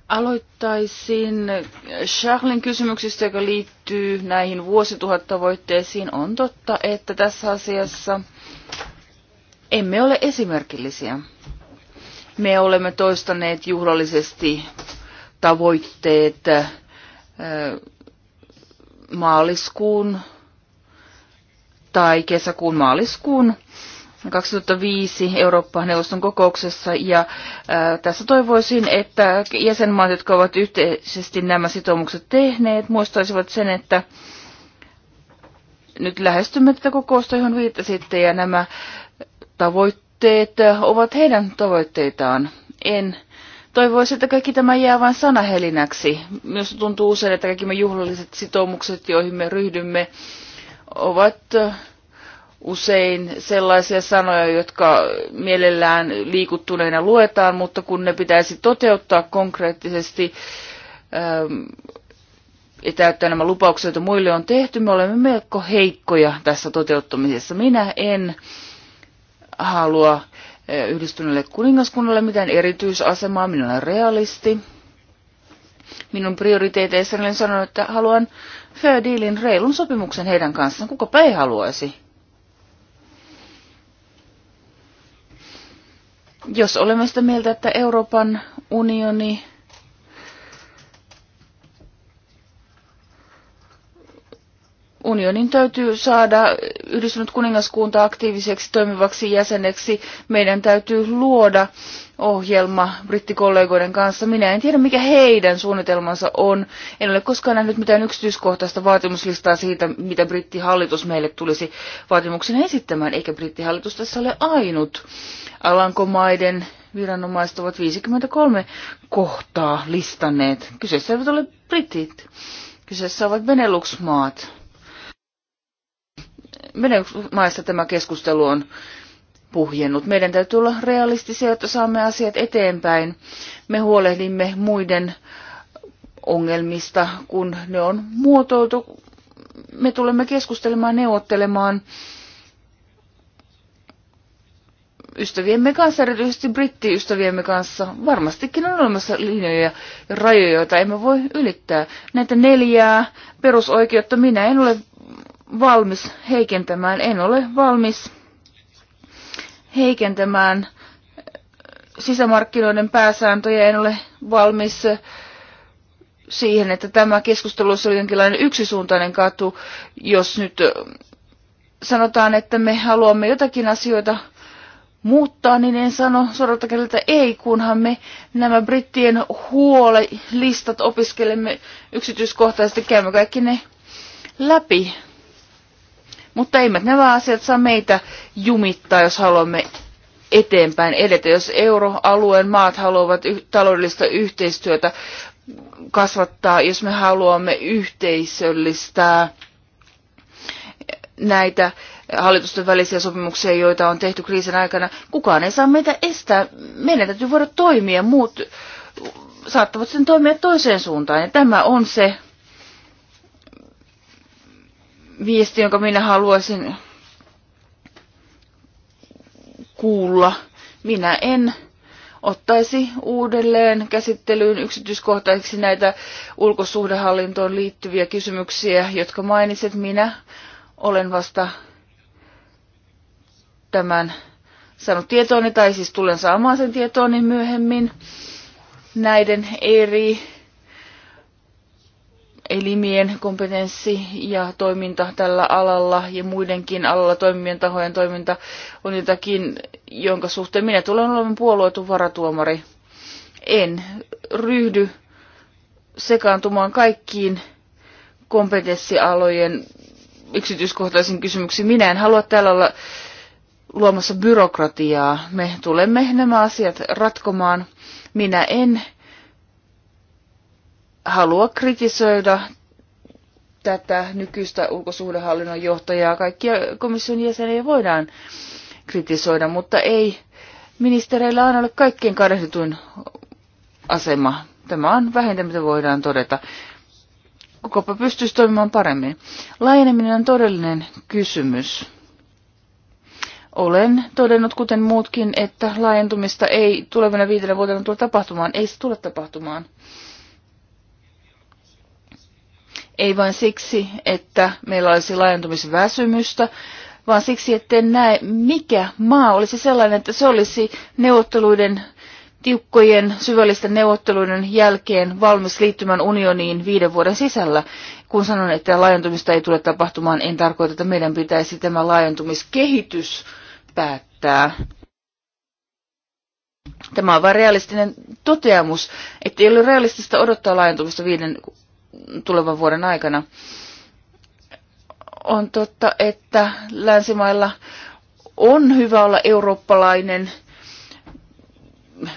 Aloittaisin Charlin kysymyksistä, joka liittyy näihin vuosituhattavoitteisiin. On totta, että tässä asiassa emme ole esimerkillisiä. Me olemme toistaneet juhlallisesti tavoitteet maaliskuun tai kesäkuun maaliskuun 2005 Eurooppa-neuvoston kokouksessa. Ja ää, äh, tässä toivoisin, että jäsenmaat, jotka ovat yhteisesti nämä sitoumukset tehneet, muistaisivat sen, että nyt lähestymme tätä kokousta, johon viittasitte, ja nämä tavoitteet ovat heidän tavoitteitaan. En Toivoisin, että kaikki tämä jää vain sanahelinäksi. Myös tuntuu usein, että kaikki me juhlalliset sitoumukset, joihin me ryhdymme, ovat usein sellaisia sanoja, jotka mielellään liikuttuneina luetaan, mutta kun ne pitäisi toteuttaa konkreettisesti ähm, ja täyttää nämä lupaukset, joita muille on tehty, me olemme melko heikkoja tässä toteuttamisessa. Minä en halua yhdistyneelle kuningaskunnalle mitään erityisasemaa. Minä olen realisti. Minun prioriteeteissani olen sanonut, että haluan fair dealin reilun sopimuksen heidän kanssaan. kuka päin haluaisi? Jos olemme sitä mieltä, että Euroopan unioni unionin täytyy saada yhdistynyt kuningaskunta aktiiviseksi toimivaksi jäseneksi. Meidän täytyy luoda ohjelma brittikollegoiden kanssa. Minä en tiedä, mikä heidän suunnitelmansa on. En ole koskaan nähnyt mitään yksityiskohtaista vaatimuslistaa siitä, mitä brittihallitus meille tulisi vaatimuksen esittämään, eikä brittihallitus tässä ole ainut. Alankomaiden viranomaiset ovat 53 kohtaa listanneet. Kyseessä eivät ole britit. Kyseessä ovat Benelux-maat maista tämä keskustelu on puhjennut. Meidän täytyy olla realistisia, että saamme asiat eteenpäin. Me huolehdimme muiden ongelmista, kun ne on muotoiltu. Me tulemme keskustelemaan, neuvottelemaan ystäviemme kanssa, erityisesti brittiystäviemme kanssa. Varmastikin on olemassa linjoja ja rajoja, joita emme voi ylittää. Näitä neljää perusoikeutta minä en ole valmis heikentämään. En ole valmis heikentämään äh, sisämarkkinoiden pääsääntöjä. En ole valmis äh, siihen, että tämä keskustelu olisi jonkinlainen yksisuuntainen katu, jos nyt äh, sanotaan, että me haluamme jotakin asioita muuttaa, niin en sano että ei, kunhan me nämä brittien huolelistat opiskelemme yksityiskohtaisesti, käymme kaikki ne läpi. Mutta eivät nämä asiat saa meitä jumittaa, jos haluamme eteenpäin edetä. Jos euroalueen maat haluavat taloudellista yhteistyötä kasvattaa, jos me haluamme yhteisöllistää näitä hallitusten välisiä sopimuksia, joita on tehty kriisin aikana, kukaan ei saa meitä estää. Meidän täytyy voida toimia, muut saattavat sen toimia toiseen suuntaan. Ja tämä on se viesti, jonka minä haluaisin kuulla. Minä en ottaisi uudelleen käsittelyyn yksityiskohtaisesti näitä ulkosuhdehallintoon liittyviä kysymyksiä, jotka mainitset. Minä olen vasta tämän saanut tietooni, tai siis tulen saamaan sen tietooni myöhemmin näiden eri elimien kompetenssi ja toiminta tällä alalla ja muidenkin alalla toimivien tahojen toiminta on jotakin, jonka suhteen minä tulen olemaan puolueetun varatuomari. En ryhdy sekaantumaan kaikkiin kompetenssialojen yksityiskohtaisiin kysymyksiin. Minä en halua täällä olla luomassa byrokratiaa. Me tulemme nämä asiat ratkomaan. Minä en halua kritisoida tätä nykyistä ulkosuhdehallinnon johtajaa. Kaikkia komission jäseniä voidaan kritisoida, mutta ei ministereillä aina ole kaikkein karehdituin asema. Tämä on vähintä, mitä voidaan todeta. Kukopa pystyisi toimimaan paremmin. Laajeneminen on todellinen kysymys. Olen todennut, kuten muutkin, että laajentumista ei tulevina viitellä vuotena tule tapahtumaan. Ei se tule tapahtumaan. Ei vain siksi, että meillä olisi laajentumisväsymystä, vaan siksi, että en näe, mikä maa olisi sellainen, että se olisi neuvotteluiden tiukkojen syvällisten neuvotteluiden jälkeen valmis liittymään unioniin viiden vuoden sisällä. Kun sanon, että laajentumista ei tule tapahtumaan, en tarkoita, että meidän pitäisi tämä laajentumiskehitys päättää. Tämä on vain realistinen toteamus, että ei ole realistista odottaa laajentumista viiden tulevan vuoden aikana. On totta, että länsimailla on hyvä olla eurooppalainen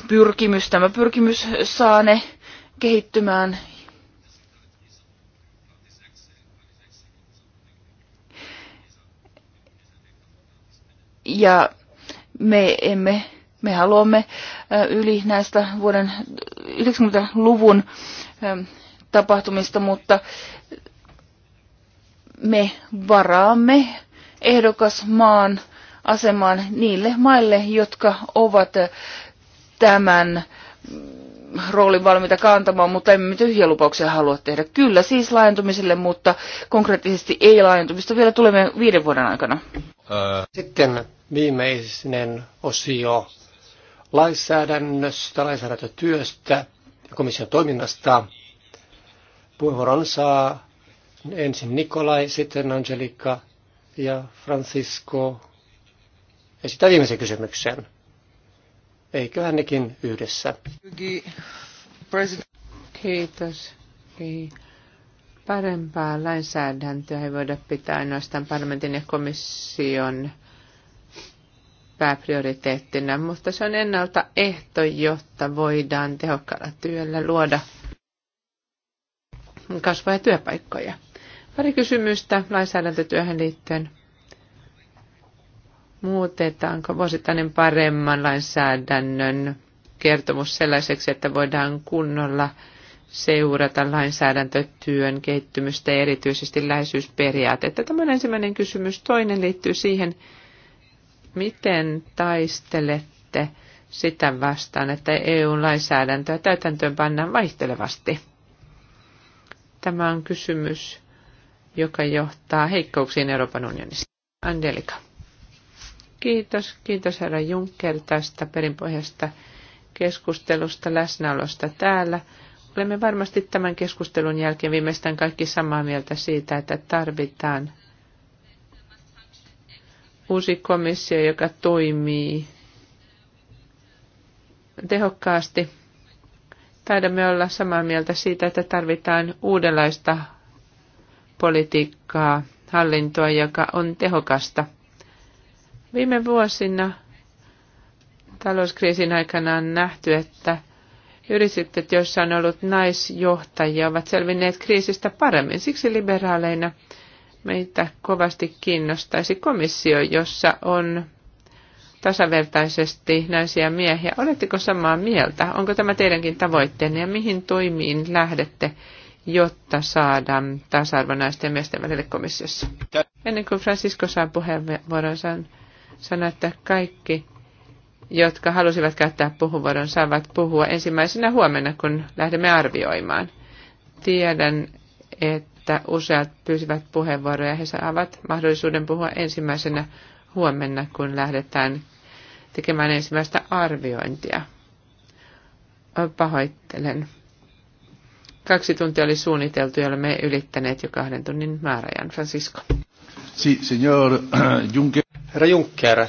pyrkimys. Tämä pyrkimys saa ne kehittymään ja me emme, me haluamme yli näistä vuoden 90-luvun tapahtumista, mutta me varaamme ehdokasmaan asemaan niille maille, jotka ovat tämän roolin valmiita kantamaan, mutta emme tyhjiä lupauksia halua tehdä. Kyllä siis laajentumiselle, mutta konkreettisesti ei laajentumista vielä tulemme viiden vuoden aikana. Sitten viimeinen osio lainsäädännöstä, lainsäädäntötyöstä ja komission toiminnasta. Puheenvuoron saa ensin Nikolai, sitten Angelika ja Francisco. Esitä viimeisen kysymyksen. Eiköhän nekin yhdessä. Kiitos. Parempaa lainsäädäntöä ei voida pitää ainoastaan parlamentin ja komission pääprioriteettina, mutta se on ennalta ehto, jotta voidaan tehokkaalla työllä luoda Kasvaa ja työpaikkoja. Pari kysymystä lainsäädäntötyöhön liittyen. Muutetaanko vuosittainen paremman lainsäädännön kertomus sellaiseksi, että voidaan kunnolla seurata lainsäädäntötyön kehittymistä ja erityisesti läheisyysperiaatetta? Tämä on ensimmäinen kysymys. Toinen liittyy siihen, miten taistelette sitä vastaan, että EU-lainsäädäntöä täytäntöön pannaan vaihtelevasti. Tämä on kysymys, joka johtaa heikkouksiin Euroopan unionissa. Angelika. Kiitos, kiitos herra Juncker tästä perinpohjasta keskustelusta, läsnäolosta täällä. Olemme varmasti tämän keskustelun jälkeen viimeistään kaikki samaa mieltä siitä, että tarvitaan uusi komissio, joka toimii tehokkaasti taidamme olla samaa mieltä siitä, että tarvitaan uudenlaista politiikkaa, hallintoa, joka on tehokasta. Viime vuosina talouskriisin aikana on nähty, että yritykset, joissa on ollut naisjohtajia, ovat selvinneet kriisistä paremmin. Siksi liberaaleina meitä kovasti kiinnostaisi komissio, jossa on tasavertaisesti naisia ja miehiä. Oletteko samaa mieltä? Onko tämä teidänkin tavoitteenne ja mihin toimiin lähdette, jotta saadaan tasa-arvo naisten ja miesten välille komissiossa? Ennen kuin Francisco saa puheenvuoron, sanoa, että kaikki, jotka halusivat käyttää puheenvuoron, saavat puhua ensimmäisenä huomenna, kun lähdemme arvioimaan. Tiedän, että useat pyysivät puheenvuoroja. He saavat mahdollisuuden puhua ensimmäisenä huomenna, kun lähdetään tekemään ensimmäistä arviointia. Pahoittelen. Kaksi tuntia oli suunniteltu ja me ylittäneet jo kahden tunnin määräjän. Francisco. Si, äh, Juncker. Herra Juncker,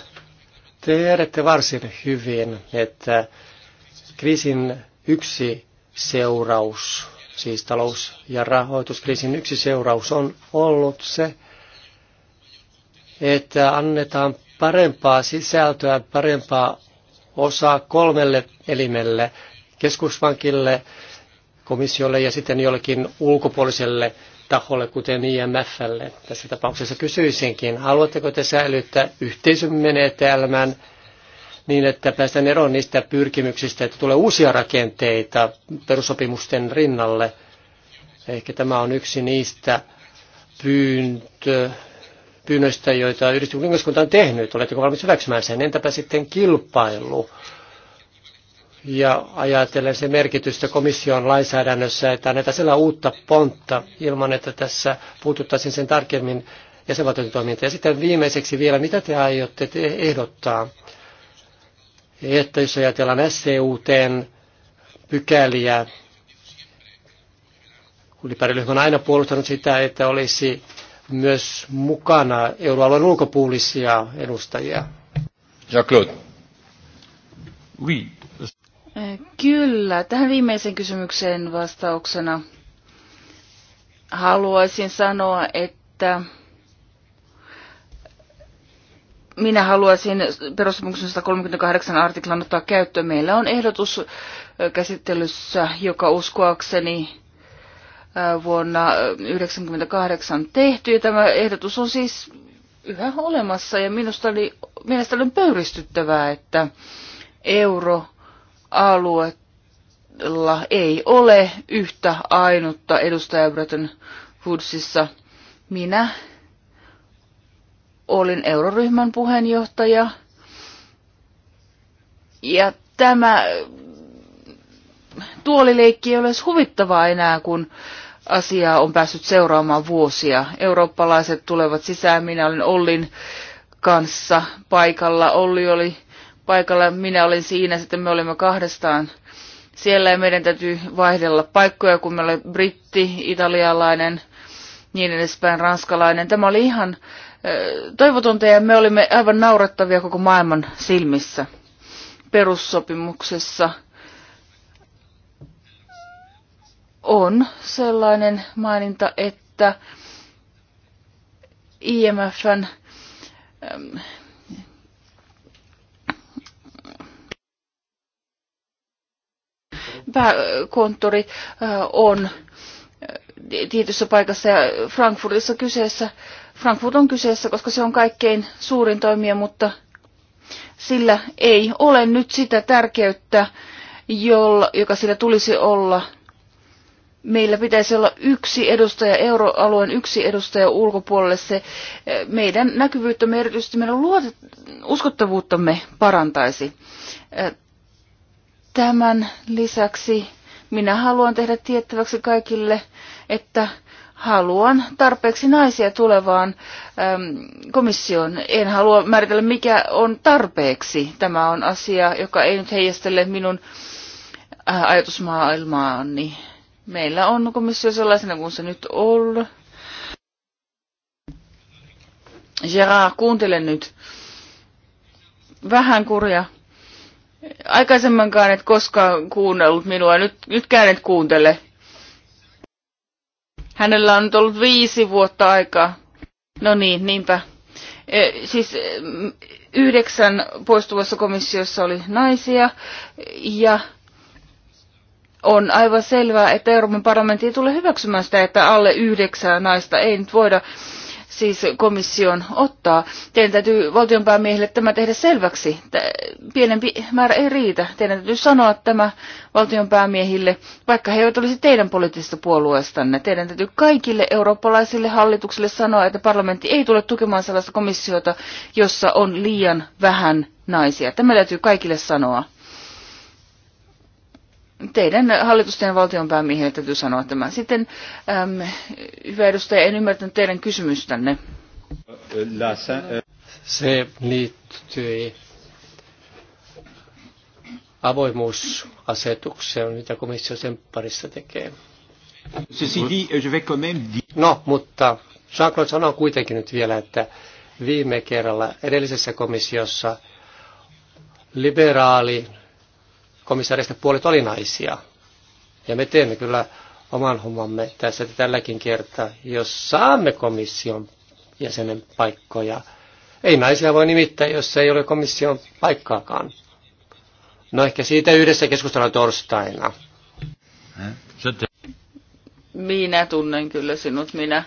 tiedätte varsin hyvin, että kriisin yksi seuraus, siis talous- ja rahoituskriisin yksi seuraus on ollut se, että annetaan parempaa sisältöä, parempaa osaa kolmelle elimelle, keskuspankille, komissiolle ja sitten jollekin ulkopuoliselle taholle, kuten IMFlle. Tässä tapauksessa kysyisinkin, haluatteko te säilyttää yhteisön menetelmän niin, että päästään eroon niistä pyrkimyksistä, että tulee uusia rakenteita perussopimusten rinnalle? Ehkä tämä on yksi niistä pyyntö, pyynnöistä, joita yhdistyskunta on tehnyt. Oletteko valmis hyväksymään sen? Entäpä sitten kilpailu? Ja ajatellen se merkitystä komission lainsäädännössä, että annetaan siellä uutta pontta ilman, että tässä puututtaisiin sen tarkemmin jäsenvaltioiden toimintaan. Ja sitten viimeiseksi vielä, mitä te aiotte te ehdottaa? Että jos ajatellaan SCUTn e pykäliä, Ylipäriryhmä on aina puolustanut sitä, että olisi myös mukana euroalueen ulkopuolisia edustajia. Jean-Claude. Oui. Kyllä, tähän viimeiseen kysymykseen vastauksena haluaisin sanoa, että minä haluaisin perussopimuksen 138 artiklan ottaa käyttöön. Meillä on ehdotus käsittelyssä, joka uskoakseni vuonna 1998 tehty. Ja tämä ehdotus on siis yhä olemassa ja minusta oli, mielestäni oli pöyristyttävää, että euroalueella ei ole yhtä ainutta edustaja Bretton Woodsissa. Minä olin euroryhmän puheenjohtaja ja tämä tuolileikki ei ole edes huvittavaa enää, kun asiaa on päässyt seuraamaan vuosia. Eurooppalaiset tulevat sisään. Minä olin Ollin kanssa paikalla. Olli oli paikalla, minä olin siinä, sitten me olimme kahdestaan siellä ja meidän täytyy vaihdella paikkoja, kun me oli britti, italialainen, niin edespäin ranskalainen. Tämä oli ihan toivotonta ja me olimme aivan naurettavia koko maailman silmissä perussopimuksessa – on sellainen maininta, että IMFn ähm, pääkonttori äh, on äh, tietyssä paikassa ja Frankfurtissa kyseessä. Frankfurt on kyseessä, koska se on kaikkein suurin toimija, mutta sillä ei ole nyt sitä tärkeyttä, jolla, joka sillä tulisi olla – meillä pitäisi olla yksi edustaja euroalueen, yksi edustaja ulkopuolelle. Se eh, meidän näkyvyyttämme, erityisesti meidän luotet, uskottavuuttamme parantaisi. Eh, tämän lisäksi minä haluan tehdä tiettäväksi kaikille, että haluan tarpeeksi naisia tulevaan äm, ehm, komissioon. En halua määritellä, mikä on tarpeeksi. Tämä on asia, joka ei nyt heijastele minun eh, ajatusmaailmaani. Meillä on komissio sellaisena kuin se nyt on. Gerard, kuuntele nyt. Vähän kurja. Aikaisemmankaan et koskaan kuunnellut minua, nyt, nyt käännet kuuntele. Hänellä on nyt ollut viisi vuotta aikaa. No niin, niinpä. E, siis mm, yhdeksän poistuvassa komissiossa oli naisia ja on aivan selvää, että Euroopan parlamentti ei tule hyväksymään sitä, että alle yhdeksää naista ei nyt voida siis komission ottaa. Teidän täytyy valtionpäämiehille tämä tehdä selväksi. Pienempi määrä ei riitä. Teidän täytyy sanoa tämä valtionpäämiehille, vaikka he eivät olisi teidän poliittisesta puolueestanne. Teidän täytyy kaikille eurooppalaisille hallituksille sanoa, että parlamentti ei tule tukemaan sellaista komissiota, jossa on liian vähän naisia. Tämä täytyy kaikille sanoa teidän hallitusten ja valtion päämiehille täytyy sanoa tämä. Sitten, äm, hyvä edustaja, en ymmärtänyt teidän kysymystänne. Se liittyy avoimuusasetukseen, mitä komissio sen parissa tekee. No, mutta Jean-Claude sanoo kuitenkin nyt vielä, että viime kerralla edellisessä komissiossa liberaali komissaarista puolet oli naisia. Ja me teemme kyllä oman hommamme tässä tälläkin kertaa, jos saamme komission jäsenen paikkoja. Ei naisia voi nimittää, jos ei ole komission paikkaakaan. No ehkä siitä yhdessä keskustellaan torstaina. Minä tunnen kyllä sinut, minä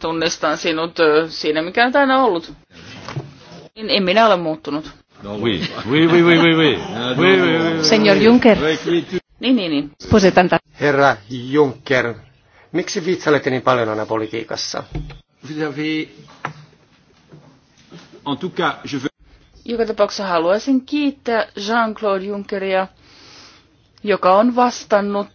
tunnistan sinut siinä, mikä on aina ollut. En, en minä ole muuttunut. No, oui. Oui, oui, oui, oui, oui. [laughs] Ah, oui, oui, oui. Senor Juncker. Niin, niin, niin. Herra Juncker, miksi vitsailette niin paljon aina politiikassa? En tout cas, je veux... Joka tapauksessa haluaisin kiittää Jean-Claude Junckeria, joka on vastannut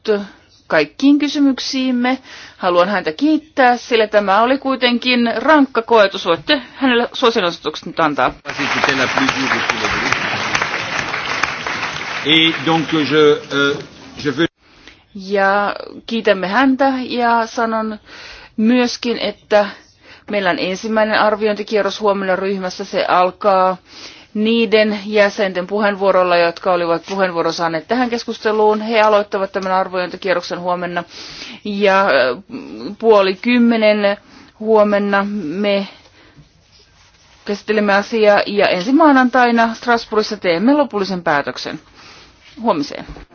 kaikkiin kysymyksiimme. Haluan häntä kiittää, sillä tämä oli kuitenkin rankka koetus. Voitte hänelle suosinnostukset nyt antaa. Euh, ja kiitämme häntä ja sanon myöskin, että meillä on ensimmäinen arviointikierros huomenna ryhmässä. Se alkaa niiden jäsenten puheenvuorolla, jotka olivat puheenvuoron saaneet tähän keskusteluun. He aloittavat tämän arviointikierroksen huomenna ja puoli kymmenen huomenna me käsittelemme asiaa ja ensi maanantaina Strasbourgissa teemme lopullisen päätöksen. Huomiseen.